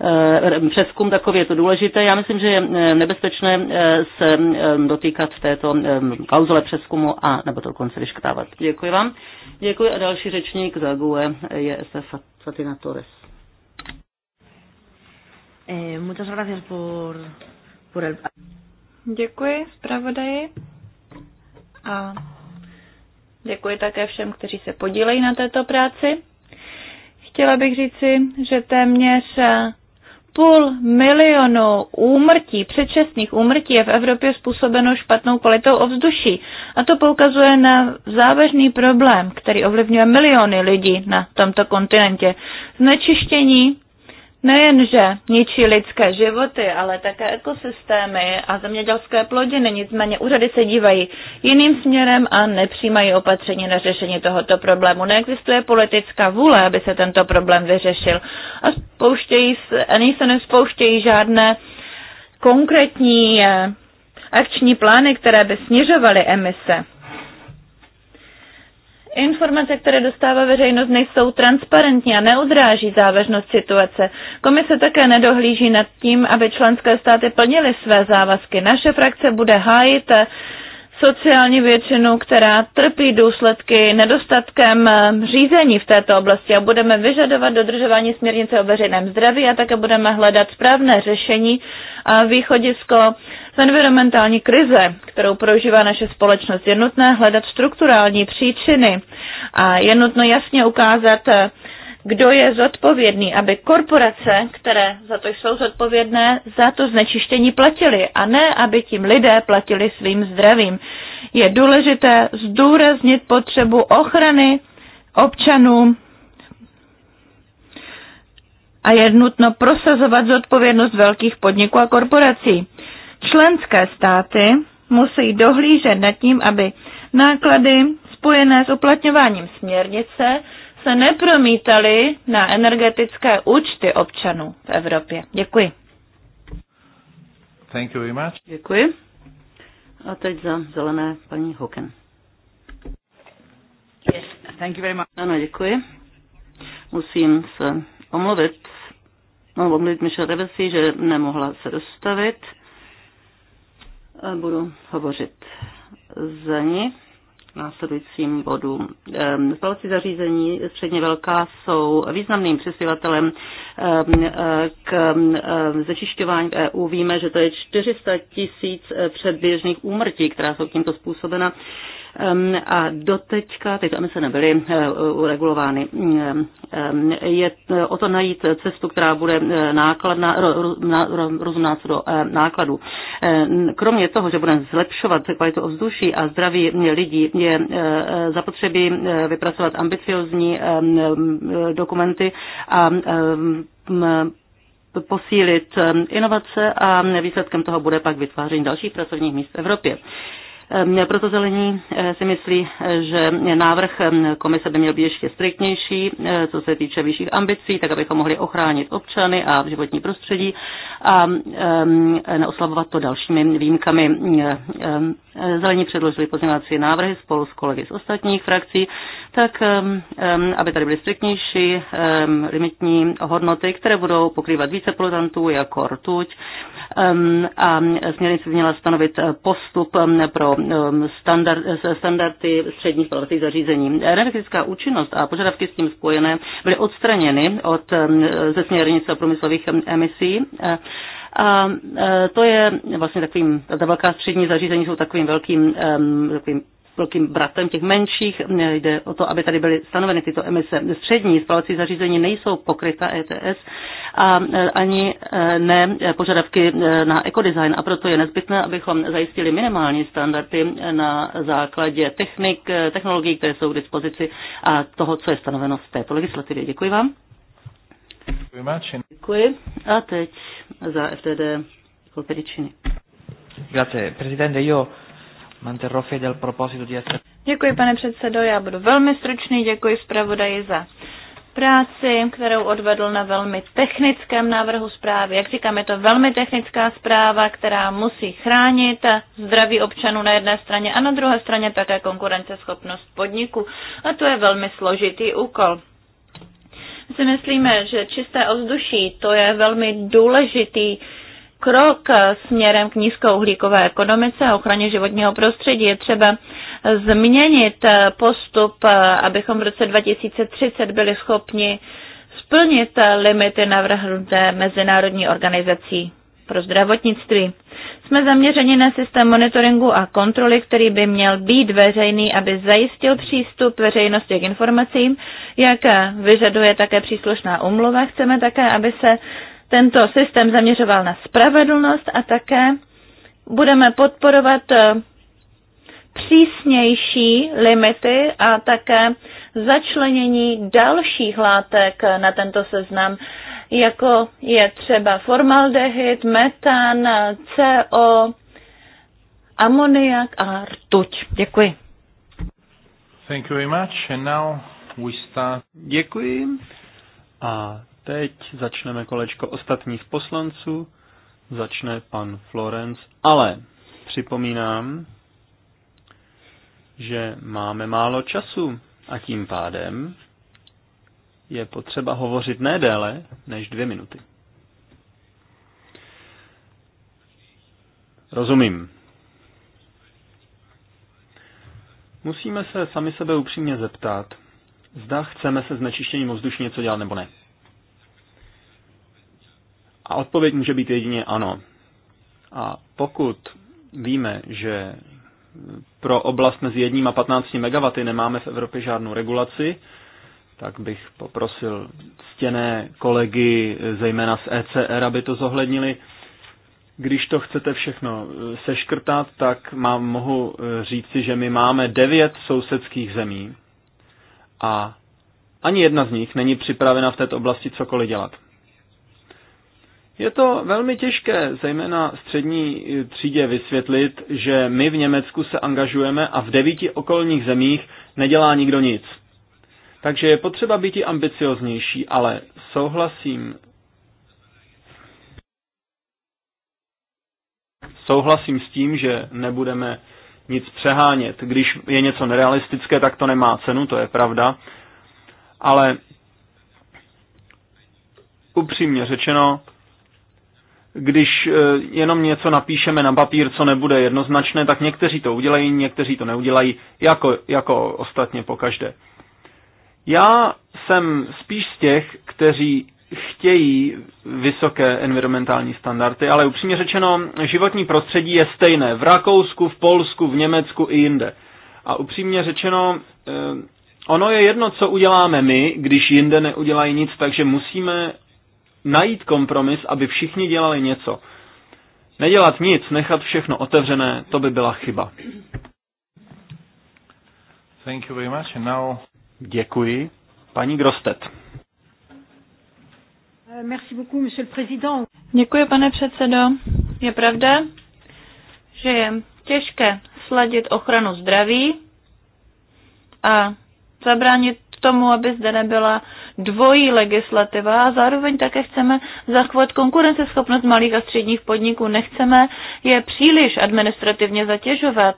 Eh, přeskum takový je to důležité. Já myslím, že je eh, nebezpečné eh, se dotýkat v této kauzole přeskumu a nebo to dokonce vyškrtávat. Děkuji vám. Děkuji a další řečník za GUE je SF Fatina Torres. muchas gracias por, por el... Děkuji zpravodaji a děkuji také všem, kteří se podílejí na této práci. Chtěla bych říci, že téměř půl milionu úmrtí, předčasných úmrtí je v Evropě způsobeno špatnou kvalitou ovzduší. A to poukazuje na závažný problém, který ovlivňuje miliony lidí na tomto kontinentě. Znečištění nejenže ničí lidské životy, ale také ekosystémy a zemědělské plodiny. Nicméně úřady se dívají jiným směrem a nepřijímají opatření na řešení tohoto problému. Neexistuje politická vůle, aby se tento problém vyřešil. A spouštějí, ani se nespouštějí žádné konkrétní eh, akční plány, které by snižovaly emise. Informace, které dostává veřejnost, nejsou transparentní a neodráží závažnost situace. Komise také nedohlíží nad tím, aby členské státy plnily své závazky. Naše frakce bude hájit sociální většinu, která trpí důsledky nedostatkem řízení v této oblasti a budeme vyžadovat dodržování směrnice o veřejném zdraví a také budeme hledat správné řešení a východisko z environmentální krize, kterou prožívá naše společnost, je nutné hledat strukturální příčiny a je nutno jasně ukázat, kdo je zodpovědný, aby korporace, které za to jsou zodpovědné, za to znečištění platili a ne, aby tím lidé platili svým zdravím. Je důležité zdůraznit potřebu ochrany občanů a je nutno prosazovat zodpovědnost velkých podniků a korporací. Členské státy musí dohlížet nad tím, aby náklady spojené s uplatňováním směrnice se nepromítaly na energetické účty občanů v Evropě. Děkuji. Thank you very much. Děkuji. A teď za zelené paní Hoken. Yes, thank you very much. Ano, děkuji. Musím se omluvit, no, omluvit Michelle Revesi, že nemohla se dostavit budu hovořit za ní následujícím bodu. Ehm, spalovací zařízení středně velká jsou významným přispěvatelem ehm, e, k ehm, zečišťování v EU. Víme, že to je 400 tisíc e, předběžných úmrtí, která jsou tímto způsobena a doteďka tyto emise nebyly eh, regulovány. Je eh, o to najít cestu, která bude eh, nákladná, rozumná co do nákladů. Kromě toho, že budeme zlepšovat kvalitu ovzduší a zdraví lidí, je zapotřebí vypracovat ambiciozní dokumenty a posílit inovace a výsledkem toho bude pak vytváření dalších pracovních míst v Evropě. Proto zelení eh, si myslí, eh, že návrh eh, komise by měl být ještě striktnější, co se týče vyšších ambicí, tak abychom mohli ochránit občany a životní prostředí a neoslabovat to dalšími výjimkami. Eh, zelení předložili pozměňovací návrhy spolu s kolegy z ostatních frakcí, tak aby tady byly striktnější limitní hodnoty, které budou pokrývat více polutantů jako rtuť a směrnice měla stanovit eh, postup pro standard, eh, standardy středních spalovacích zařízení. Energetická účinnost a požadavky s tím spojené byly odstraněny od, ze směrnice o průmyslových emisí a e, to je vlastně takovým, ta velká střední zařízení jsou takovým velkým, takovým velkým bratem těch menších. Jde o to, aby tady byly stanoveny tyto emise. Střední spalovací zařízení nejsou pokryta ETS a e, ani e, ne požadavky na ekodesign. A proto je nezbytné, abychom zajistili minimální standardy na základě technik, technologií, které jsou k dispozici a toho, co je stanoveno v této legislativě. Děkuji vám. Děkuji. A teď za FTD Koperičiny. Jako Grazie, prezidente, io Manterrò fede al proposito di essere... Děkuji, pane předsedo, já budu velmi stručný. Děkuji zpravodaji za práci, kterou odvedl na velmi technickém návrhu zprávy. Jak říkám, je to velmi technická zpráva, která musí chránit zdraví občanů na jedné straně a na druhé straně také konkurenceschopnost podniku. A to je velmi složitý úkol si myslíme, že čisté ovzduší to je velmi důležitý krok směrem k nízkouhlíkové ekonomice a ochraně životního prostředí. Je třeba změnit postup, abychom v roce 2030 byli schopni splnit limity navrhnuté Mezinárodní organizací pro zdravotnictví. Jsme zaměřeni na systém monitoringu a kontroly, který by měl být veřejný, aby zajistil přístup veřejnosti k informacím, jak vyžaduje také příslušná umluva. Chceme také, aby se tento systém zaměřoval na spravedlnost a také budeme podporovat eh, přísnější limity a také začlenění dalších látek na tento seznam jako je třeba formaldehyd, metan, CO, amoniak a rtuť. Děkuji. Thank you very much. And now we start... Děkuji. A teď začneme kolečko ostatních poslanců. Začne pan Florence, ale připomínám, že máme málo času a tím pádem je potřeba hovořit ne déle než dvě minuty. Rozumím. Musíme se sami sebe upřímně zeptat, zda chceme se znečištěním ovzduší něco dělat nebo ne. A odpověď může být jedině ano. A pokud víme, že pro oblast mezi 1 a 15 MW nemáme v Evropě žádnou regulaci, tak bych poprosil ctěné kolegy, zejména z ECR, aby to zohlednili. Když to chcete všechno eh, seškrtat, tak mám, mohu eh, říci, že my máme devět sousedských zemí a ani jedna z nich není připravena v této oblasti cokoliv dělat. Je to velmi těžké, zejména střední eh, třídě, vysvětlit, že my v Německu se angažujeme a v devíti okolních zemích nedělá nikdo nic. Takže je potřeba být i ambicioznější, ale souhlasím souhlasím s tím, že nebudeme nic přehánět. Když je něco nerealistické, tak to nemá cenu, to je pravda. Ale upřímně řečeno, když e, jenom něco napíšeme na papír, co nebude jednoznačné, tak někteří to udělají, někteří to neudělají, jako, jako ostatně pokaždé. každé. Já jsem spíš z těch, kteří chtějí vysoké environmentální standardy, ale upřímně řečeno, životní prostředí je stejné v Rakousku, v Polsku, v Německu i jinde. A upřímně řečeno, eh, ono je jedno, co uděláme my, když jinde neudělají nic, takže musíme najít kompromis, aby všichni dělali něco. Nedělat nic, nechat všechno otevřené, to by byla chyba. Thank you very much. And now... Děkuji. Paní Grostet. Merci beaucoup, monsieur le président. Děkuji, pane předsedo. Je pravda, že je těžké sladit ochranu zdraví a zabránit tomu, aby zde nebyla dvojí legislativa a zároveň také chceme zachovat konkurenceschopnost malých a středních podniků. Nechceme je příliš administrativně zatěžovat,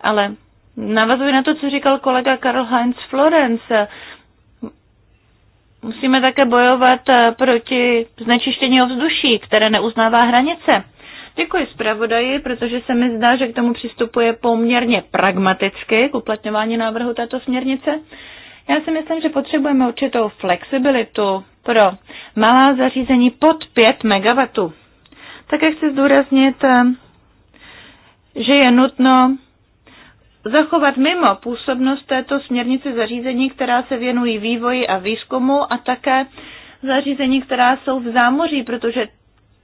ale Navazuji na to, co říkal kolega Karl Heinz Florence. Musíme také bojovat eh, proti znečištění ovzduší, které neuznává hranice. Děkuji zpravodaji, protože se mi zdá, že k tomu přistupuje poměrně pragmaticky k uplatňování návrhu této směrnice. Já si myslím, že potřebujeme určitou flexibilitu pro malá zařízení pod 5 MW. Také chci zdůraznit, eh, že je nutno zachovat mimo působnost této směrnice zařízení, která se věnují vývoji a výzkumu a také zařízení, která jsou v zámoří, protože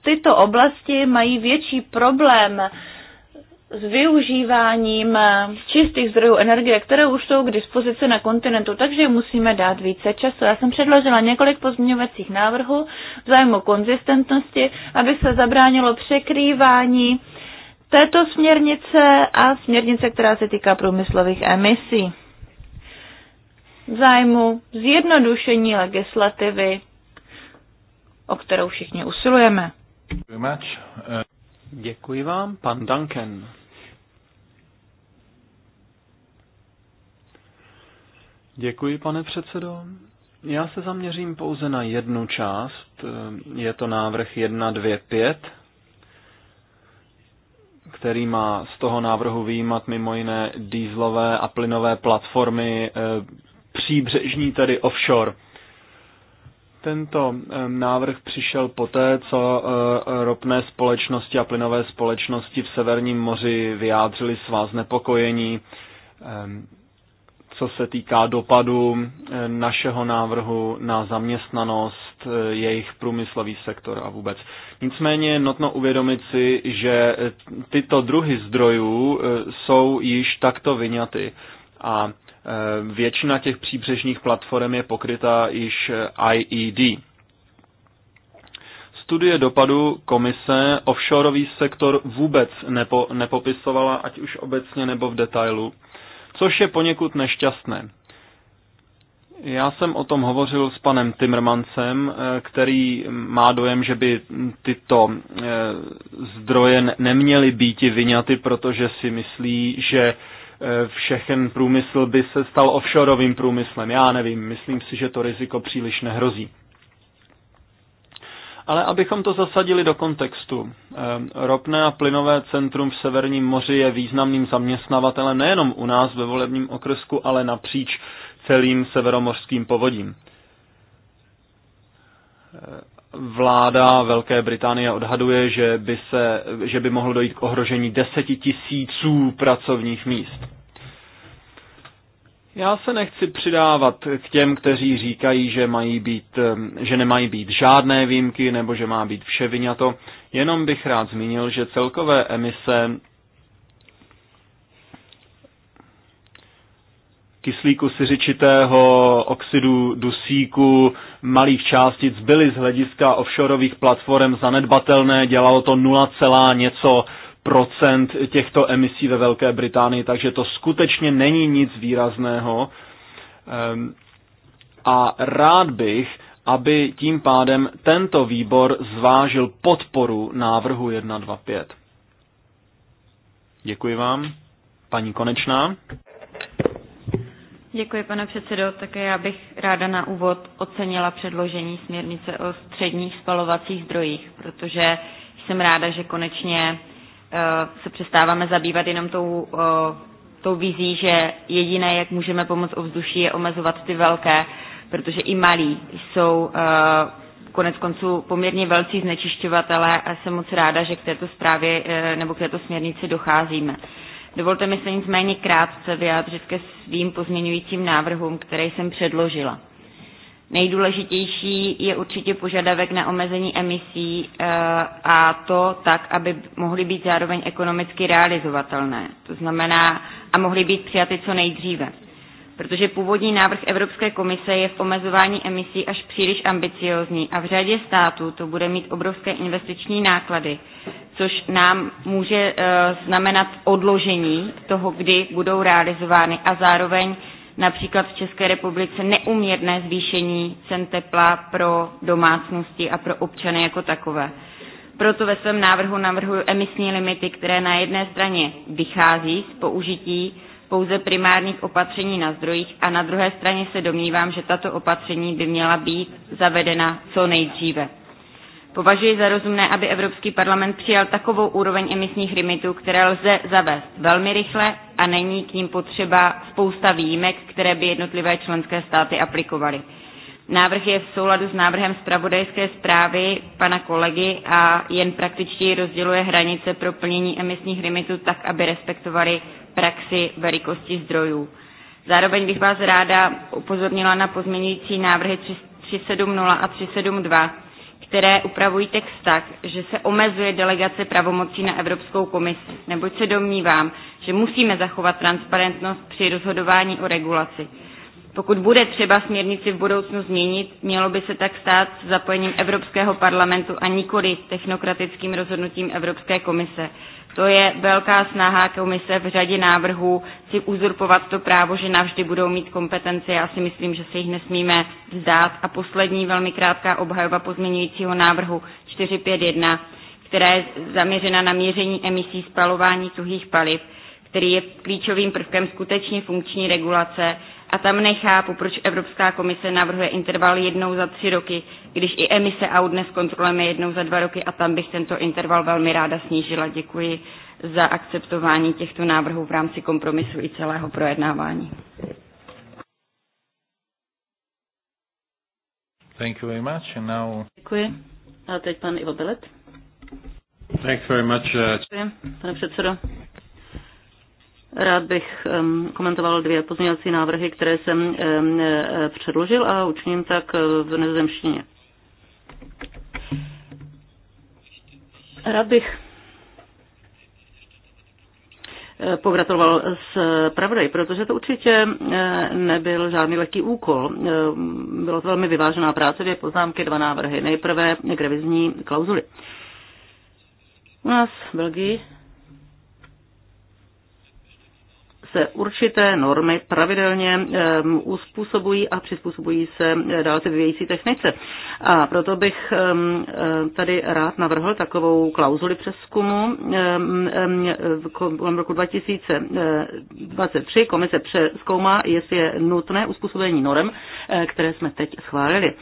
tyto oblasti mají větší problém s využíváním čistých zdrojů energie, které už jsou k dispozici na kontinentu, takže musíme dát více času. Já jsem předložila několik pozměňovacích návrhů v zájmu konzistentnosti, aby se zabránilo překrývání této směrnice a směrnice, která se týká průmyslových emisí. V zájmu zjednodušení legislativy, o kterou všichni usilujeme. Eh, děkuji vám, pan Duncan. Děkuji, pane předsedo. Já se zaměřím pouze na jednu část. Eh, je to návrh 125 který má z toho návrhu výjímat mimo jiné dýzlové a plynové platformy eh, příbřežní, tedy offshore. Tento eh, návrh přišel poté, co eh, ropné společnosti a plynové společnosti v Severním moři vyjádřili svá znepokojení co se týká dopadu eh, našeho návrhu na zaměstnanost, eh, jejich průmyslový sektor a vůbec. Nicméně je notno uvědomit si, že eh, tyto druhy zdrojů jsou již takto vyňaty a většina těch příbřežních platform je pokryta již IED. Studie dopadu komise offshoreový sektor vůbec nepo, nepopisovala, ať už obecně nebo v detailu což je poněkud nešťastné. Já jsem o tom hovořil s panem Timmermansem, eh, který má dojem, že by tyto eh, zdroje neměly být vyňaty, protože si myslí, že eh, všechen průmysl by se stal offshoreovým průmyslem. Já nevím, myslím si, že to riziko příliš nehrozí. Ale abychom to zasadili do kontextu, eh, ropné a plynové centrum v Severním moři je významným zaměstnavatelem nejenom u nás ve volebním okrsku, ale napříč celým severomořským povodím. Eh, vláda Velké Británie odhaduje, že by, se, že by mohlo dojít k ohrožení deseti tisíců pracovních míst. Já se nechci přidávat k těm, kteří říkají, že, mají být, že nemají být žádné výjimky nebo že má být vše vyňato. Jenom bych rád zmínil, že celkové emise kyslíku siřičitého, oxidu dusíku, malých částic byly z hlediska offshoreových platform zanedbatelné, dělalo to 0, něco procent těchto emisí ve Velké Británii, takže to skutečně není nic výrazného. Ehm, a rád bych, aby tím pádem tento výbor zvážil podporu návrhu 125. Děkuji vám. Paní Konečná. Děkuji, pane předsedo. Také já bych ráda na úvod ocenila předložení směrnice o středních spalovacích zdrojích, protože jsem ráda, že konečně Eh, se přestáváme zabývat jenom tou, eh, tou vizí, že jediné, jak můžeme pomoct ovzduší, je omezovat ty velké, protože i malí jsou eh, konec konců poměrně velcí znečišťovatelé a jsem moc ráda, že k této zprávě nebo k této směrnici docházíme. Dovolte mi se nicméně krátce vyjádřit ke svým pozměňujícím návrhům, které jsem předložila. Nejdůležitější je určitě požadavek na omezení emisí eh, a to tak, aby mohly být zároveň ekonomicky realizovatelné. To znamená, a mohly být přijaty co nejdříve. Protože původní návrh Evropské komise je v omezování emisí až příliš ambiciozní a v řadě států to bude mít obrovské investiční náklady, což nám může eh, znamenat odložení toho, kdy budou realizovány a zároveň například v České republice neuměrné zvýšení cen tepla pro domácnosti a pro občany jako takové. Proto ve svém návrhu navrhuji emisní limity, které na jedné straně vychází z použití pouze primárních opatření na zdrojích a na druhé straně se domnívám, že tato opatření by měla být zavedena co nejdříve. Považuji za rozumné, aby Evropský parlament přijal takovou úroveň emisních limitů, které lze zavést velmi rychle a není k ním potřeba spousta výjimek, které by jednotlivé členské státy aplikovaly. Návrh je v souladu s návrhem zpravodajské zprávy pana kolegy a jen praktičtěji rozděluje hranice pro plnění emisních limitů tak, aby respektovali praxi velikosti zdrojů. Zároveň bych vás ráda upozornila na pozměňující návrhy 370 a 372, které upravují text tak, že se omezuje delegace pravomocí na Evropskou komisi, neboť se domnívám, že musíme zachovat transparentnost při rozhodování o regulaci. Pokud bude třeba směrnici v budoucnu změnit, mělo by se tak stát s zapojením Evropského parlamentu a nikoli technokratickým rozhodnutím Evropské komise, to je velká snaha komise v řadě návrhů si uzurpovat to právo, že navždy budou mít kompetence. Já si myslím, že se jich nesmíme vzdát. A poslední velmi krátká obhajoba pozměňujícího návrhu 451, která je zaměřena na měření emisí spalování tuhých paliv, který je klíčovým prvkem skutečně funkční regulace a tam nechápu, proč Evropská komise navrhuje interval jednou za tři roky, když i emise aut dnes kontrolujeme jednou za dva roky a tam bych tento interval velmi ráda snížila. Děkuji za akceptování těchto návrhů v rámci kompromisu i celého projednávání. Thank you very much. And now... Děkuji. A teď pan Ivo Belet. Thanks very much. Uh... Děkuji, pane předsedo. Rád bych komentoval dvě pozměňovací návrhy, které jsem e, předložil a učiním tak v nezemštině. Rád bych e, pogratuloval s pravdej, protože to určitě e, nebyl žádný lehký úkol. Bylo to velmi vyvážená práce, dvě poznámky, dva návrhy. Nejprve k revizní klauzuly. U nás v Belgii se určité normy pravidelně uspůsobují a přizpůsobují se eh, dál se vyvějící technice. A proto bych eh, tady rád navrhl takovou klauzuli přeskumu. V roku 2023 eh, komise přeskoumá, jestli je nutné uspůsobení norm, které jsme teď schválili.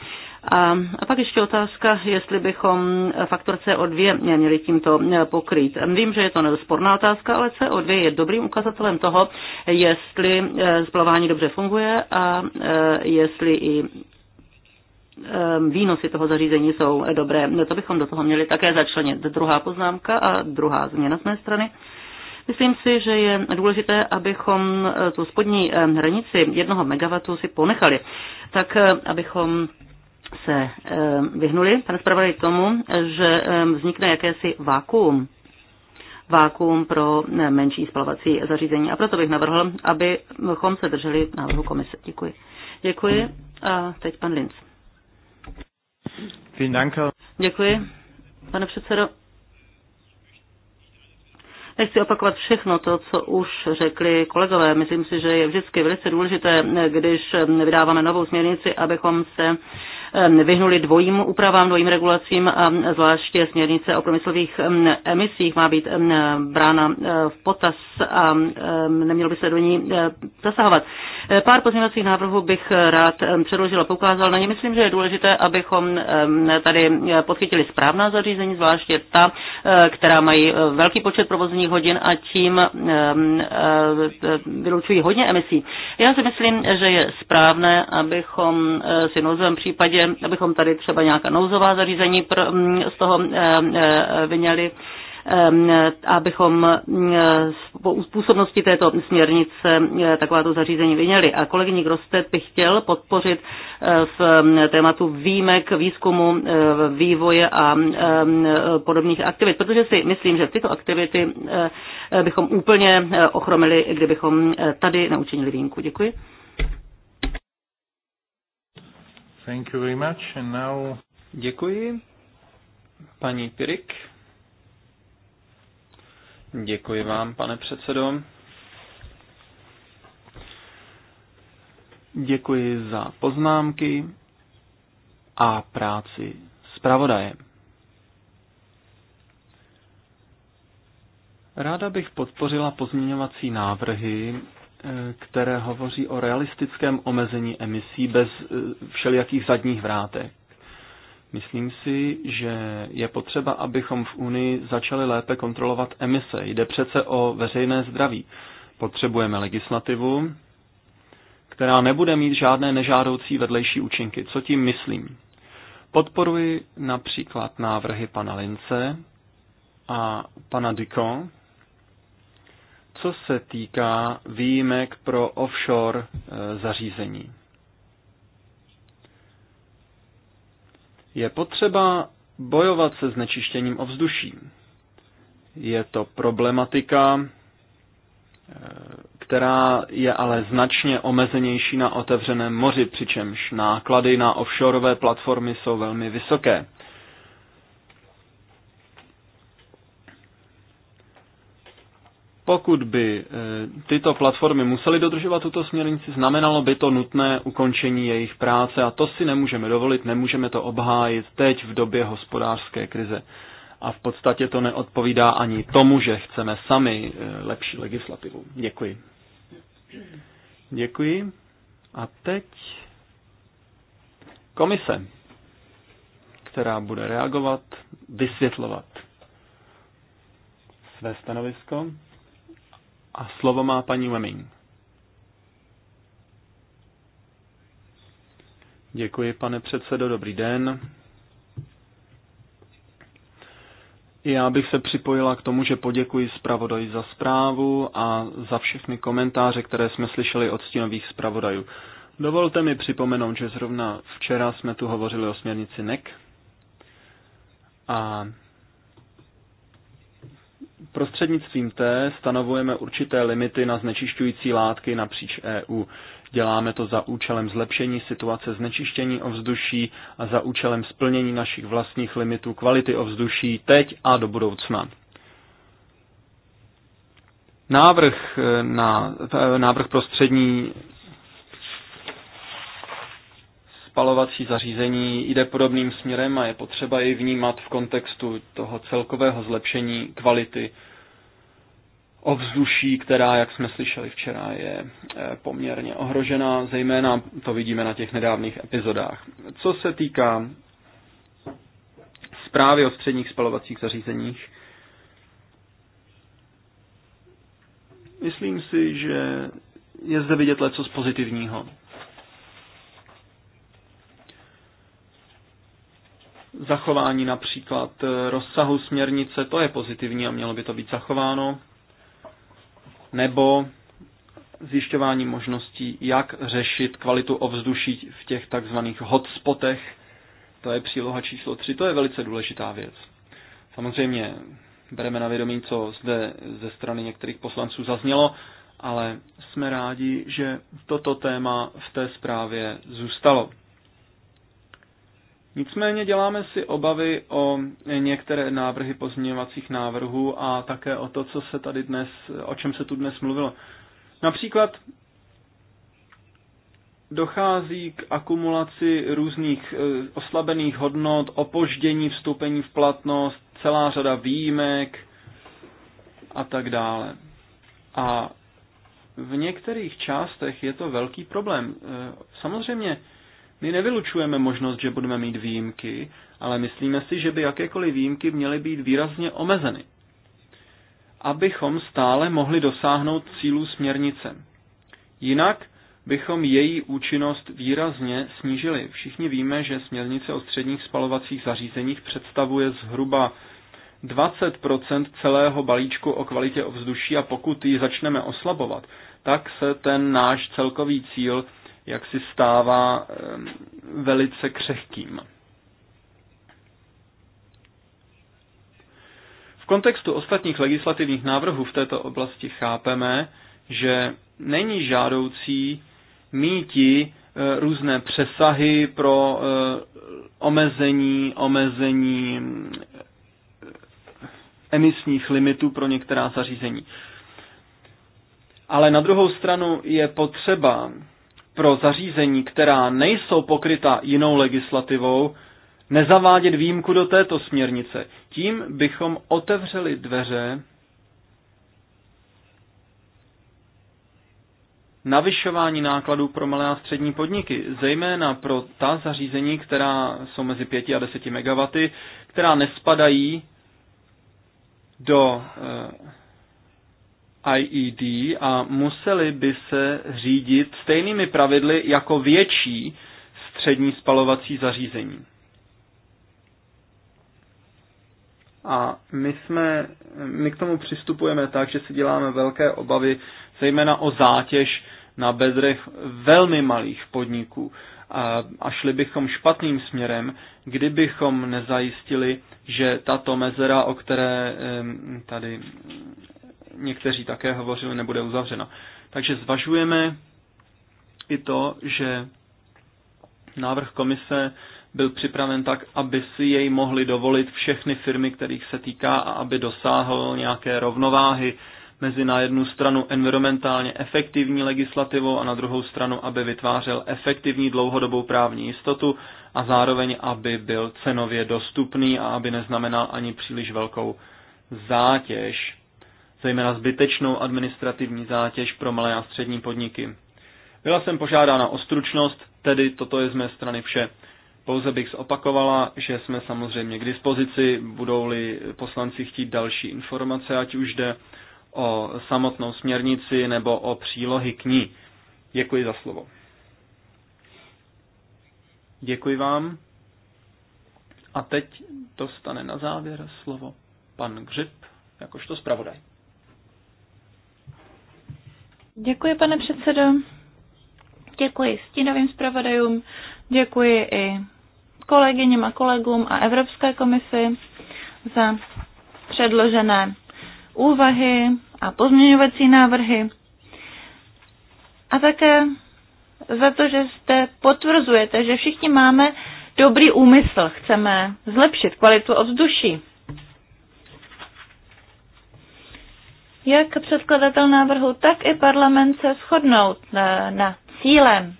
A, a pak ještě otázka, jestli bychom faktor CO2 měli tímto e, pokrýt. Vím, že je to sporná otázka, ale CO2 je dobrým ukazatelem toho, jestli e, splavání dobře funguje a e, jestli i výnosy toho zařízení jsou dobré. To bychom do toho měli také začlenit. Druhá poznámka a druhá změna z mé strany. Myslím si, že je důležité, abychom tu spodní hranici jednoho megawatu si ponechali, tak abychom se eh, vyhnuli, pane zpravodaj, tomu, že eh, vznikne jakési vákuum vákuum pro eh, menší spalovací zařízení. A proto bych navrhl, abychom se drželi návrhu komise. Děkuji. Děkuji. A teď pan Linz. Děkuji, pane předsedo. Nechci opakovat všechno to, co už řekli kolegové. Myslím si, že je vždycky velice důležité, když vydáváme novou směrnici, abychom se Ehm, vyhnuli dvojím úpravám, dvojím regulacím a zvláště směrnice o promyslových ehm, emisích má být ehm, brána eh, v potaz a nemělo by se do ní eh, zasahovat. Eh, pár pozměňovacích návrhů bych rád předložila, poukázal na ně. Myslím, že je důležité, abychom tady podchytili správná zařízení, zvláště ta, která mají velký počet provozních hodin a tím vylučují hodně emisí. Já si myslím, že je správné, abychom si v nouzovém případě že abychom tady třeba nějaká nouzová zařízení mm, z toho eh, eh, vyněli ehm, abychom po mm, úspůsobnosti eh, této směrnice takováto zařízení vyněli. A kolegyní Grostet by chtěl podpořit v mm, tématu výjimek, výzkumu, vývoje a podobných aktivit, protože si myslím, že tyto aktivity bychom úplně ochromili, kdybychom tady neučinili výjimku. Děkuji. Thank you very much. And now... Děkuji. Paní Pirik. Děkuji vám, pane předsedo. Děkuji za poznámky a práci s pravodajem. Ráda bych podpořila pozměňovací návrhy, které hovoří o realistickém omezení emisí bez eh, všelijakých zadních vrátek. Myslím si, že je potřeba, abychom v Unii začali lépe kontrolovat emise. Jde přece o veřejné zdraví. Potřebujeme legislativu, která nebude mít žádné nežádoucí vedlejší účinky. Co tím myslím? Podporuji například návrhy pana Lince a pana Ducon, co se týká výjimek pro offshore eh, zařízení, je potřeba bojovat se znečištěním ovzduší. Je to problematika, eh, která je ale značně omezenější na otevřeném moři, přičemž náklady na offshoreové platformy jsou velmi vysoké. Pokud by eh, tyto platformy musely dodržovat tuto směrnici, znamenalo by to nutné ukončení jejich práce a to si nemůžeme dovolit, nemůžeme to obhájit teď v době hospodářské krize. A v podstatě to neodpovídá ani tomu, že chceme sami eh, lepší legislativu. Děkuji. Děkuji. A teď komise, která bude reagovat, vysvětlovat své stanovisko. A slovo má paní Weming. Děkuji, pane předsedo, dobrý den. Já bych se připojila k tomu, že poděkuji zpravodaji za zprávu a za všechny komentáře, které jsme slyšeli od stínových zpravodajů. Dovolte mi připomenout, že zrovna včera jsme tu hovořili o směrnici NEC a Prostřednictvím té stanovujeme určité limity na znečišťující látky napříč EU. Děláme to za účelem zlepšení situace znečištění ovzduší a za účelem splnění našich vlastních limitů kvality ovzduší teď a do budoucna. Návrh, eh, na, eh, návrh prostřední spalovací zařízení jde podobným směrem a je potřeba ji vnímat v kontextu toho celkového zlepšení kvality ovzduší, která, jak jsme slyšeli včera, je eh, poměrně ohrožena zejména to vidíme na těch nedávných epizodách. Co se týká zprávy o středních spalovacích zařízeních, myslím si, že je zde vidět leco z pozitivního. zachování například eh, rozsahu směrnice, to je pozitivní a mělo by to být zachováno, nebo zjišťování možností, jak řešit kvalitu ovzduší v těch takzvaných hotspotech, to je příloha číslo 3, to je velice důležitá věc. Samozřejmě bereme na vědomí, co zde ze strany některých poslanců zaznělo, ale jsme rádi, že toto téma v té zprávě zůstalo. Nicméně děláme si obavy o některé návrhy pozměňovacích návrhů a také o to, co se tady dnes, o čem se tu dnes mluvilo. Například dochází k akumulaci různých eh, oslabených hodnot, opoždění vstoupení v platnost, celá řada výjimek a tak dále. A v některých částech je to velký problém. Eh, samozřejmě my nevylučujeme možnost, že budeme mít výjimky, ale myslíme si, že by jakékoliv výjimky měly být výrazně omezeny, abychom stále mohli dosáhnout cílů směrnice. Jinak bychom její účinnost výrazně snížili. Všichni víme, že směrnice o středních spalovacích zařízeních představuje zhruba 20 celého balíčku o kvalitě ovzduší a pokud ji začneme oslabovat, tak se ten náš celkový cíl jak si stává velice křehkým. V kontextu ostatních legislativních návrhů v této oblasti chápeme, že není žádoucí míti e, různé přesahy pro e, omezení, omezení emisních limitů pro některá zařízení. Ale na druhou stranu je potřeba pro zařízení, která nejsou pokryta jinou legislativou, nezavádět výjimku do této směrnice. Tím bychom otevřeli dveře navyšování nákladů pro malé a střední podniky, zejména pro ta zařízení, která jsou mezi 5 a 10 MW, která nespadají do eh, IED a museli by se řídit stejnými pravidly jako větší střední spalovací zařízení. A my, jsme, my k tomu přistupujeme tak, že si děláme velké obavy, zejména o zátěž na bedrech velmi malých podniků. A, šli bychom špatným směrem, kdybychom nezajistili, že tato mezera, o které tady někteří také hovořili, nebude uzavřena. Takže zvažujeme i to, že návrh komise byl připraven tak, aby si jej mohli dovolit všechny firmy, kterých se týká a aby dosáhl nějaké rovnováhy mezi na jednu stranu environmentálně efektivní legislativou a na druhou stranu, aby vytvářel efektivní dlouhodobou právní jistotu a zároveň, aby byl cenově dostupný a aby neznamenal ani příliš velkou zátěž zejména zbytečnou administrativní zátěž pro malé a střední podniky. Byla jsem požádána o stručnost, tedy toto je z mé strany vše. Pouze bych zopakovala, že jsme samozřejmě k dispozici, budou-li poslanci chtít další informace, ať už jde o samotnou směrnici nebo o přílohy k ní. Děkuji za slovo. Děkuji vám. A teď dostane na závěr slovo pan Gřip jakožto zpravodaj. Děkuji, pane předsedo. Děkuji stínovým zpravodajům, děkuji i kolegyním a kolegům a Evropské komisi za předložené úvahy a pozměňovací návrhy a také za to, že jste potvrzujete, že všichni máme dobrý úmysl, chceme zlepšit kvalitu ovzduší. jak předkladatel návrhu, tak i parlament se shodnout na, eh, na cílem,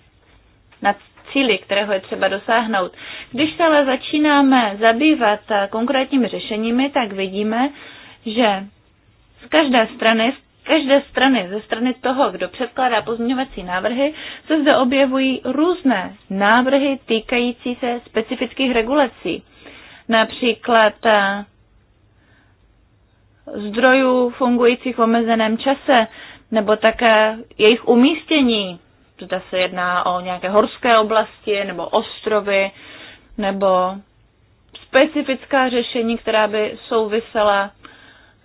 na cíli, kterého je třeba dosáhnout. Když se ale začínáme zabývat eh, konkrétními řešeními, tak vidíme, že z každé strany, z každé strany, ze strany toho, kdo předkládá pozměňovací návrhy, se zde objevují různé návrhy týkající se specifických regulací. Například eh, zdrojů fungujících v omezeném čase, nebo také jejich umístění. Zda se jedná o nějaké horské oblasti nebo ostrovy, nebo specifická řešení, která by souvisela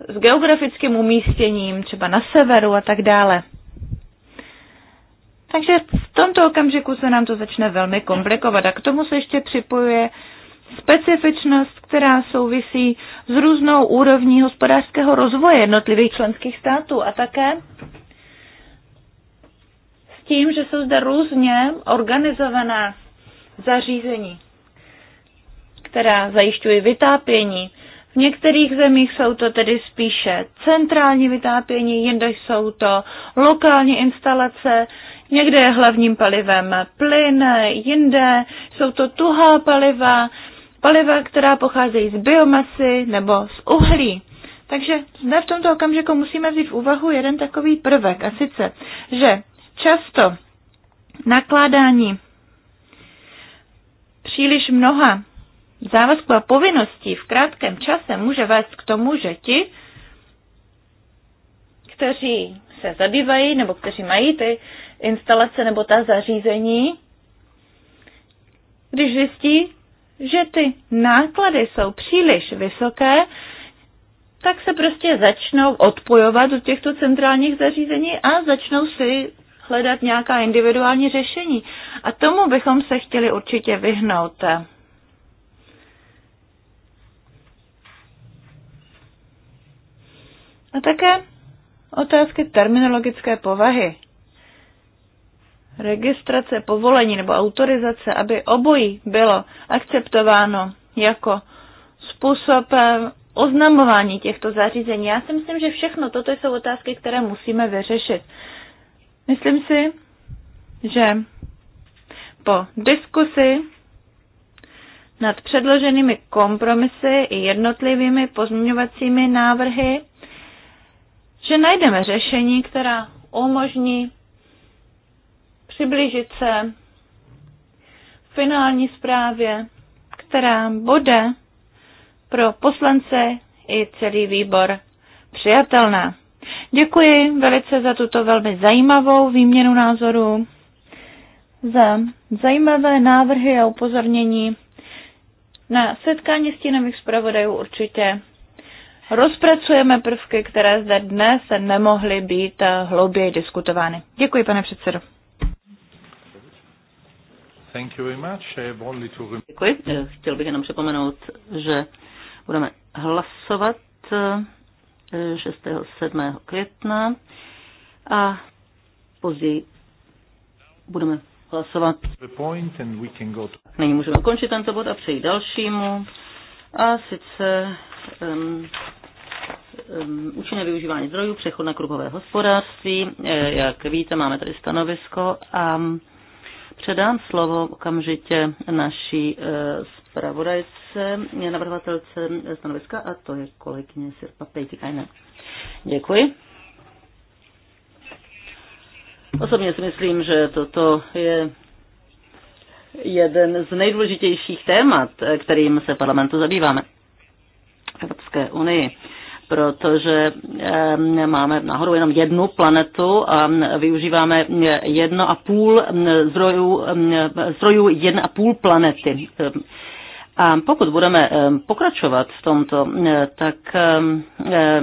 s geografickým umístěním, třeba na severu a tak dále. Takže v tomto okamžiku se nám to začne velmi komplikovat. A k tomu se ještě připojuje specifičnost, která souvisí s různou úrovní hospodářského rozvoje jednotlivých členských států a také s tím, že jsou zde různě organizovaná zařízení, která zajišťují vytápění. V některých zemích jsou to tedy spíše centrální vytápění, jinde jsou to lokální instalace, Někde je hlavním palivem plyn, jinde jsou to tuhá paliva, paliva, která pocházejí z biomasy nebo z uhlí. Takže zde v tomto okamžiku musíme vzít v úvahu jeden takový prvek, a sice, že často nakládání příliš mnoha závazků a povinností v krátkém čase může vést k tomu, že ti, kteří se zabývají nebo kteří mají ty instalace nebo ta zařízení, když zjistí, že ty náklady jsou příliš vysoké, tak se prostě začnou odpojovat od těchto centrálních zařízení a začnou si hledat nějaká individuální řešení. A tomu bychom se chtěli určitě vyhnout. A také otázky terminologické povahy registrace, povolení nebo autorizace, aby obojí bylo akceptováno jako způsob eh, oznamování těchto zařízení. Já si myslím, že všechno toto jsou otázky, které musíme vyřešit. Myslím si, že po diskusi nad předloženými kompromisy i jednotlivými pozměňovacími návrhy, že najdeme řešení, která umožní přiblížit se finální zprávě, která bude pro poslance i celý výbor přijatelná. Děkuji velice za tuto velmi zajímavou výměnu názorů, za zajímavé návrhy a upozornění. Na setkání stínových zpravodajů určitě rozpracujeme prvky, které zde dnes nemohly být hlouběji diskutovány. Děkuji, pane předsedo. Děkuji. Chtěl bych jenom připomenout, že budeme hlasovat 6. Eh, 7. května a později budeme hlasovat. Nyní můžeme končit tento bod a přejít dalšímu. A sice um, um, účinné využívání zdrojů, přechod na kruhové hospodářství. Eh, jak víte, máme tady stanovisko a Předám slovo okamžitě naší eh, zpravodajce, navrhovatelce stanoviska, a to je kolegyně Sirpa Pejtikajna. Děkuji. Osobně si myslím, že toto je jeden z nejdůležitějších témat, eh, kterým se parlamentu zabýváme Evropské unii protože máme nahoru jenom jednu planetu a využíváme jedno a půl zdrojů, zdrojů jedna a půl planety. A pokud budeme pokračovat v tomto, tak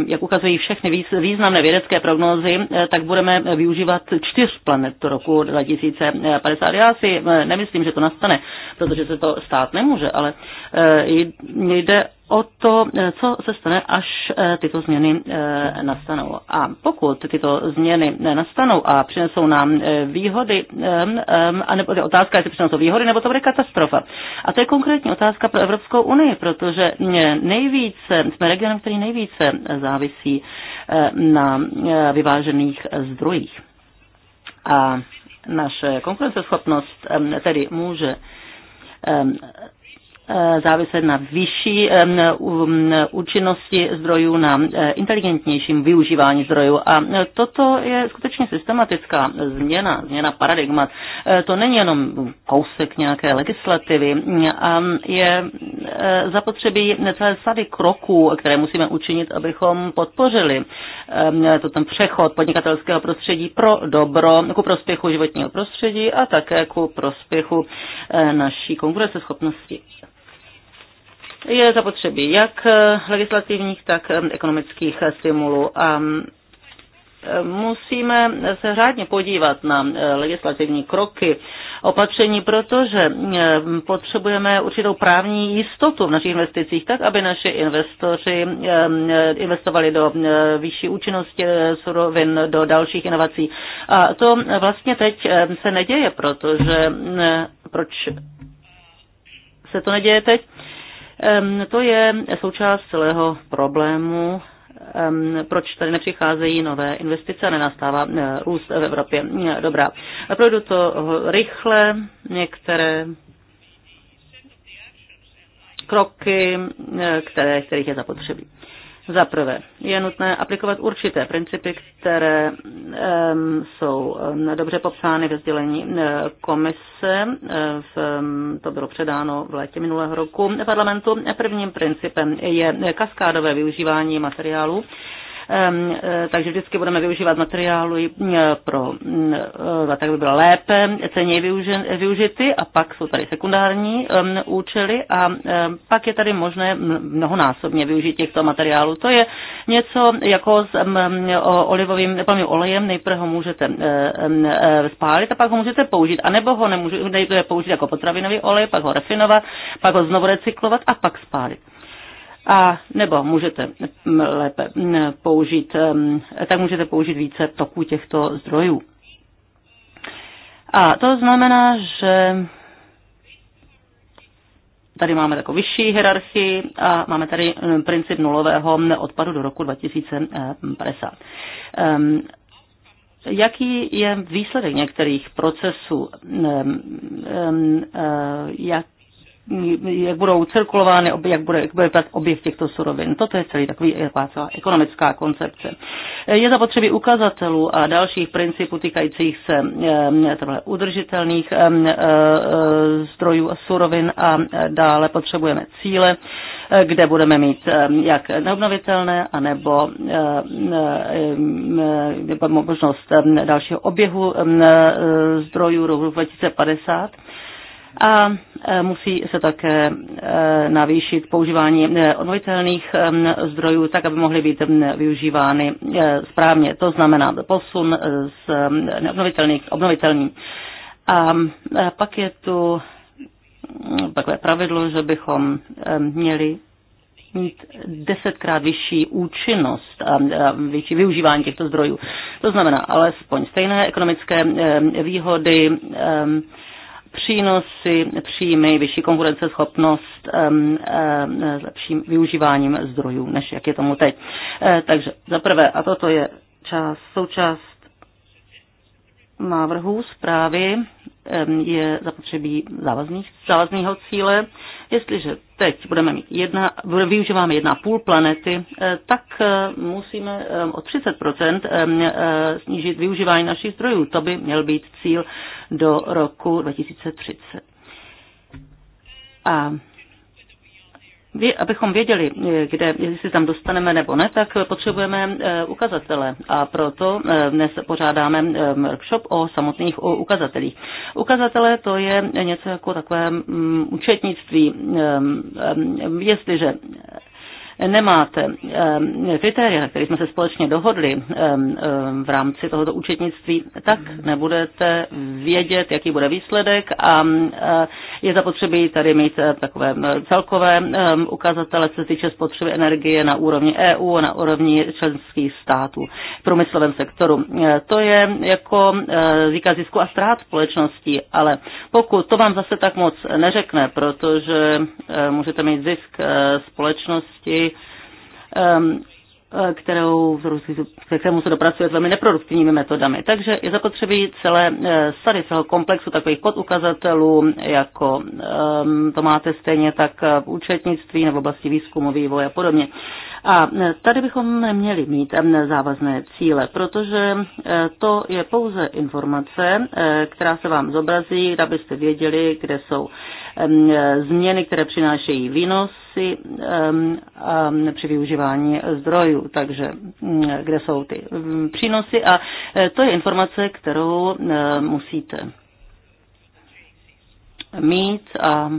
jak ukazují všechny významné vědecké prognózy, tak budeme využívat čtyř planet do roku 2050. Já si nemyslím, že to nastane, protože se to stát nemůže, ale jde o to, co se stane, až eh, tyto změny eh, nastanou. A pokud tyto změny nenastanou a přinesou nám eh, výhody, a nebo je otázka, jestli přinesou výhody, nebo to bude katastrofa. A to je konkrétní otázka pro Evropskou unii, protože nejvíce, jsme regionem, který nejvíce závisí na vyvážených zdrojích. A naše konkurenceschopnost tedy může Eh, záviset na vyšší účinnosti zdrojů, na eh, inteligentnějším využívání zdrojů. A eh, toto je skutečně systematická změna, změna paradigmat. To není jenom kousek nějaké legislativy, a je zapotřebí celé sady kroků, které musíme učinit, abychom podpořili to ten přechod podnikatelského prostředí pro dobro, ku prospěchu životního prostředí a také ku prospěchu naší konkurenceschopnosti je zapotřebí jak eh, legislativních, tak eh, ekonomických eh, stimulů. A musíme se řádně podívat na legislativní kroky, opatření, protože potřebujeme určitou právní jistotu v našich investicích, tak aby naši investoři investovali do vyšší účinnosti surovin, do dalších inovací. A to vlastně teď se neděje, protože proč se to neděje teď? To je součást celého problému proč tady nepřicházejí nové investice a nenastává eh, růst v Evropě. Eh, dobrá. Projdu to rychle. Některé kroky, eh, které, kterých je zapotřebí. Za prvé je nutné aplikovat určité principy, které um, jsou um, dobře popsány ve sdělení um, komise. Um, to bylo předáno v létě minulého roku parlamentu. Prvním principem je kaskádové využívání materiálu. Um, Eh, takže vždycky budeme využívat materiálu eh, pro, mm, eh, tak by bylo lépe, ceněji využity a pak jsou tady sekundární účely a pak je tady možné mnohonásobně využít těchto materiálů. To je něco jako s olivovým nepomím, olejem, nejprve ho můžete spálit a pak ho můžete použít, anebo ho nemůžete použít jako potravinový olej, pak ho refinovat, pak ho znovu recyklovat a pak spálit a nebo můžete mm, lépe mm, použít, mm, tak můžete použít více toků těchto zdrojů. A to znamená, že tady máme takovou vyšší hierarchii a máme tady princip nulového odpadu do roku 2050. Jaký je výsledek některých procesů? Jak jak budou cirkulovány, jak bude, jak bude objev těchto surovin. Toto je celý takový eh, celá ekonomická koncepce. Eh, je zapotřebí ukazatelů a dalších principů týkajících se eh, udržitelných zdrojů a surovin a dále potřebujeme cíle, kde budeme mít jak neobnovitelné, anebo možnost dalšího oběhu zdrojů roku 2050 a e, musí se také e, navýšit používání e, obnovitelných zdrojů, tak aby mohly být využívány správně. To znamená posun z neobnovitelných k obnovitelným. A pak je tu takové pravidlo, že bychom měli mít desetkrát vyšší účinnost a vyšší využívání těchto zdrojů. To znamená alespoň stejné ekonomické výhody, přínosy, příjmy, vyšší konkurenceschopnost um, lepším využíváním zdrojů, než jak je tomu teď. Eh, takže za prvé, a toto je čas, součást návrhu zprávy je zapotřebí závazných, závazného cíle. Jestliže teď budeme mít jedna, využíváme jedna půl planety, eh, tak eh, musíme o 30 snížit využívání našich zdrojů. To by měl být cíl do roku 2030. A abychom věděli, eh, kde, jestli se tam dostaneme nebo ne, tak potřebujeme eh, ukazatele. A proto eh, dnes pořádáme workshop o samotných ukazatelích. Ukazatele to je něco jako takové mm, účetnictví. Ehm, ehm, jestliže nemáte eh, kritéria, na které jsme se společně dohodli eh, eh, v rámci tohoto účetnictví, tak nebudete vědět, jaký bude výsledek a je zapotřebí tady mít takové celkové ukazatele, co se týče spotřeby energie na úrovni EU a na úrovni členských států v průmyslovém sektoru. To je jako říká zisku a ztrát společnosti, ale pokud to vám zase tak moc neřekne, protože můžete mít zisk společnosti, Eh, kterou v Rusi, ke kterému se dopracuje s velmi neproduktivními metodami. Takže je zapotřebí celé eh, sady, celého komplexu takových podukazatelů, jako to máte stejně tak v účetnictví nebo v oblasti výzkumu, vývoje a podobně. A eh, tady bychom neměli mít závazné cíle, protože to je pouze informace, která se vám zobrazí, abyste věděli, kde jsou změny, které přinášejí výnos um, při využívání zdrojů, takže mm, kde jsou ty mm, přínosy a e, to je informace, kterou e, musíte mít a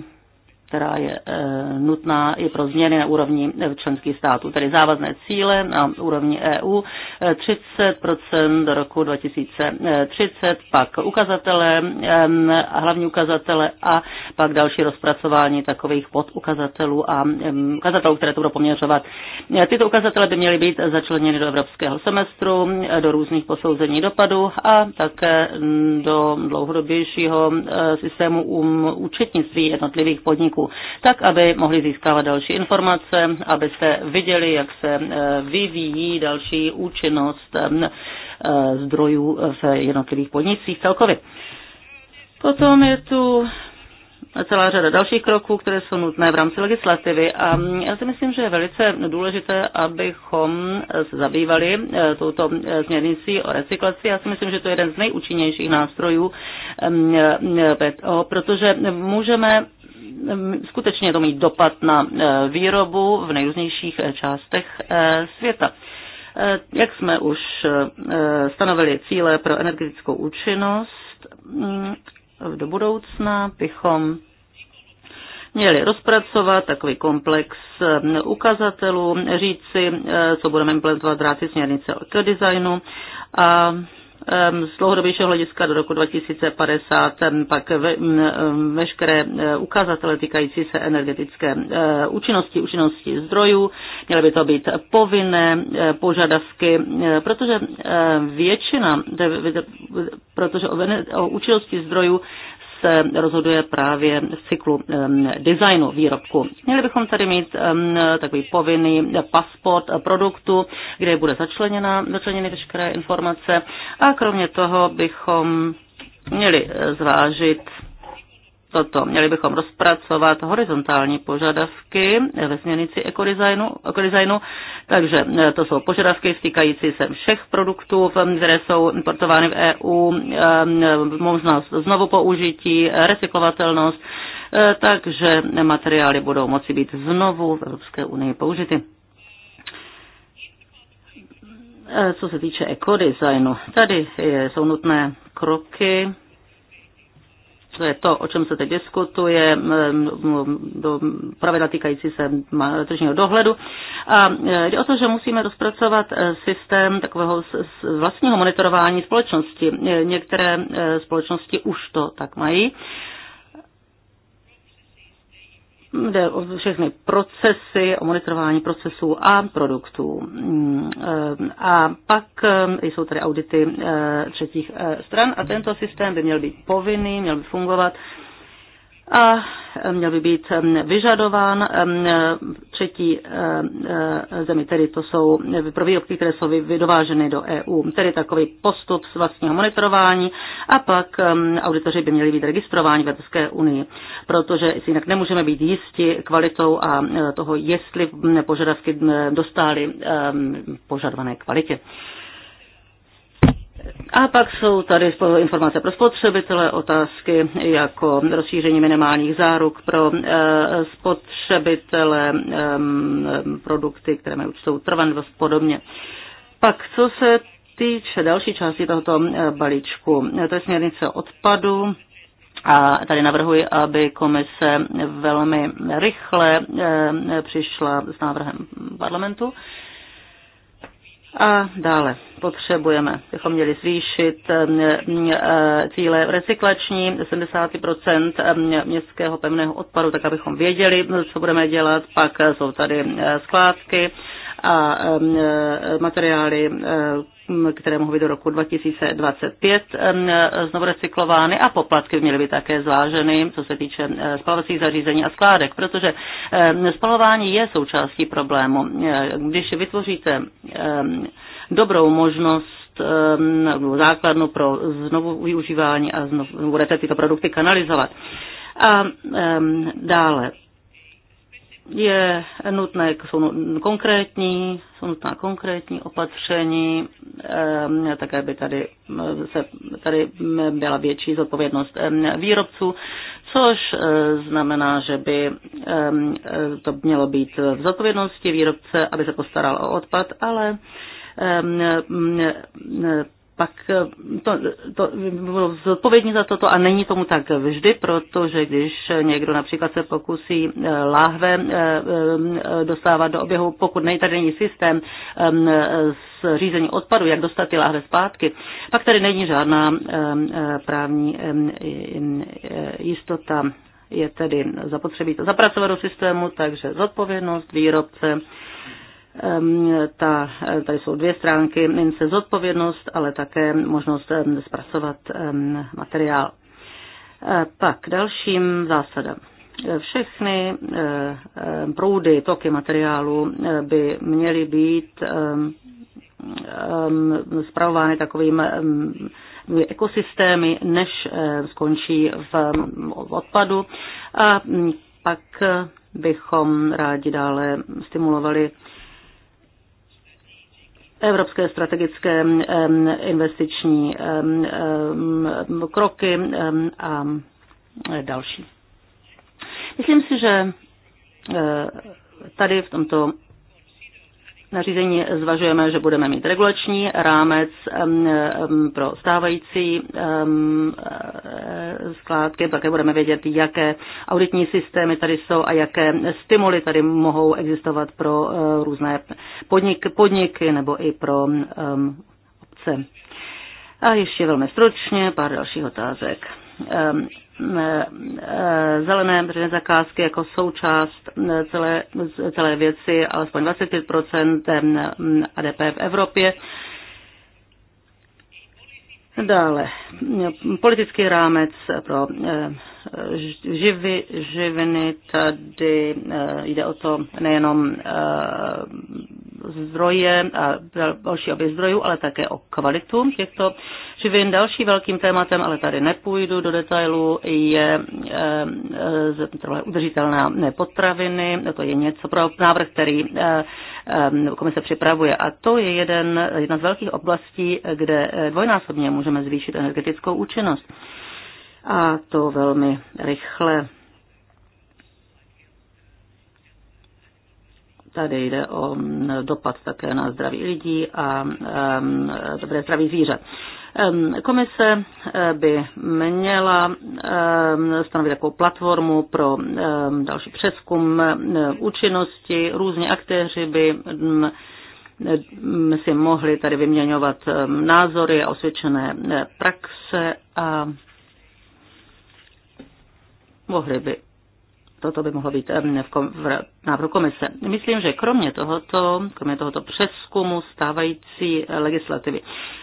která je eh, nutná i pro změny na úrovni eh, členských států, tedy závazné cíle na úrovni EU 30 eh, do roku 2030, pak ukazatele, hlavní ukazatele a pak další rozpracování takových podukazatelů a ukazatelů, které to budou poměřovat. Tyto ukazatele by měly být začleněny do evropského semestru, do různých posouzení dopadu a také mm, do dlouhodobějšího systému um, účetnictví jednotlivých podniků Facebooku, tak aby mohli získávat další informace, abyste viděli, jak se eh, vyvíjí další účinnost eh, eh, zdrojů v jednotlivých podnicích celkově. Potom je tu celá řada dalších kroků, které jsou nutné v rámci legislativy. A mm, já si myslím, že je velice důležité, abychom se zabývali touto směrnicí o recyklaci. Já si myslím, že to je jeden z nejúčinnějších nástrojů, mm, mm, e protože můžeme skutečně to mít dopad na e, výrobu v nejrůznějších e, částech e, světa. Jak jsme už stanovili cíle pro energetickou účinnost, mm, do budoucna bychom měli rozpracovat takový komplex ukazatelů, říci, co budeme implementovat v rámci směrnice k designu a Ehm, z dlouhodobějšího hlediska do roku 2050 ehm, pak ve, ehm, veškeré eh, ukazatele týkající se energetické eh, účinnosti, účinnosti zdrojů, měly by to být povinné eh, požadavky, protože většina, protože o, o účinnosti zdrojů se rozhoduje právě v cyklu designu výrobku. Měli bychom tady mít takový povinný pasport produktu, kde bude začleněna, začleněny veškeré informace a kromě toho bychom měli eh, zvážit toto. Měli bychom rozpracovat horizontální požadavky ve směrnici ekodesignu, ekodesignu. Takže e, to jsou požadavky stýkající se všech produktů, které jsou importovány v EU, e, možnost znovu použití, recyklovatelnost, e, takže materiály budou moci být znovu v Evropské unii použity co se týče ekodesignu, tady jsou nutné kroky to je to, o čem se teď diskutuje, pravidla týkající se tržního dohledu. A e, jde o to, že musíme rozpracovat e, systém takového vlastního monitorování společnosti. E, některé společnosti už to tak mají. Jde o všechny procesy, o monitorování procesů a produktů. Mm, eh, a pak eh, jsou tady audity eh, třetích stran a tento systém by měl být povinný, měl by fungovat a eh, měl by být eh, vyžadován eh, třetí zemi, tedy to jsou výrobky, které jsou dováženy do EU, tedy takový postup z vlastního monitorování a pak auditoři by měli být registrováni v Evropské unii, protože jinak nemůžeme být jisti kvalitou a toho, jestli hm, požadavky hm, dostály požadované kvalitě. A pak jsou tady informace pro spotřebitele, otázky jako rozšíření minimálních záruk pro eh, spotřebitele, ehm, produkty, které mají určitou trvanlivost podobně. Pak co se týče další části tohoto eh, balíčku, eh, to je směrnice odpadu, a tady navrhuji, aby komise velmi rychle přišla s návrhem parlamentu. A dále potřebujeme, bychom měli zvýšit eh, cíle recyklační 70% městského pevného odpadu, tak abychom věděli, co budeme dělat. Pak jsou tady eh, skládky a eh, materiály které mohou být do roku 2025 e, znovu recyklovány a poplatky by měly být také zváženy, co se týče e, spalovacích zařízení a skládek, protože spalování je součástí problému. E, když vytvoříte dobrou možnost základnu pro znovu využívání a znovu budete tyto produkty kanalizovat. A um, dále je nutné, jsou konkrétní, jsou nutná konkrétní opatření, ehm, tak aby tady, ehm, se, tady byla větší zodpovědnost ehm, výrobců, což eh, znamená, že by eh, to mělo být v zodpovědnosti výrobce, aby se postaral o odpad, ale pak eh, to, to bylo zodpovědní za toto a není tomu tak vždy, protože když někdo například se pokusí eh, láhve eh, dostávat do oběhu, pokud nejde tady není systém ehm, s řízení odpadu, jak dostat ty láhve zpátky, pak tady není žádná ehm, právní ehm, jistota je tedy zapotřebí to zapracovat do systému, takže zodpovědnost výrobce ta, tady jsou dvě stránky, mince zodpovědnost, ale také možnost zpracovat materiál. E, pak dalším zásadám. Všechny e, proudy, toky materiálu e, by měly být spravovány takovým ekosystémy, než skončí v odpadu. A pak bychom rádi dále stimulovali evropské strategické investiční kroky a další. Myslím si, že eh, tady v tomto nařízení zvažujeme, že budeme mít regulační rámec pro stávající e, skládky, také budeme vědět, jaké auditní systémy tady jsou a jaké stimuly tady mohou existovat pro e, různé podnik, podniky nebo i pro obce. A ještě velmi stručně pár dalších otázek Eh, eh, zelené veřejné zakázky jako součást eh, celé, celé věci, alespoň 25 mm, ADP v Evropě. Dále, politický rámec pro živy, živiny, tady jde o to nejenom zdroje a další obě zdrojů, ale také o kvalitu těchto živin. Další velkým tématem, ale tady nepůjdu do detailu, je e, udržitelná potraviny. No, to je něco pro návrh, který eh, komise připravuje. A to je jeden, jedna z velkých oblastí, kde dvojnásobně můžeme zvýšit energetickou účinnost. A to velmi rychle Tady jde o mm, dopad také na zdraví lidí a dobré zdraví zvířat. Komise eh, by měla stanovit takovou platformu pro další přeskum eh, účinnosti. Různí aktéři by mm, mm, si mohli tady vyměňovat názory a osvědčené eh, praxe a mohli by toto by mohlo být v, kom, v návrhu komise. Myslím, že kromě tohoto, kromě tohoto přeskumu stávající eh, legislativy,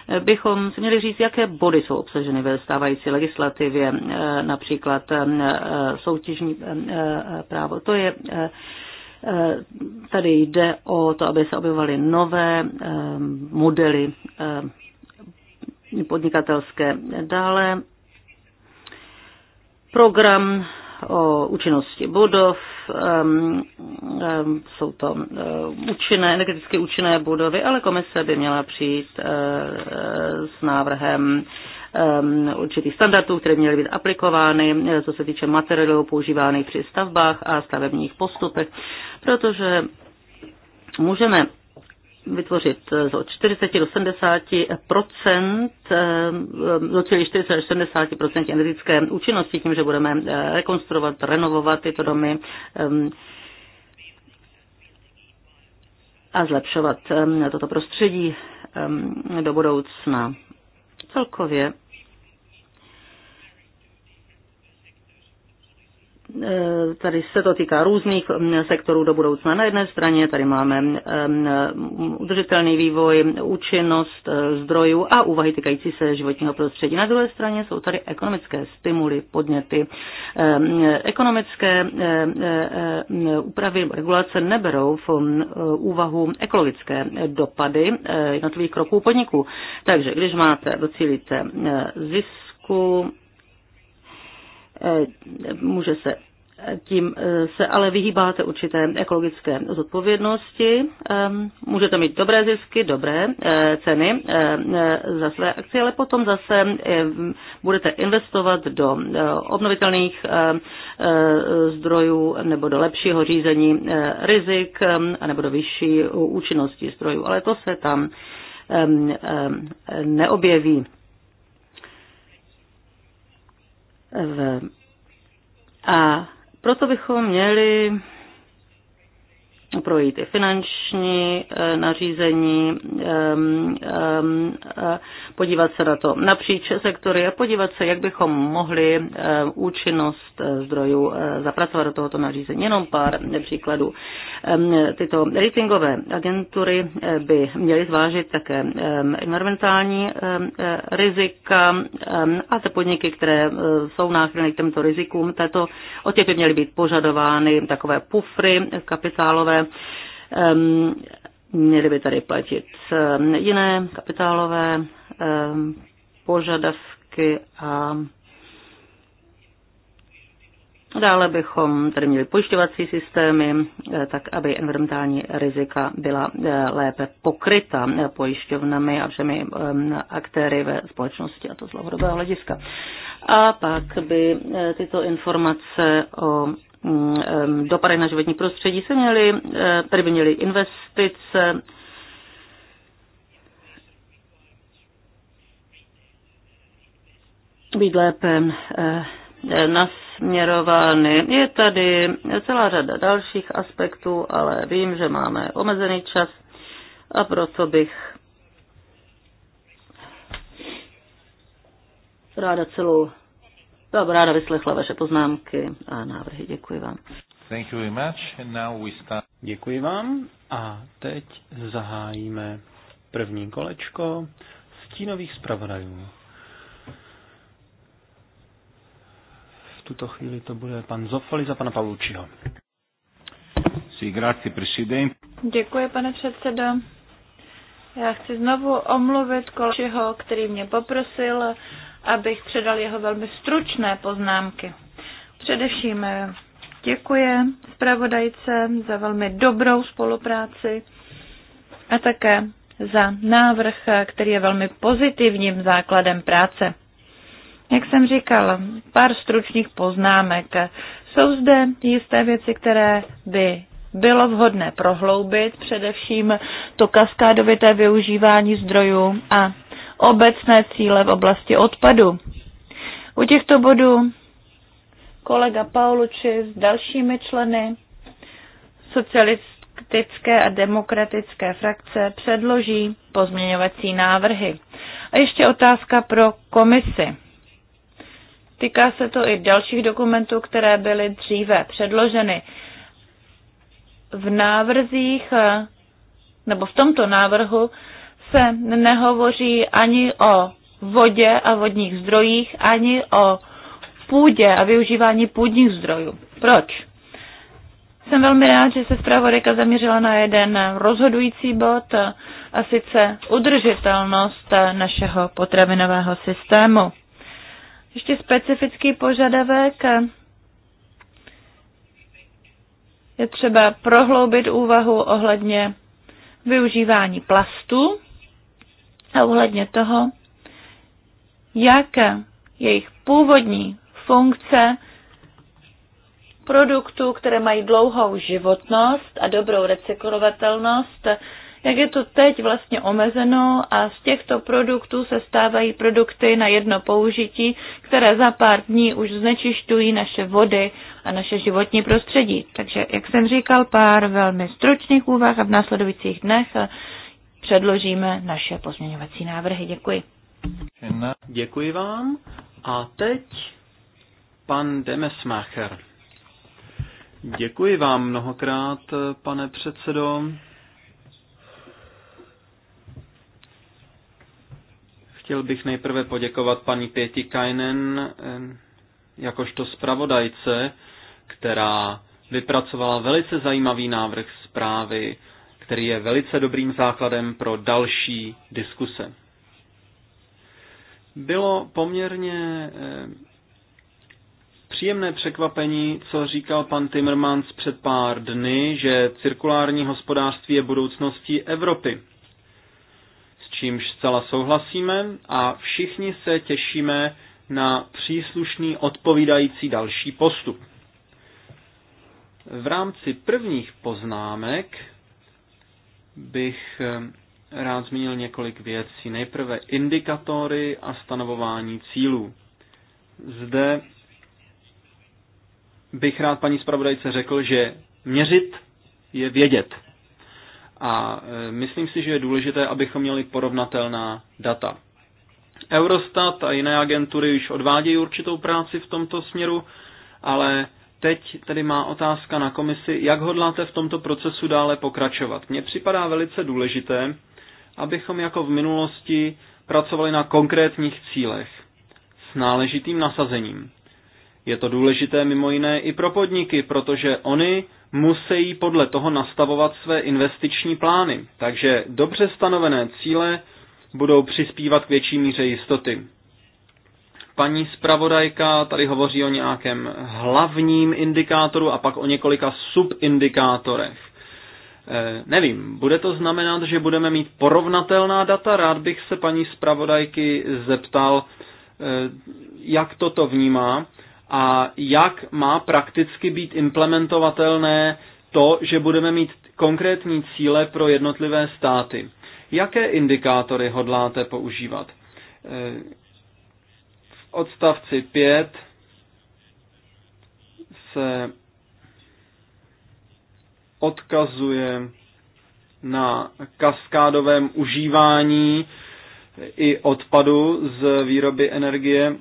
eh, bychom si měli říct, jaké body jsou obsaženy ve stávající legislativě, eh, například soutěžní právo. To je Tady jde o to, aby se objevovaly nové modely podnikatelské. Dále program o účinnosti budov, jsou to účinné, energeticky účinné budovy, ale komise by měla přijít eh, s návrhem určitých standardů, které měly být aplikovány, eh, co se týče materiálů používaných při stavbách a stavebních postupech, protože můžeme vytvořit eh, od 40 do 70 docílit 40 až 70 energetické účinnosti tím, že budeme eh, rekonstruovat, renovovat tyto domy ehm, a zlepšovat ehm, toto prostředí ehm, do budoucna. Celkově Eh, tady se to týká různých mm, sektorů do budoucna. Na jedné straně tady máme mm, mm, udržitelný vývoj, účinnost eh, zdrojů a úvahy týkající se životního prostředí. Na druhé straně jsou tady ekonomické stimuly, podněty. Eh, ekonomické úpravy regulace neberou v úvahu ekologické dopady jednotlivých kroků podniků. Takže když máte, docílíte zisk, zisku, Eh, může se eh, tím eh, se ale vyhýbáte určité ekologické zodpovědnosti. Ehm, můžete mít dobré zisky, dobré ceny za své akci, ale potom zase budete investovat do obnovitelných zdrojů nebo do lepšího řízení rizik ehm, nebo do vyšší účinnosti zdrojů. Ale to se tam ehm, neobjeví. a proto bychom měli projít i finanční eh, nařízení, eh, podívat se na to napříč sektory a podívat se, jak bychom mohli eh, účinnost zdrojů zapracovat do tohoto nařízení. Jenom pár příkladů. Tyto ratingové agentury by měly zvážit také environmentální rizika a ty podniky, které jsou náchylné k těmto rizikům, tato, od těch by měly být požadovány takové pufry kapitálové, ale měly by tady platit jiné kapitálové požadavky a Dále bychom tady měli pojišťovací systémy, tak aby environmentální rizika byla lépe pokryta pojišťovnami a všemi aktéry ve společnosti, a to z dlouhodobého hlediska. A pak by tyto informace o Mm, mm, dopady na životní prostředí se měly, eh, tady by měly investice, být lépe eh, eh, nasměrovány. Je tady celá řada dalších aspektů, ale vím, že máme omezený čas a proto bych ráda celou byla ráda vyslechla vaše poznámky a návrhy. Děkuji vám. Thank you very much. And now we start... Děkuji vám a teď zahájíme první kolečko stínových zpravodajů. V tuto chvíli to bude pan Zofali za pana Pavlučiho. Děkuji, pane předsedo. Já chci znovu omluvit kolečiho, který mě poprosil, abych předal jeho velmi stručné poznámky. Především eh, děkuje zpravodajce za velmi dobrou spolupráci a také za návrh, eh, který je velmi pozitivním základem práce. Jak jsem říkal, pár stručných poznámek. Jsou zde jisté věci, které by bylo vhodné prohloubit, především to kaskádovité využívání zdrojů a obecné cíle v oblasti odpadu. U těchto bodů kolega Pauluči s dalšími členy socialistické a demokratické frakce předloží pozměňovací návrhy. A ještě otázka pro komisi. Týká se to i dalších dokumentů, které byly dříve předloženy. V návrzích nebo v tomto návrhu se nehovoří ani o vodě a vodních zdrojích, ani o půdě a využívání půdních zdrojů. Proč? Jsem velmi rád, že se zpravodajka zaměřila na jeden rozhodující bod, a sice udržitelnost našeho potravinového systému. Ještě specifický požadavek je třeba prohloubit úvahu ohledně využívání plastů a ohledně toho, jaké jejich původní funkce produktů, které mají dlouhou životnost a dobrou recyklovatelnost, jak je to teď vlastně omezeno a z těchto produktů se stávají produkty na jedno použití, které za pár dní už znečišťují naše vody a naše životní prostředí. Takže, jak jsem říkal, pár velmi stručných úvah a v následujících dnech předložíme naše pozměňovací návrhy. Děkuji. Děkuji vám. A teď pan Demesmacher. Děkuji vám mnohokrát, pane předsedo. Chtěl bych nejprve poděkovat paní Pěti Kajnen eh, jakožto zpravodajce, která vypracovala velice zajímavý návrh zprávy který je velice dobrým základem pro další diskuse. Bylo poměrně eh, příjemné překvapení, co říkal pan Timmermans před pár dny, že cirkulární hospodářství je budoucností Evropy. S čímž zcela souhlasíme a všichni se těšíme na příslušný odpovídající další postup. V rámci prvních poznámek bych eh, rád zmínil několik věcí. Nejprve indikatory a stanovování cílů. Zde bych rád paní zpravodajce řekl, že měřit je vědět. A eh, myslím si, že je důležité, abychom měli porovnatelná data. Eurostat a jiné agentury už odvádějí určitou práci v tomto směru, ale Teď tedy má otázka na komisi, jak hodláte v tomto procesu dále pokračovat. Mně připadá velice důležité, abychom jako v minulosti pracovali na konkrétních cílech s náležitým nasazením. Je to důležité mimo jiné i pro podniky, protože oni musí podle toho nastavovat své investiční plány. Takže dobře stanovené cíle budou přispívat k větší míře jistoty. Paní zpravodajka tady hovoří o nějakém hlavním indikátoru a pak o několika subindikátorech. E, nevím, bude to znamenat, že budeme mít porovnatelná data? Rád bych se paní zpravodajky zeptal, e, jak toto vnímá a jak má prakticky být implementovatelné to, že budeme mít konkrétní cíle pro jednotlivé státy. Jaké indikátory hodláte používat? E, odstavci 5 se odkazuje na kaskádovém užívání i odpadu z výroby energie,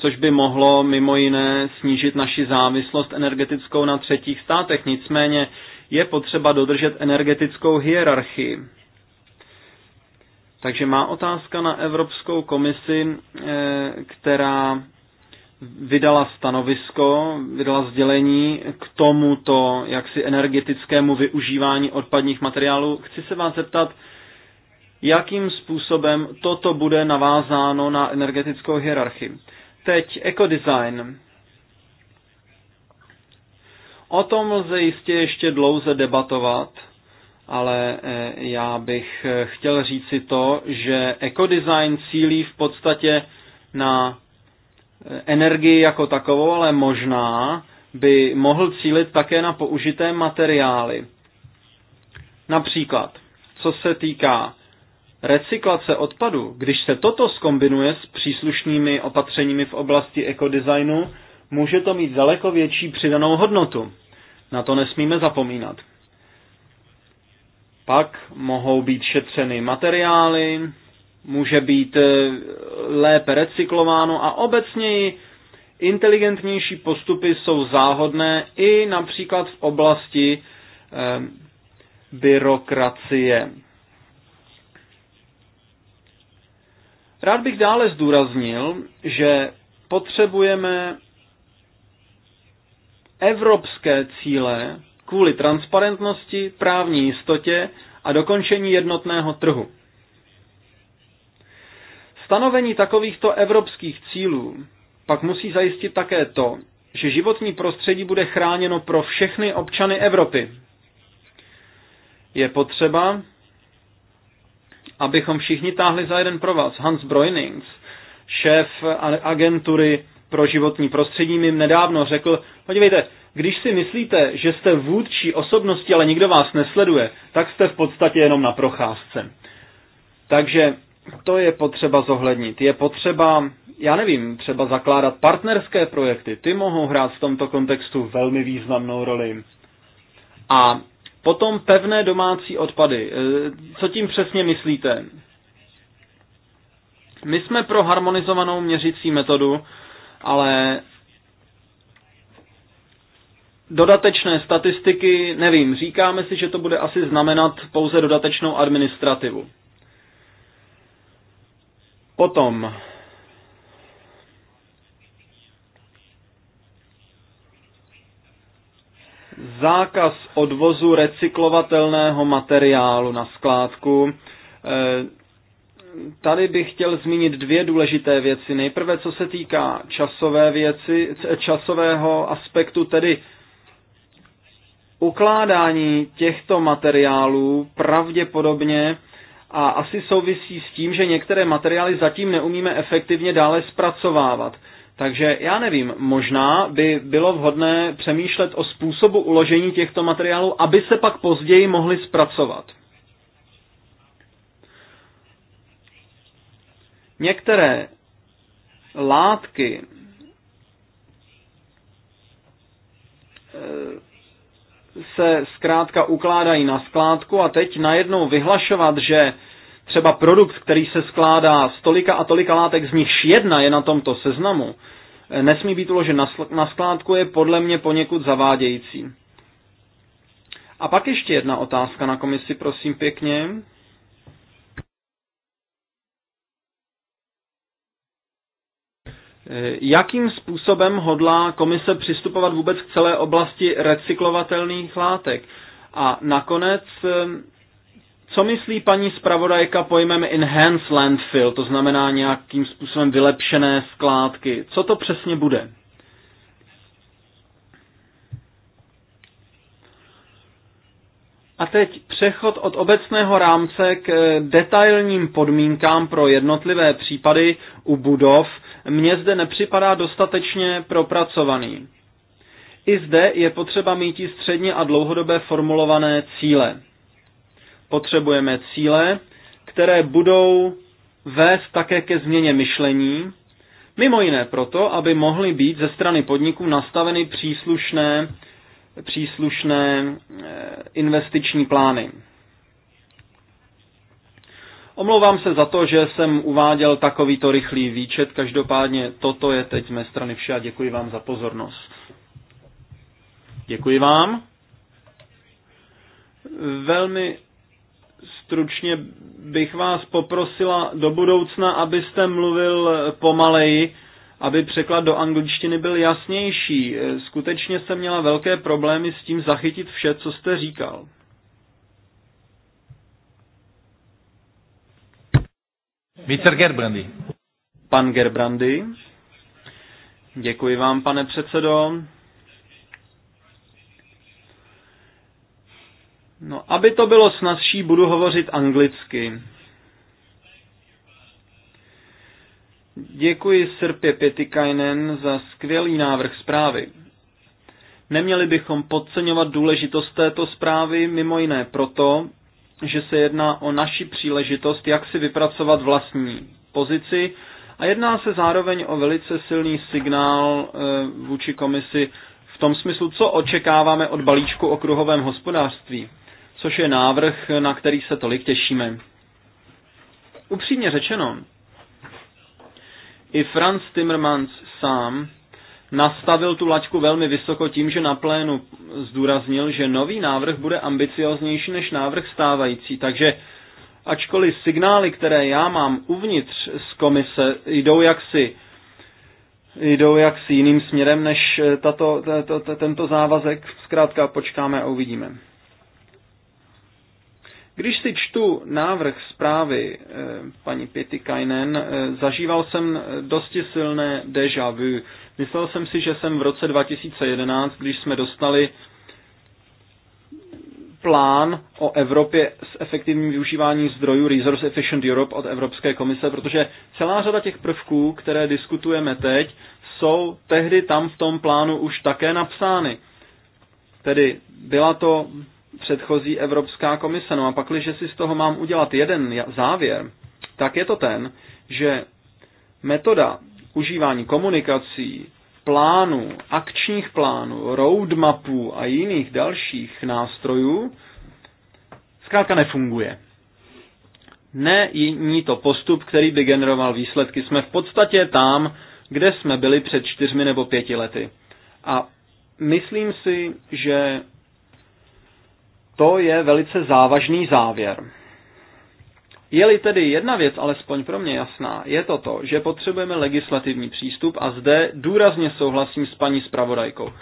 což by mohlo mimo jiné snížit naši závislost energetickou na třetích státech. Nicméně je potřeba dodržet energetickou hierarchii. Takže má otázka na Evropskou komisi, eh, která vydala stanovisko, vydala sdělení k tomuto jaksi energetickému využívání odpadních materiálů. Chci se vás zeptat, jakým způsobem toto bude navázáno na energetickou hierarchii. Teď ekodesign. O tom lze jistě ještě dlouze debatovat – ale eh, já bych eh, chtěl říct si to, že ekodesign cílí v podstatě na eh, energii jako takovou, ale možná by mohl cílit také na použité materiály. Například, co se týká recyklace odpadu, když se toto skombinuje s příslušnými opatřeními v oblasti ekodesignu, může to mít daleko větší přidanou hodnotu. Na to nesmíme zapomínat. Pak mohou být šetřeny materiály, může být eh, lépe recyklováno a obecněji inteligentnější postupy jsou záhodné i například v oblasti eh, byrokracie. Rád bych dále zdůraznil, že potřebujeme evropské cíle kvůli transparentnosti, právní jistotě a dokončení jednotného trhu. Stanovení takovýchto evropských cílů pak musí zajistit také to, že životní prostředí bude chráněno pro všechny občany Evropy. Je potřeba, abychom všichni táhli za jeden pro vás. Hans Breunings, šéf agentury pro životní prostředí mi nedávno řekl, podívejte, když si myslíte, že jste vůdčí osobnosti, ale nikdo vás nesleduje, tak jste v podstatě jenom na procházce. Takže to je potřeba zohlednit. Je potřeba, já nevím, třeba zakládat partnerské projekty. Ty mohou hrát v tomto kontextu velmi významnou roli. A potom pevné domácí odpady. E, co tím přesně myslíte? My jsme pro harmonizovanou měřící metodu, ale dodatečné statistiky, nevím, říkáme si, že to bude asi znamenat pouze dodatečnou administrativu. Potom zákaz odvozu recyklovatelného materiálu na skládku. Eh, tady bych chtěl zmínit dvě důležité věci. Nejprve, co se týká časové věci, časového aspektu, tedy ukládání těchto materiálů pravděpodobně a asi souvisí s tím, že některé materiály zatím neumíme efektivně dále zpracovávat. Takže já nevím, možná by bylo vhodné přemýšlet o způsobu uložení těchto materiálů, aby se pak později mohly zpracovat. Některé látky eh, se zkrátka ukládají na skládku a teď najednou vyhlašovat, že třeba produkt, který se skládá z tolika a tolika látek, z nichž jedna je na tomto seznamu, eh, nesmí být uložen na skládku, je podle mě poněkud zavádějící. A pak ještě jedna otázka na komisi, prosím pěkně. Jakým způsobem hodlá komise přistupovat vůbec k celé oblasti recyklovatelných látek? A nakonec, co myslí paní zpravodajka pojmem enhanced landfill, to znamená nějakým způsobem vylepšené skládky? Co to přesně bude? A teď přechod od obecného rámce k detailním podmínkám pro jednotlivé případy u budov, mně zde nepřipadá dostatečně propracovaný. I zde je potřeba mít i středně a dlouhodobé formulované cíle. Potřebujeme cíle, které budou vést také ke změně myšlení, mimo jiné proto, aby mohly být ze strany podniků nastaveny příslušné, příslušné eh, investiční plány. Omlouvám se za to, že jsem uváděl takovýto rychlý výčet, každopádně toto je teď z mé strany vše a děkuji vám za pozornost. Děkuji vám. Velmi stručně bych vás poprosila do budoucna, abyste mluvil pomaleji, aby překlad do angličtiny byl jasnější. Skutečně jsem měla velké problémy s tím zachytit vše, co jste říkal. Vítr Gerbrandy. Pan Gerbrandy. Děkuji vám, pane předsedo. No, aby to bylo snazší, budu hovořit anglicky. Děkuji Sirpě Pětikajnen za skvělý návrh zprávy. Neměli bychom podceňovat důležitost této zprávy, mimo jiné proto, že se jedná o naši příležitost, jak si vypracovat vlastní pozici a jedná se zároveň o velice silný signál eh, vůči komisi v tom smyslu, co očekáváme od balíčku o kruhovém hospodářství, což je návrh, na který se tolik těšíme. Upřímně řečeno, i Franz Timmermans sám nastavil tu laťku velmi vysoko tím, že na plénu zdůraznil, že nový návrh bude ambicioznější než návrh stávající. Takže ačkoliv signály, které já mám uvnitř z komise, jdou jaksi jdou jaksi jiným směrem než eh, tato, tato, tato, tento závazek. Zkrátka počkáme a uvidíme. Když si čtu návrh zprávy eh, paní Kajnen, eh, zažíval jsem dosti silné déjà vu. Myslel jsem si, že jsem v roce 2011, když jsme dostali plán o Evropě s efektivním využíváním zdrojů Resource Efficient Europe od Evropské komise, protože celá řada těch prvků, které diskutujeme teď, jsou tehdy tam v tom plánu už také napsány. Tedy byla to předchozí Evropská komise. No a pak, když si z toho mám udělat jeden závěr, tak je to ten, že metoda užívání komunikací, plánů, akčních plánů, roadmapů a jiných dalších nástrojů zkrátka nefunguje. Není to postup, který by generoval výsledky. Jsme v podstatě tam, kde jsme byli před čtyřmi nebo pěti lety. A myslím si, že to je velice závažný závěr. Je-li tedy jedna věc alespoň pro mě jasná, je to to, že potřebujeme legislativní přístup a zde důrazně souhlasím s paní zpravodajkou.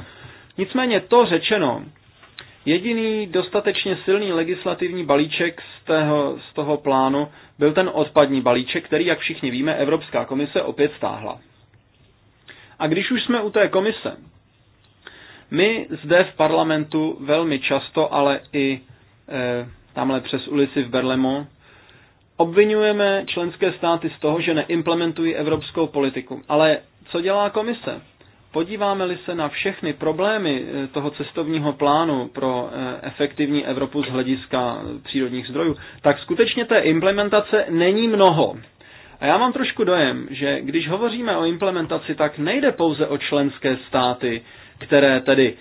Nicméně to řečeno, jediný dostatečně silný legislativní balíček z toho, z toho plánu byl ten odpadní balíček, který, jak všichni víme, Evropská komise opět stáhla. A když už jsme u té komise, my zde v parlamentu velmi často, ale i e, tamhle přes ulici v Berlemo, Obvinujeme členské státy z toho, že neimplementují evropskou politiku. Ale co dělá komise? Podíváme-li se na všechny problémy eh, toho cestovního plánu pro eh, efektivní Evropu z hlediska přírodních zdrojů, tak skutečně té implementace není mnoho. A já mám trošku dojem, že když hovoříme o implementaci, tak nejde pouze o členské státy, které tedy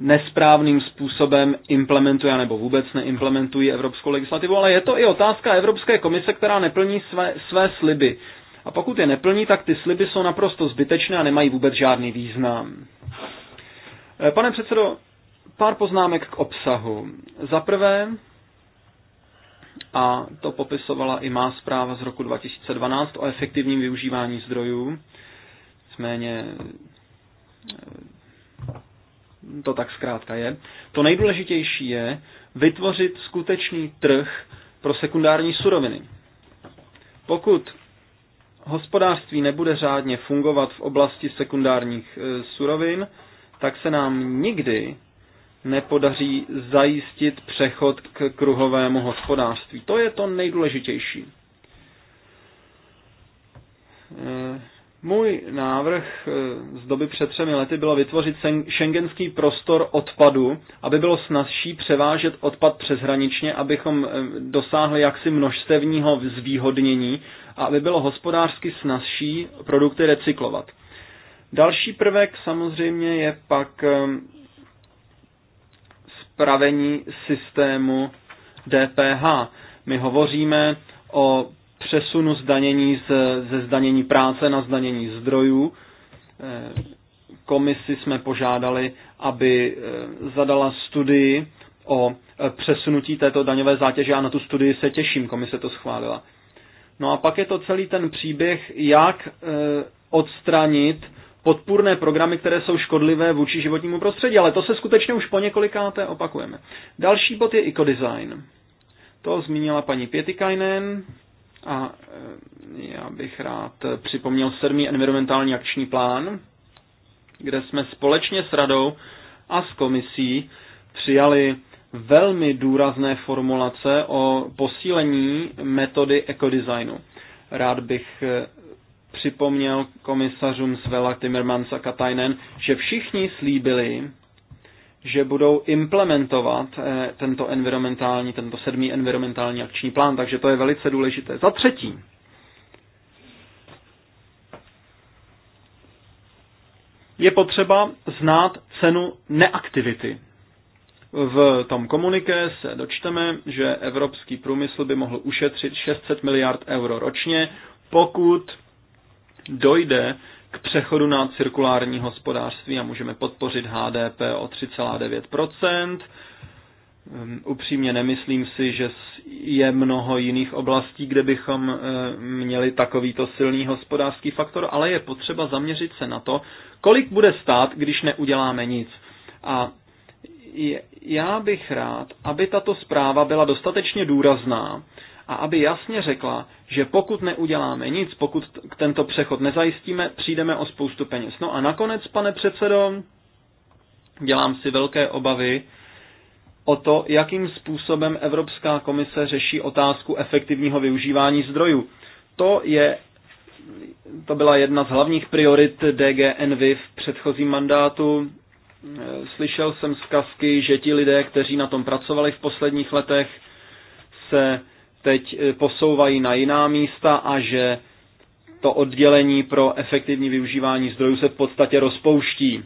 nesprávným způsobem implementuje nebo vůbec neimplementují evropskou legislativu, ale je to i otázka Evropské komise, která neplní své, své sliby. A pokud je neplní, tak ty sliby jsou naprosto zbytečné a nemají vůbec žádný význam. Eh, pane předsedo, pár poznámek k obsahu. Za prvé, a to popisovala i má zpráva z roku 2012 o efektivním využívání zdrojů, nicméně eh, to tak zkrátka je, to nejdůležitější je vytvořit skutečný trh pro sekundární suroviny. Pokud hospodářství nebude řádně fungovat v oblasti sekundárních e, surovin, tak se nám nikdy nepodaří zajistit přechod k kruhovému hospodářství. To je to nejdůležitější. E, můj návrh eh, z doby před třemi lety bylo vytvořit šengenský prostor odpadu, aby bylo snazší převážet odpad přeshraničně, abychom eh, dosáhli jaksi množstevního zvýhodnění a aby bylo hospodářsky snazší produkty recyklovat. Další prvek samozřejmě je pak eh, spravení systému DPH. My hovoříme o přesunu zdanění z, ze zdanění práce na zdanění zdrojů. Eh, komisi jsme požádali, aby eh, zadala studii o eh, přesunutí této daňové zátěže a na tu studii se těším, komise to schválila. No a pak je to celý ten příběh, jak odstranit podpůrné programy, které jsou škodlivé vůči životnímu prostředí, ale to se skutečně už po několikáté opakujeme. Další bod je ekodesign. To zmínila paní Pietikainen, a e, já bych rád připomněl sedmý environmentální akční plán, kde jsme společně s radou a s komisí přijali velmi důrazné formulace o posílení metody ekodesignu. Rád bych e, připomněl komisařům Svela, Timmermans a Katainen, že všichni slíbili, že budou implementovat eh, tento environmentální, tento sedmý environmentální akční plán, takže to je velice důležité. Za třetí, je potřeba znát cenu neaktivity. V tom komuniké se dočteme, že evropský průmysl by mohl ušetřit 600 miliard euro ročně, pokud dojde k přechodu na cirkulární hospodářství a můžeme podpořit HDP o 3,9 ehm, Upřímně nemyslím si, že je mnoho jiných oblastí, kde bychom ehm, měli takovýto silný hospodářský faktor, ale je potřeba zaměřit se na to, kolik bude stát, když neuděláme nic. A já bych rád, aby tato zpráva byla dostatečně důrazná a aby jasně řekla, že pokud neuděláme nic, pokud tento přechod nezajistíme, přijdeme o spoustu peněz. No a nakonec, pane předsedo, dělám si velké obavy o to, jakým způsobem Evropská komise řeší otázku efektivního využívání zdrojů. To je to byla jedna z hlavních priorit DGNV v předchozím mandátu. Slyšel jsem zkazky, že ti lidé, kteří na tom pracovali v posledních letech, se teď eh, posouvají na jiná místa a že to oddělení pro efektivní využívání zdrojů se v podstatě rozpouští.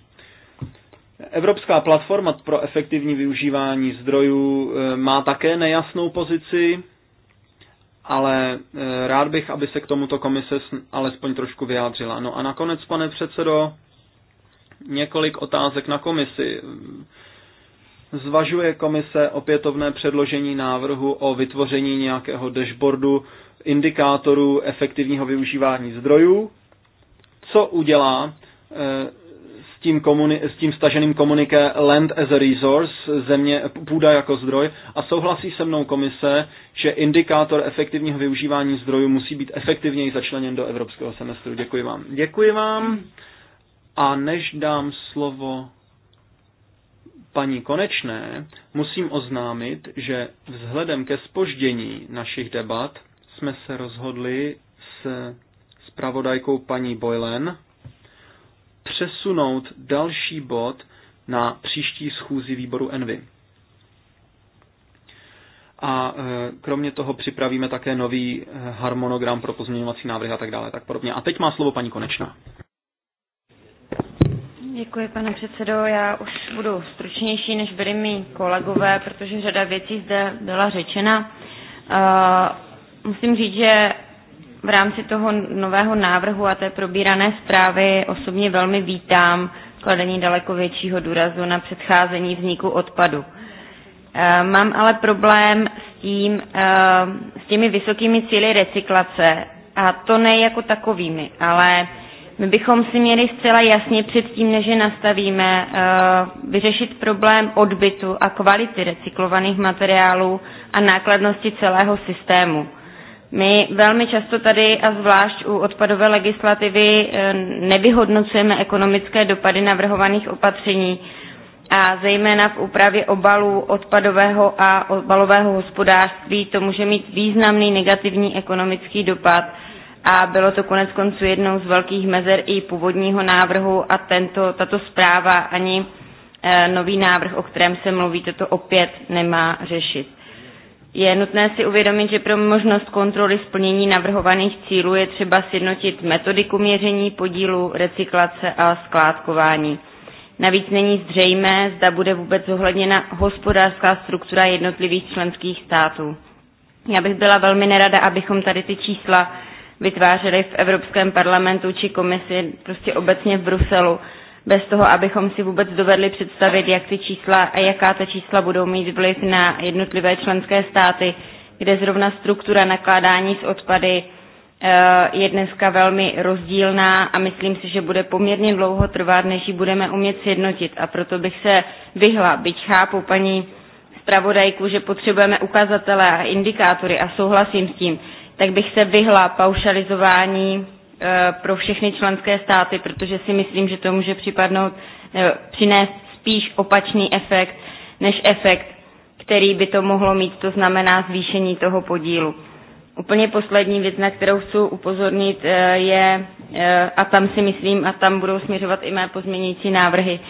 Evropská platforma pro efektivní využívání zdrojů eh, má také nejasnou pozici, ale eh, rád bych, aby se k tomuto komise alespoň trošku vyjádřila. No a nakonec, pane předsedo, několik otázek na komisi. Zvažuje komise opětovné předložení návrhu o vytvoření nějakého dashboardu indikátorů efektivního využívání zdrojů? Co udělá eh, s tím, komuni- s tím staženým komuniké Land as a Resource, země, půda jako zdroj, a souhlasí se mnou komise, že indikátor efektivního využívání zdrojů musí být efektivněji začleněn do evropského semestru. Děkuji vám. Děkuji vám. A než dám slovo paní Konečné musím oznámit, že vzhledem ke spoždění našich debat jsme se rozhodli s zpravodajkou paní Boylen přesunout další bod na příští schůzi výboru Envy. A e, kromě toho připravíme také nový e, harmonogram pro pozměňovací návrhy a tak dále, tak podobně. A teď má slovo paní Konečná. Děkuji, pane předsedo. Já už budu stručnější, než byli mý kolegové, protože řada věcí zde byla řečena. Uh, musím říct, že v rámci toho nového návrhu a té probírané zprávy osobně velmi vítám kladení daleko většího důrazu na předcházení vzniku odpadu. Eh, mám ale problém s, tím, eh, s těmi vysokými cíly recyklace, a to ne jako takovými, ale my bychom si měli zcela jasně předtím, než je nastavíme, eh, vyřešit problém odbytu a kvality recyklovaných materiálů a nákladnosti celého systému. My velmi často tady a zvlášť u odpadové legislativy eh, nevyhodnocujeme ekonomické dopady navrhovaných opatření a zejména v úpravě obalů odpadového a obalového hospodářství to může mít významný negativní ekonomický dopad a bylo to konec konců jednou z velkých mezer i původního návrhu a tento, tato zpráva ani eh, nový návrh, o kterém se mluví, toto opět nemá řešit. Je nutné si uvědomit, že pro možnost kontroly splnění navrhovaných cílů je třeba sjednotit metodiku měření podílu, recyklace a skládkování. Navíc není zřejmé, zda bude vůbec zohledněna hospodářská struktura jednotlivých členských států. Já bych byla velmi nerada, abychom tady ty čísla vytvářeli v Evropském parlamentu či komisi, prostě obecně v Bruselu, bez toho, abychom si vůbec dovedli představit, jak ty čísla a jaká ta čísla budou mít vliv na jednotlivé členské státy, kde zrovna struktura nakládání s odpady eh, je dneska velmi rozdílná a myslím si, že bude poměrně dlouho trvat, než ji budeme umět sjednotit. A proto bych se vyhla, byť chápu paní zpravodajku, že potřebujeme ukazatele a indikátory a souhlasím s tím, tak bych se vyhla paušalizování eh, pro všechny členské státy, protože si myslím, že to může připadnout, eh, přinést spíš opačný efekt, než efekt, který by to mohlo mít, to znamená zvýšení toho podílu. Úplně poslední věc, na kterou chci upozornit, eh, je, a tam si myslím, a tam budou směřovat i mé pozměňující návrhy,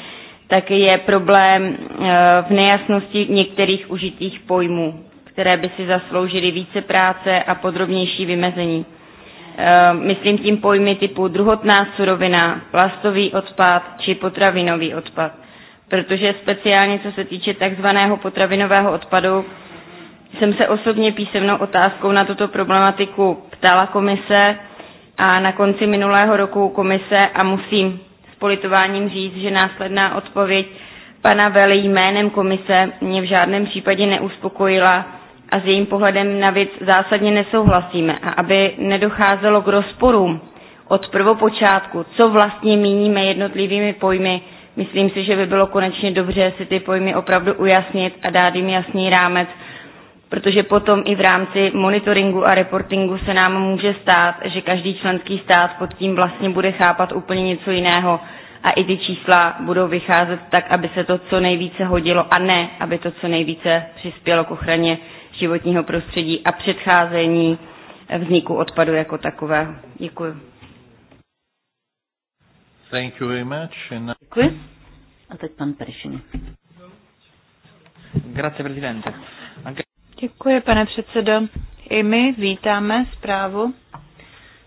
tak je problém v nejasnosti některých užitých pojmů které by si zasloužily více práce a podrobnější vymezení. Eh, myslím tím pojmy typu druhotná surovina, plastový odpad či potravinový odpad. Protože speciálně co se týče takzvaného potravinového odpadu, jsem se osobně písemnou otázkou na tuto problematiku ptala komise a na konci minulého roku komise a musím s politováním říct, že následná odpověď pana Veli jménem komise mě v žádném případě neuspokojila a s jejím pohledem na věc zásadně nesouhlasíme a aby nedocházelo k rozporům od prvopočátku, co vlastně míníme jednotlivými pojmy, myslím si, že by bylo konečně dobře si ty pojmy opravdu ujasnit a dát jim jasný rámec, protože potom i v rámci monitoringu a reportingu se nám může stát, že každý členský stát pod tím vlastně bude chápat úplně něco jiného a i ty čísla budou vycházet tak, aby se to co nejvíce hodilo a ne, aby to co nejvíce přispělo k ochraně životního prostředí a předcházení vzniku odpadu jako takového. Děkuji. Thank you very much. And... Děkuji. A teď pan Peršin. Grazie, Děkuji, pane předsedo. I my vítáme zprávu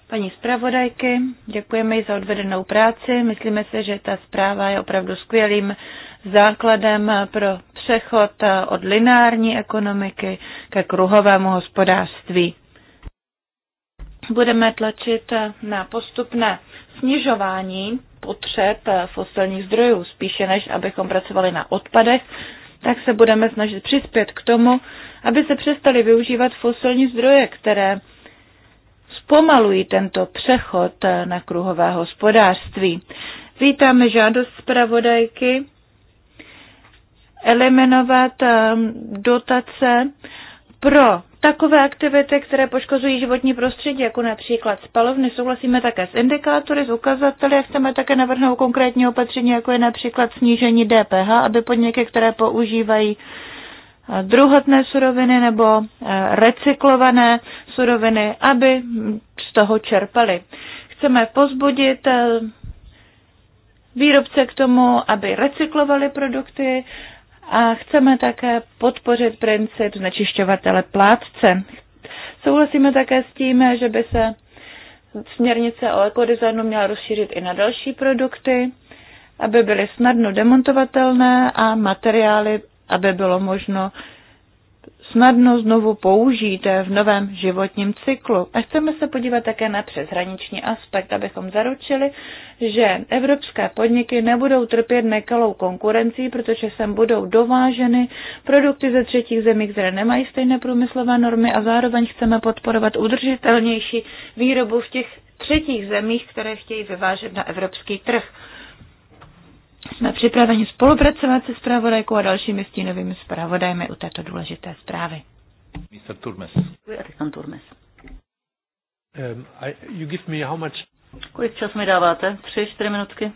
paní zpravodajky. Děkujeme jí za odvedenou práci. Myslíme si, že ta zpráva je opravdu skvělým základem pro přechod od lineární ekonomiky ke kruhovému hospodářství. Budeme tlačit na postupné snižování potřeb fosilních zdrojů, spíše než abychom pracovali na odpadech, tak se budeme snažit přispět k tomu, aby se přestali využívat fosilní zdroje, které zpomalují tento přechod na kruhové hospodářství. Vítáme žádost zpravodajky eliminovat ehm, dotace pro takové aktivity, které poškozují životní prostředí, jako například spalovny, souhlasíme také s indikátory, s ukazateli a chceme také navrhnout konkrétní opatření, jako je například snížení DPH, aby podniky, které používají eh, druhotné suroviny nebo eh, recyklované suroviny, aby z toho čerpali. Chceme pozbudit eh, výrobce k tomu, aby recyklovali produkty, a chceme také podpořit princip znečišťovatele plátce. Souhlasíme také s tím, že by se směrnice o ekodesignu měla rozšířit i na další produkty, aby byly snadno demontovatelné a materiály, aby bylo možno snadno znovu použít v novém životním cyklu. A chceme se podívat také na přeshraniční aspekt, abychom zaručili, že evropské podniky nebudou trpět nekalou konkurencí, protože sem budou dováženy produkty ze třetích zemí, které nemají stejné průmyslové normy a zároveň chceme podporovat udržitelnější výrobu v těch třetích zemích, které chtějí vyvážet na evropský trh. Jsme připraveni spolupracovat se zpravodajkou a dalšími stínovými zpravodajmi u této důležité zprávy. Mr. Turmes. Pan Turmes. Um, I, you give me how much? Kolik čas mi dáváte? Tři, čtyři minutky?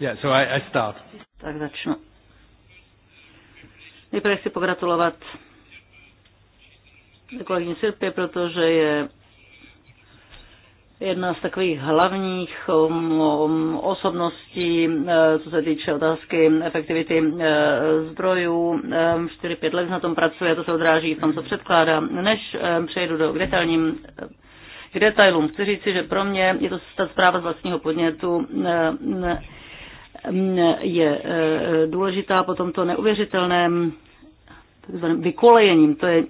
Yeah, so I, I start. Tak začnu. Nejprve chci pogratulovat kolegyně Sirpě, protože je jedna z takových hlavních um, osobností, eh, co se týče otázky efektivity eh, zdrojů. 4-5 eh, let na tom pracuje, to se odráží v tom, co předkládá. Než přejdu do detailním k detailům, chci říci, že pro mě je to ta zpráva z vlastního podnětu je důležitá po tomto neuvěřitelném takzvaným vykolejením. To je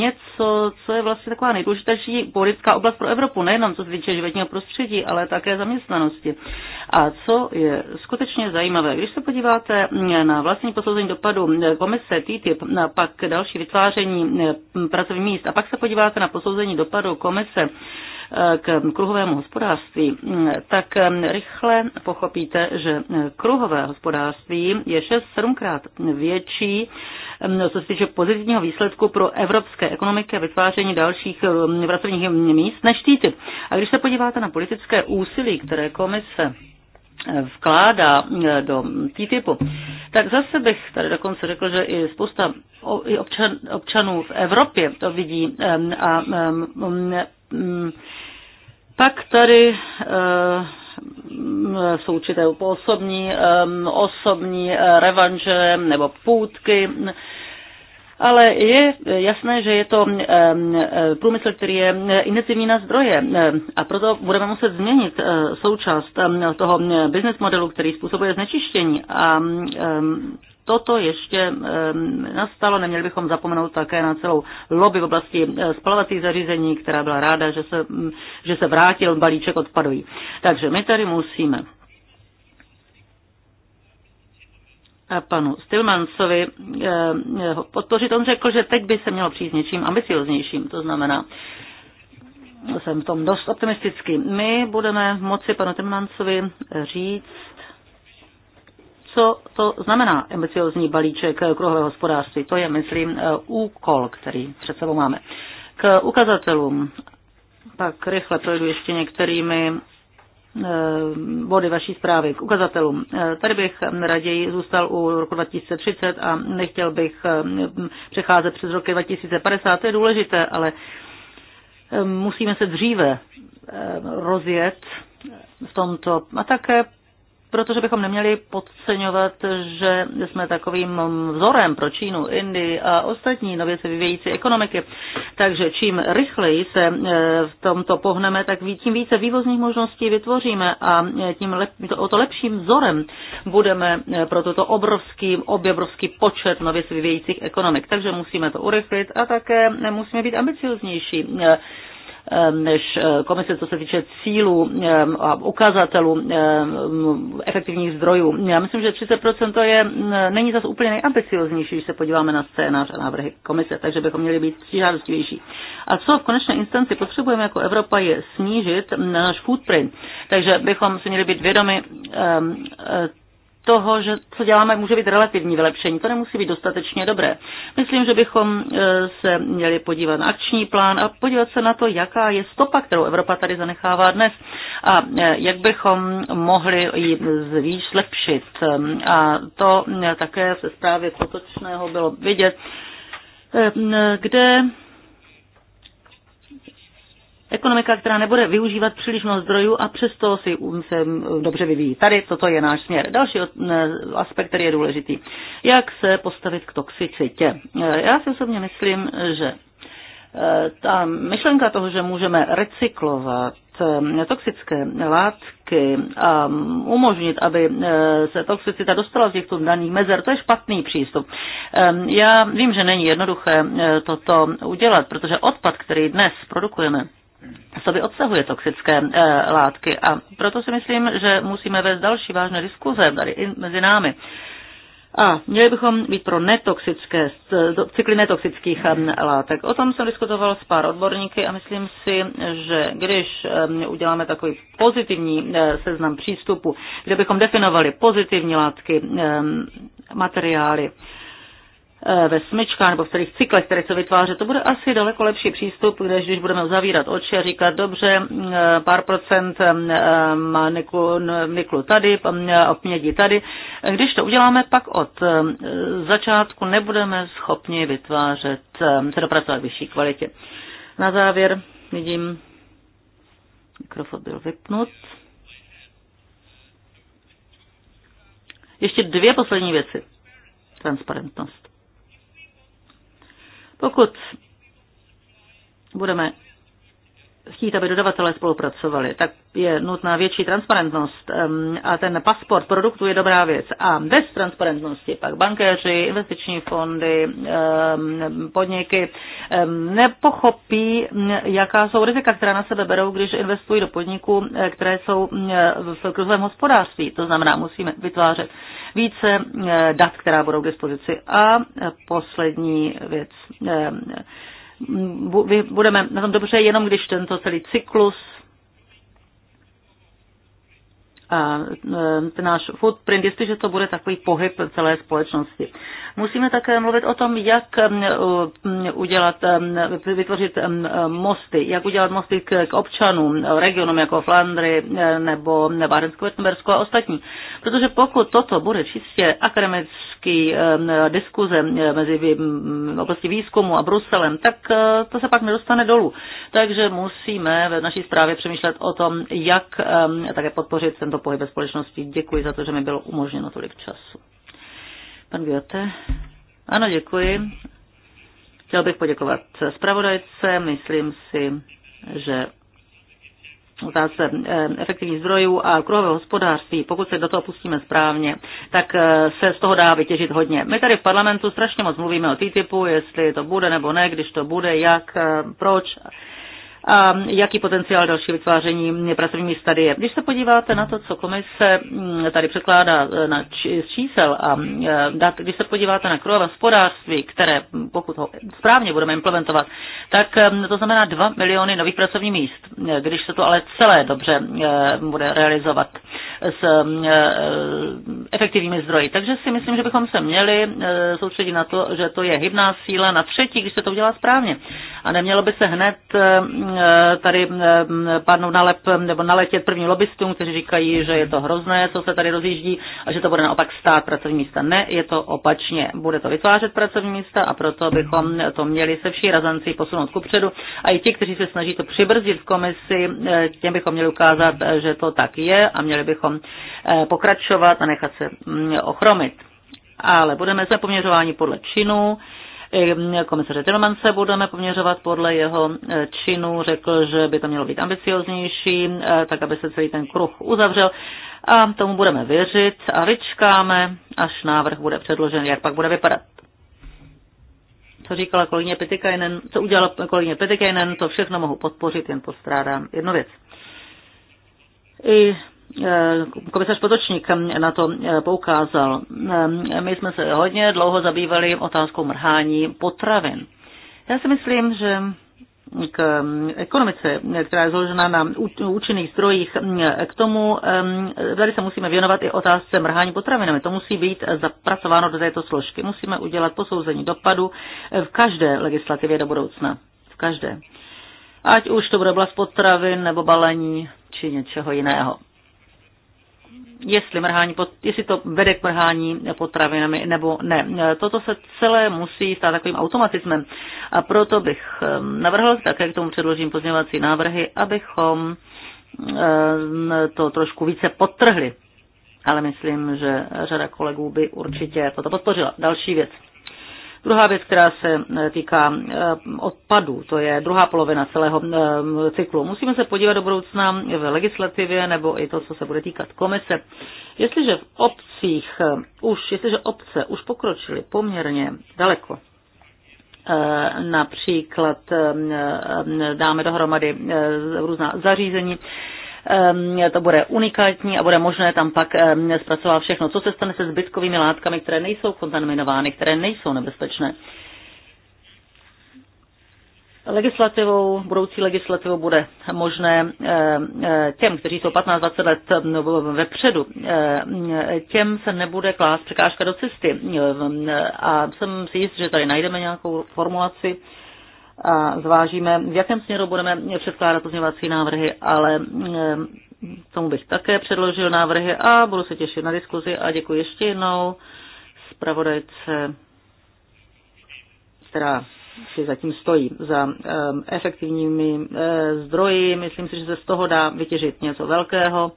něco, co je vlastně taková nejdůležitější politická oblast pro Evropu, nejenom co se týče životního prostředí, ale také zaměstnanosti. A co je skutečně zajímavé, když se podíváte na vlastní posouzení dopadu komise TTIP, a pak další vytváření pracovních míst, a pak se podíváte na posouzení dopadu komise k kruhovému hospodářství, tak rychle pochopíte, že kruhové hospodářství je 6-7 krát větší, co se týče pozitivního výsledku pro evropské ekonomiky a vytváření dalších um, pracovních míst než TTIP. A když se podíváte na politické úsilí, které komise vkládá um, do TTIPu, tak zase bych tady dokonce řekl, že i spousta občan, občanů v Evropě to vidí um, a pak hmm. tady eh, hmm, jsou určité osobní, eh, osobní eh, revanže nebo půdky. Ale je jasné, že je to průmysl, který je intenzivní na zdroje a proto budeme muset změnit součást toho business modelu, který způsobuje znečištění a toto ještě nastalo. Neměli bychom zapomenout také na celou lobby v oblasti eh, spalovacích zařízení, která byla ráda, že se, mm, že se vrátil balíček odpadový. Takže my tady musíme a panu eh, podpořit. On řekl, že teď by se mělo přijít s něčím ambicioznějším, to znamená, jsem v tom dost optimistický. My budeme moci panu Timmancovi říct, co to znamená ambiciozní balíček kruhové hospodářství. To je, myslím, eh, úkol, který před sebou máme. K ukazatelům pak rychle projdu ještě některými eh, body vaší zprávy k ukazatelům. Eh, tady bych raději zůstal u roku 2030 a nechtěl bych přecházet přes roky 2050. To je důležité, ale musíme se dříve rozjet v tomto a také protože bychom neměli podceňovat, že jsme takovým vzorem pro Čínu, Indii a ostatní nově se vyvějící ekonomiky. Takže čím rychleji se e, v tomto pohneme, tak tím více vývozních možností vytvoříme a e, tím lep, o to lepším vzorem budeme e, pro toto obrovský, obrovský počet nově se vyvějících ekonomik. Takže musíme to urychlit a také musíme být ambicioznější Ehm, než eh, komise, co se týče cílů ehm, a ukazatelů ehm, efektivních zdrojů. Já myslím, že 30% to je, mm, není zase úplně nejambicioznější, když se podíváme na scénář a návrhy komise, takže bychom měli být přížádostivější. A co v konečné instanci potřebujeme jako Evropa je snížit náš footprint. Takže bychom si měli být vědomi toho, že co děláme, může být relativní vylepšení. To nemusí být dostatečně dobré. Myslím, že bychom e, se měli podívat na akční plán a podívat se na to, jaká je stopa, kterou Evropa tady zanechává dnes a e, jak bychom mohli ji zvýš zlepšit. E, a to také se zprávě potočného bylo vidět, kde ekonomika, která nebude využívat příliš mnoho zdrojů a přesto si se dobře vyvíjí. Tady toto je náš směr. Další aspekt, který je důležitý. Jak se postavit k toxicitě? Eh, já si osobně myslím, že eh, ta myšlenka toho, že můžeme recyklovat eh, toxické látky a umožnit, aby se toxicita dostala z těchto daných mezer, to je špatný přístup. Ehm, já vím, že není jednoduché toto udělat, protože odpad, který dnes produkujeme, v sobě obsahuje toxické e, látky. A proto si myslím, že musíme vést další vážné diskuze tady i mezi námi. A měli bychom být pro netoxické, eh, cykly netoxických eh, látek. O tom jsem diskutoval s pár odborníky a myslím si, že když uděláme takový pozitivní seznam přístupu, kde bychom definovali pozitivní látky, materiály, Eh, ve smyčkách nebo v těch cyklech, které se vytváří, to bude asi daleko lepší přístup, než když budeme zavírat oči a říkat, dobře, eh, pár procent eh, má niklu, niklu tady, mědi tady. Když to uděláme, pak od začátku nebudeme schopni vytvářet, se dopracovat vyšší kvalitě. Na závěr vidím, mikrofon byl vypnut. Ještě dvě poslední věci. Transparentnost. Pokud budeme chtít, aby dodavatelé spolupracovali, tak je nutná větší transparentnost a ten pasport produktu je dobrá věc. A bez transparentnosti pak bankéři, investiční fondy, podniky nepochopí, jaká jsou rizika, která na sebe berou, když investují do podniků, eh, které jsou eh, v krizovém hospodářství. To znamená, musíme vytvářet více eh, dat, která budou k dispozici. A poslední věc budeme na tom dobře jenom, když tento celý cyklus a e, ten náš footprint, jestliže to bude takový pohyb celé společnosti. Musíme také mluvit o tom, jak e, udělat, e, vytvořit mosty, jak udělat mosty k občanům, regionům jako Flandry nebo Bárensko, Württembersko a ostatní. Protože pokud toto bude čistě akademické, obrovský eh, diskuze eh, mezi oblasti výzkumu a Bruselem, tak eh, to se pak nedostane dolů. Takže musíme v naší zprávě přemýšlet o tom, jak také podpořit tento pohyb ve společnosti. Děkuji za to, že mi bylo umožněno tolik času. Pan Gjote? Ano, děkuji. Chtěl bych poděkovat zpravodajce. Myslím si, že otázce eh, efektivních zdrojů a kruhového hospodářství, pokud se do toho pustíme správně, tak eh, se z toho dá vytěžit hodně. My tady v parlamentu strašně moc mluvíme o TTIPu, jestli to bude nebo ne, když to bude, jak, eh, proč a jaký potenciál další vytváření pracovní míst tady je. Když se podíváte na to, co komise mm, tady překládá e, na č- čísel a e, dat, když se podíváte na krojové hospodářství, které pokud ho správně budeme implementovat, tak e, to znamená 2 miliony nových pracovních míst, když se to ale celé dobře bude realizovat s efektivními zdroji. Takže si myslím, že bychom se měli soustředit na to, že to je hybná síla na třetí, když se to udělá správně. A nemělo by se hned Eh, tady eh, padnou na, lep, nebo naletět první lobbystům, kteří říkají, že je to hrozné, co se tady rozjíždí a že to bude naopak stát pracovní místa. Ne, je to opačně. Bude to vytvářet pracovní místa a proto bychom to měli se vší razancí posunout kupředu. A i ti, kteří se snaží to přibrzdit v komisi, eh, těm bychom měli ukázat, že to tak je a měli bychom pokračovat a nechat se mm, ochromit. Ale budeme se poměřováni podle činů Mm, komisaře Timmermanse budeme poměřovat podle jeho e, činu. Řekl, že by to mělo být ambicioznější, e, tak aby se celý ten kruh uzavřel. A tomu budeme věřit a vyčkáme, až návrh bude předložen, jak pak bude vypadat co říkala kolegyně Petikajnen, co udělala kolegyně Petikajnen, to všechno mohu podpořit, jen postrádám jednu věc. I Eh, komisař Potočník na to eh, poukázal. Eh, my jsme se hodně dlouho zabývali otázkou mrhání potravin. Já si myslím, že k mm, ekonomice, která je založena na účinných zdrojích, k tomu tady se musíme věnovat i otázce mrhání potravinami. To musí být zapracováno do této složky. Musíme udělat posouzení dopadu v každé legislativě do budoucna. V každé. Ať už to bude oblast potravin nebo balení či něčeho jiného jestli, mrhání, jestli to vede k mrhání potravinami nebo ne. Toto se celé musí stát takovým automatismem. A proto bych navrhl, také k tomu předložím pozměňovací návrhy, abychom to trošku více potrhli. Ale myslím, že řada kolegů by určitě toto podpořila. Další věc Druhá věc, která se eh, týká eh, odpadů, to je druhá polovina celého eh, cyklu. Musíme se podívat do budoucna v legislativě nebo i to, co se bude týkat komise. Jestliže v obcích už, jestliže obce už pokročily poměrně daleko, například dáme dohromady různá zařízení, Ehm, to bude unikátní a bude možné tam pak ehm, zpracovat všechno, co se stane se zbytkovými látkami, které nejsou kontaminovány, které nejsou nebezpečné. Legislativou, budoucí legislativou bude možné ehm, eh, těm, kteří jsou 15-20 let vepředu, těm se nebude klást překážka do cesty. A jsem si jist, že tady najdeme nějakou formulaci, a zvážíme, v jakém směru budeme předkládat pozměňovací návrhy, ale eh, tomu bych také předložil návrhy a budu se těšit na diskuzi a děkuji ještě jednou zpravodajce, která si zatím stojí za um, efektivními uh, zdroji. Myslím si, že se z toho dá vytěžit něco velkého.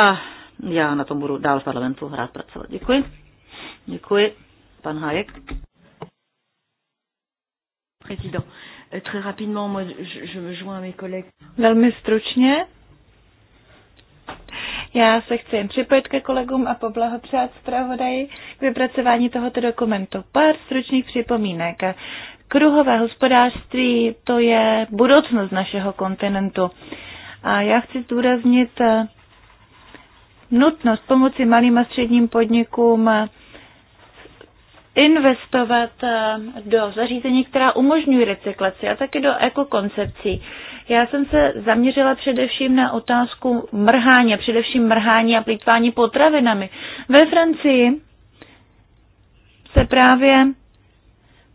A já na tom budu dál v parlamentu hrát pracovat. Děkuji. Děkuji. Pan Hajek. Président. Euh, très rapidement, moi, je, me joins à mes collègues. Velmi stručně. Já se chci jen připojit ke kolegům a poblahopřát zpravodaji k vypracování tohoto dokumentu. Pár stručných připomínek. Kruhové hospodářství to je budoucnost našeho kontinentu. A já chci zdůraznit eh, nutnost pomoci malým a středním podnikům investovat eh, do zařízení, která umožňují recyklaci a taky do ekokoncepcí. Já jsem se zaměřila především na otázku mrhání, především mrhání a plýtvání potravinami. Ve Francii se právě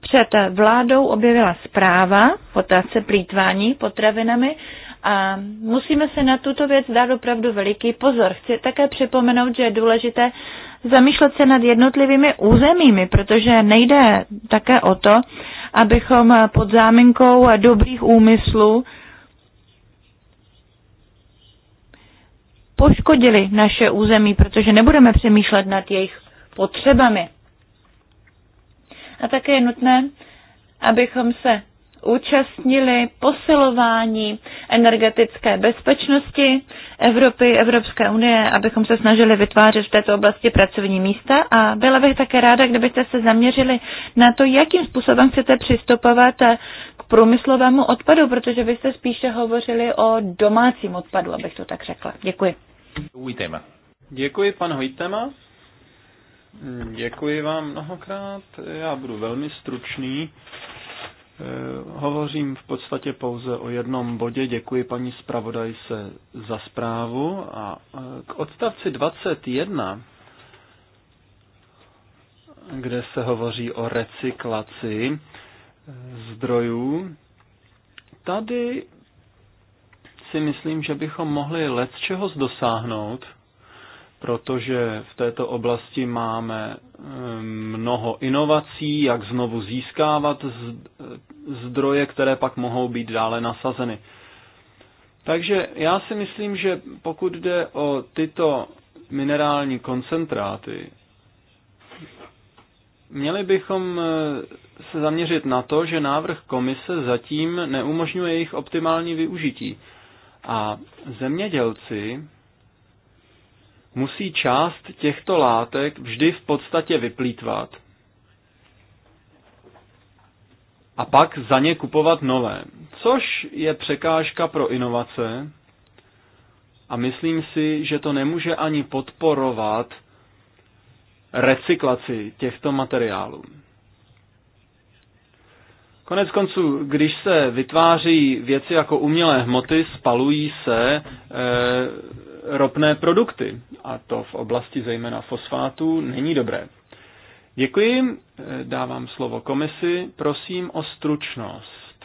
před vládou objevila zpráva v otázce plýtvání potravinami a musíme se na tuto věc dát opravdu veliký pozor. Chci také připomenout, že je důležité zamýšlet se nad jednotlivými územími, protože nejde také o to, abychom pod záminkou dobrých úmyslů poškodili naše území, protože nebudeme přemýšlet nad jejich potřebami. A také je nutné, abychom se účastnili posilování energetické bezpečnosti Evropy, Evropské unie, abychom se snažili vytvářet v této oblasti pracovní místa a byla bych také ráda, kdybyste se zaměřili na to, jakým způsobem chcete přistupovat k průmyslovému odpadu, protože vy jste spíše hovořili o domácím odpadu, abych to tak řekla. Děkuji. Ujtejme. Děkuji, pan Hojtema. Děkuji vám mnohokrát. Já budu velmi stručný. Eh, hovořím v podstatě pouze o jednom bodě. Děkuji paní zpravodajce za zprávu. A eh, k odstavci 21, kde se hovoří o recyklaci eh, zdrojů, tady si myslím, že bychom mohli let čeho dosáhnout, protože v této oblasti máme eh, mnoho inovací, jak znovu získávat eh, zdroje, které pak mohou být dále nasazeny. Takže já si myslím, že pokud jde o tyto minerální koncentráty, měli bychom eh, se zaměřit na to, že návrh komise zatím neumožňuje jejich optimální využití. A zemědělci musí část těchto látek vždy v podstatě vyplýtvat a pak za ně kupovat nové, což je překážka pro inovace a myslím si, že to nemůže ani podporovat recyklaci těchto materiálů. Konec konců, když se vytváří věci jako umělé hmoty, spalují se, eh, ropné produkty. A to v oblasti zejména fosfátů není dobré. Děkuji, eh, dávám slovo komisi, prosím o stručnost.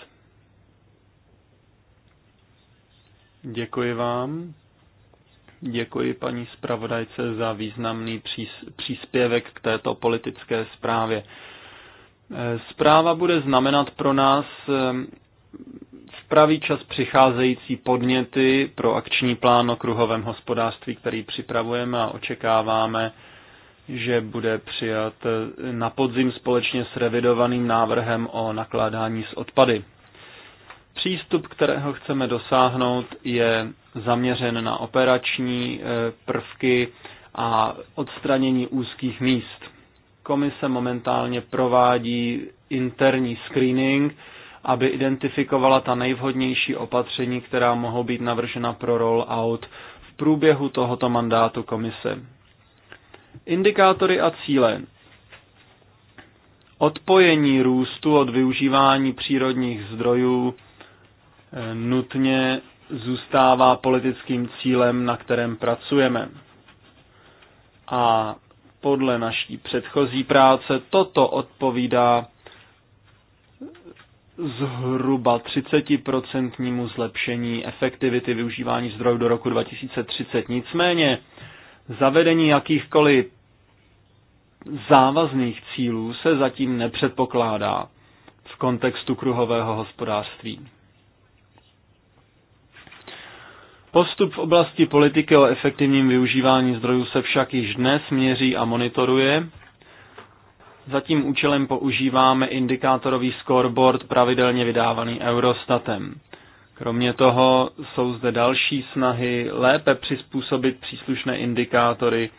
Děkuji vám. Děkuji paní zpravodajce za významný příspěvek k této politické zprávě. Eh, zpráva bude znamenat pro nás eh, pravý čas přicházející podněty pro akční plán o kruhovém hospodářství, který připravujeme a očekáváme, že bude přijat na podzim společně s revidovaným návrhem o nakládání s odpady. Přístup, kterého chceme dosáhnout, je zaměřen na operační eh, prvky a odstranění úzkých míst. Komise momentálně provádí interní screening, aby identifikovala ta nejvhodnější opatření, která mohou být navržena pro roll-out v průběhu tohoto mandátu komise. Indikátory a cíle. Odpojení růstu od využívání přírodních zdrojů eh, nutně zůstává politickým cílem, na kterém pracujeme. A podle naší předchozí práce toto odpovídá zhruba 30% zlepšení efektivity využívání zdrojů do roku 2030. Nicméně zavedení jakýchkoliv závazných cílů se zatím nepředpokládá v kontextu kruhového hospodářství. Postup v oblasti politiky o efektivním využívání zdrojů se však již dnes měří a monitoruje za tím účelem používáme indikátorový scoreboard pravidelně vydávaný Eurostatem. Kromě toho jsou zde další snahy lépe přizpůsobit příslušné indikátory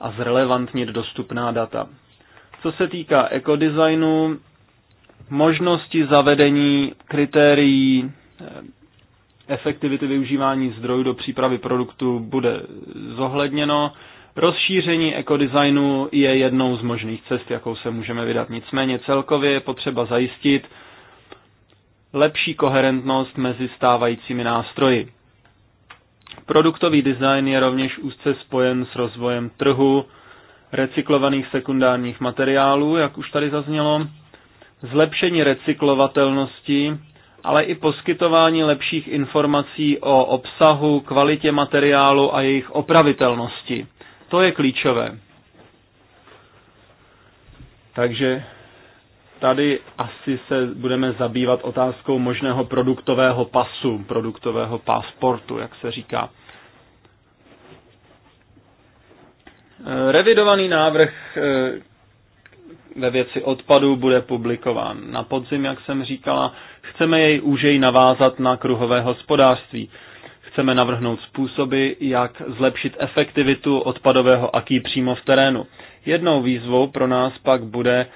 a zrelevantnit dostupná data. Co se týká ekodesignu, možnosti zavedení kritérií eh, efektivity využívání zdrojů do přípravy produktu bude zohledněno. Rozšíření ekodesignu je jednou z možných cest, jakou se můžeme vydat. Nicméně celkově je potřeba zajistit lepší koherentnost mezi stávajícími nástroji. Produktový design je rovněž úzce spojen s rozvojem trhu recyklovaných sekundárních materiálů, jak už tady zaznělo, zlepšení recyklovatelnosti, ale i poskytování lepších informací o obsahu, kvalitě materiálu a jejich opravitelnosti. To je klíčové. Takže tady asi se budeme zabývat otázkou možného produktového pasu, produktového pasportu, jak se říká. Eh, revidovaný návrh eh, ve věci odpadu bude publikován na podzim, jak jsem říkala. Chceme jej užej navázat na kruhové hospodářství chceme navrhnout způsoby, jak zlepšit efektivitu odpadového aký přímo v terénu. Jednou výzvou pro nás pak bude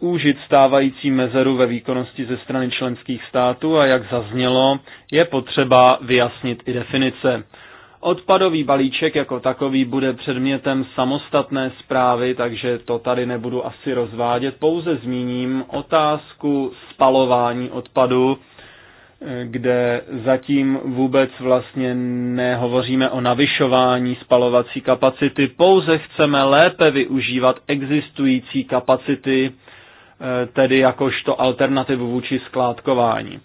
zúžit stávající mezeru ve výkonnosti ze strany členských států a jak zaznělo, je potřeba vyjasnit i definice. Odpadový balíček jako takový bude předmětem samostatné zprávy, takže to tady nebudu asi rozvádět, pouze zmíním otázku spalování odpadu kde zatím vůbec vlastně nehovoříme o navyšování spalovací kapacity, pouze chceme lépe využívat existující kapacity, eh, tedy jakožto alternativu vůči skládkování.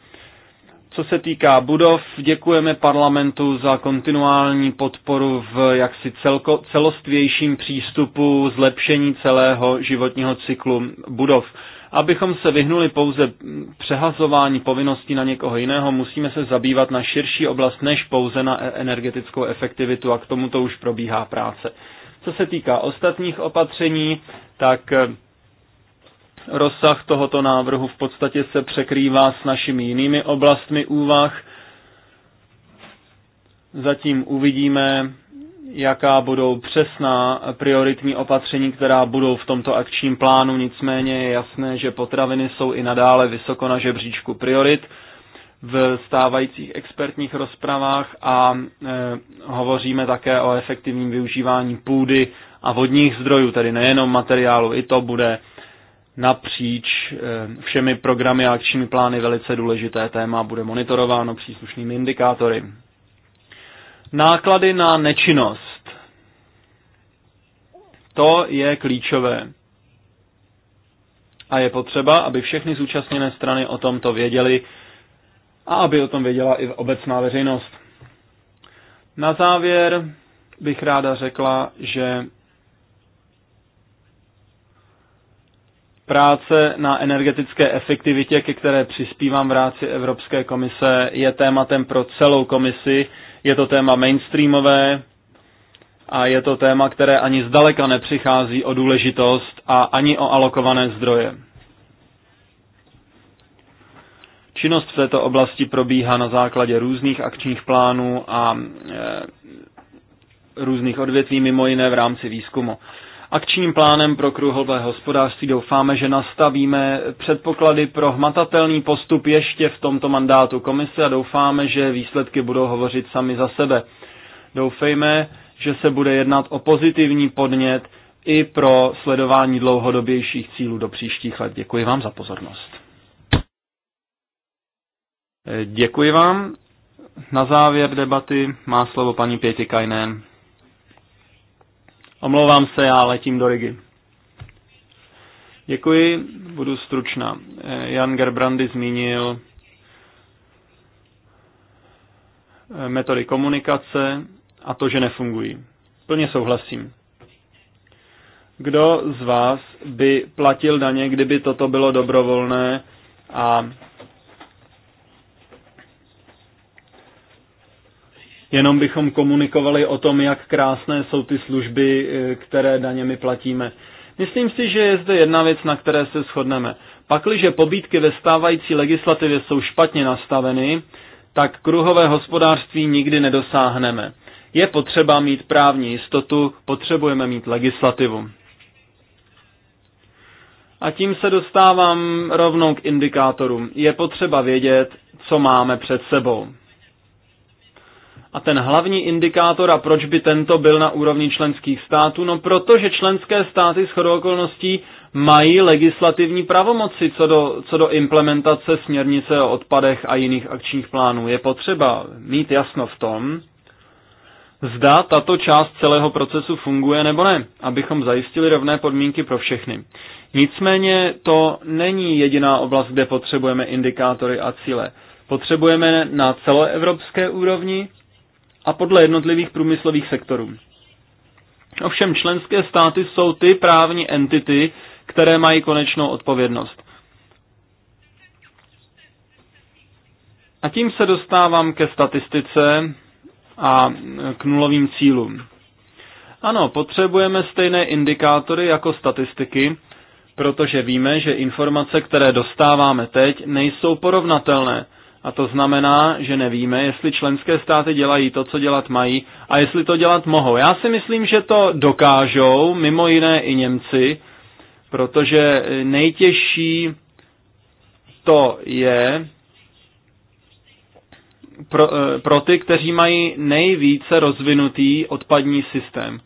Co se týká budov, děkujeme parlamentu za kontinuální podporu v jaksi celko, celostvějším přístupu zlepšení celého životního cyklu budov. Abychom se vyhnuli pouze přehazování povinností na někoho jiného, musíme se zabývat na širší oblast než pouze na e- energetickou efektivitu a k tomuto už probíhá práce. Co se týká ostatních opatření, tak e, rozsah tohoto návrhu v podstatě se překrývá s našimi jinými oblastmi úvah. Zatím uvidíme, jaká budou přesná prioritní opatření, která budou v tomto akčním plánu. Nicméně je jasné, že potraviny jsou i nadále vysoko na žebříčku priorit v stávajících expertních rozpravách a e, hovoříme také o efektivním využívání půdy a vodních zdrojů, tedy nejenom materiálu. I to bude napříč e, všemi programy a akčními plány velice důležité téma, bude monitorováno příslušnými indikátory. Náklady na nečinnost. To je klíčové. A je potřeba, aby všechny zúčastněné strany o tomto věděly a aby o tom věděla i obecná veřejnost. Na závěr bych ráda řekla, že Práce na energetické efektivitě, ke které přispívám v rámci Evropské komise, je tématem pro celou komisi je to téma mainstreamové a je to téma, které ani zdaleka nepřichází o důležitost a ani o alokované zdroje. Činnost v této oblasti probíhá na základě různých akčních plánů a e, různých odvětví, mimo jiné v rámci výzkumu. Akčním plánem pro kruhové hospodářství doufáme, že nastavíme předpoklady pro hmatatelný postup ještě v tomto mandátu komise a doufáme, že výsledky budou hovořit sami za sebe. Doufejme, že se bude jednat o pozitivní podnět i pro sledování dlouhodobějších cílů do příštích let. Děkuji vám za pozornost. Děkuji vám. Na závěr debaty má slovo paní Kajnén. Omlouvám se, já letím do Rigi. Děkuji, budu stručná. Jan Gerbrandy zmínil eh, metody komunikace a to, že nefungují. Plně souhlasím. Kdo z vás by platil daně, kdyby toto bylo dobrovolné a jenom bychom komunikovali o tom, jak krásné jsou ty služby, eh, které daněmi platíme. Myslím si, že je zde jedna věc, na které se shodneme. Pakliže pobídky ve stávající legislativě jsou špatně nastaveny, tak kruhové hospodářství nikdy nedosáhneme. Je potřeba mít právní jistotu, potřebujeme mít legislativu. A tím se dostávám rovnou k indikátorům. Je potřeba vědět, co máme před sebou. A ten hlavní indikátor, a proč by tento byl na úrovni členských států? No protože členské státy s okolností mají legislativní pravomoci co do, co do implementace směrnice o odpadech a jiných akčních plánů. Je potřeba mít jasno v tom, zda tato část celého procesu funguje nebo ne, abychom zajistili rovné podmínky pro všechny. Nicméně to není jediná oblast, kde potřebujeme indikátory a cíle. Potřebujeme na celoevropské úrovni a podle jednotlivých průmyslových sektorů. Ovšem členské státy jsou ty právní entity, které mají konečnou odpovědnost. A tím se dostávám ke statistice a k nulovým cílům. Ano, potřebujeme stejné indikátory jako statistiky, protože víme, že informace, které dostáváme teď, nejsou porovnatelné. A to znamená, že nevíme, jestli členské státy dělají to, co dělat mají a jestli to dělat mohou. Já si myslím, že to dokážou, mimo jiné i Němci, protože nejtěžší to je pro, eh, pro ty, kteří mají nejvíce rozvinutý odpadní systém.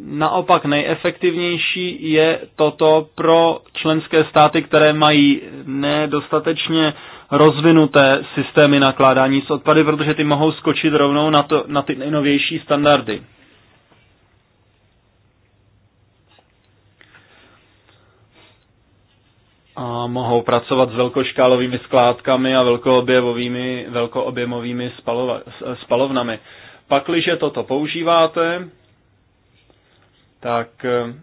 Naopak nejefektivnější je toto pro členské státy, které mají nedostatečně rozvinuté systémy nakládání s odpady, protože ty mohou skočit rovnou na, to, na ty nejnovější standardy. A mohou pracovat s velkoškálovými skládkami a velkoobjemovými, velkoobjemovými spalova, spalovnami. Pakliže toto používáte, tak eh,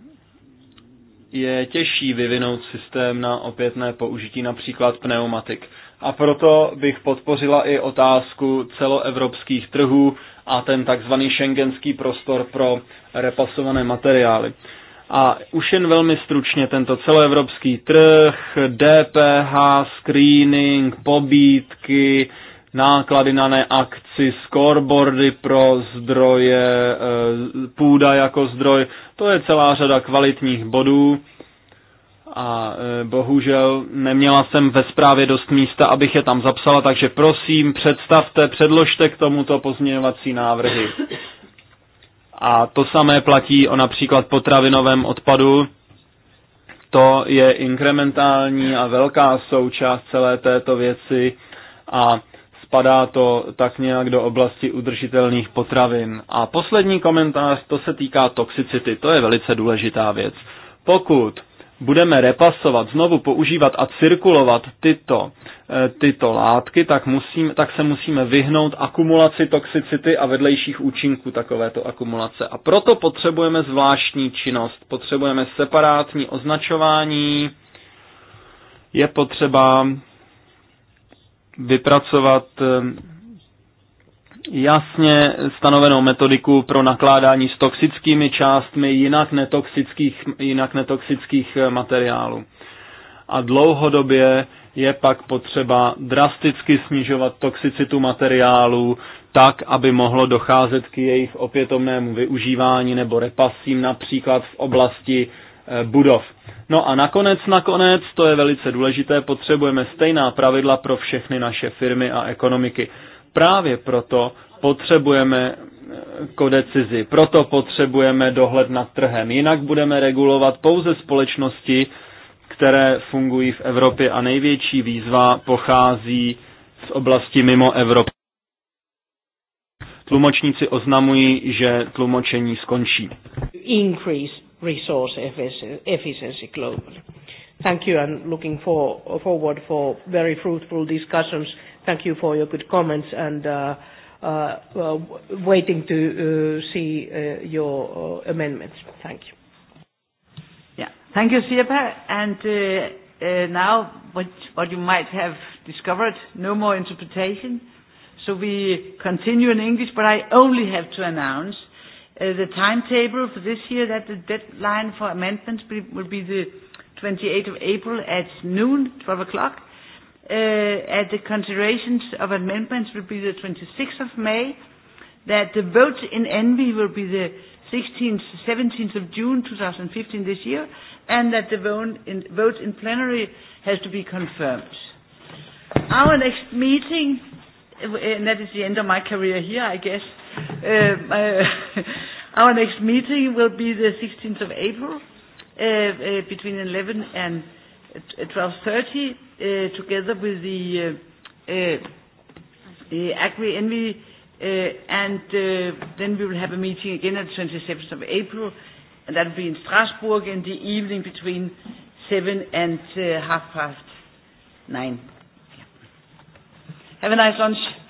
je těžší vyvinout systém na opětné použití například pneumatik. A proto bych podpořila i otázku celoevropských trhů a ten takzvaný šengenský prostor pro repasované materiály. A už jen velmi stručně tento celoevropský trh, DPH, screening, pobídky, náklady na akci, scoreboardy pro zdroje, eh, půda jako zdroj. To je celá řada kvalitních bodů a e, bohužel neměla jsem ve zprávě dost místa, abych je tam zapsala, takže prosím, představte, předložte k tomuto pozměňovací návrhy. A to samé platí o například potravinovém odpadu. To je inkrementální a velká součást celé této věci a Spadá to tak nějak do oblasti udržitelných potravin. A poslední komentář, to se týká toxicity. To je velice důležitá věc. Pokud budeme repasovat, znovu používat a cirkulovat tyto, eh, tyto látky, tak, musím, tak se musíme vyhnout akumulaci toxicity a vedlejších účinků takovéto akumulace. A proto potřebujeme zvláštní činnost, potřebujeme separátní označování, je potřeba vypracovat eh, jasně stanovenou metodiku pro nakládání s toxickými částmi jinak netoxických, jinak netoxických eh, materiálů. A dlouhodobě je pak potřeba drasticky snižovat toxicitu materiálů tak, aby mohlo docházet k jejich opětovnému využívání nebo repasím například v oblasti Eh, budov. No a nakonec, nakonec, to je velice důležité, potřebujeme stejná pravidla pro všechny naše firmy a ekonomiky. Právě proto potřebujeme eh, kodecizi, proto potřebujeme dohled nad trhem. Jinak budeme regulovat pouze společnosti, které fungují v Evropě a největší výzva pochází z oblasti mimo Evropy. Tlumočníci oznamují, že tlumočení skončí. Increase resource efficiency globally. Thank you, and looking for, forward for very fruitful discussions. Thank you for your good comments and uh, uh, well, uh, waiting to uh, see uh, your uh, amendments. Thank you. Yeah. Thank you, Sirpa. And uh, uh, now what, what you might have discovered, no more interpretation. So we continue in English, but I only have to announce Uh, the timetable for this year that the deadline for amendments be, will be the 28th of April at noon, 12 o'clock. Uh, at the considerations of amendments will be the 26th of May. That the vote in envy will be the 16th, 17th of June 2015 this year, and that the vote in, vote in plenary has to be confirmed. Our next meeting, uh, uh, and that is the end of my career here, I guess, Uh, uh our next meeting will be the 16th of April uh, uh, between 11 and 12.30 uh, together with the uh, uh, uh, Agri Envy uh, and uh, then we will have a meeting again on 27th of April and that will be in Strasbourg in the evening between 7 and uh, half past 9. Have a nice lunch.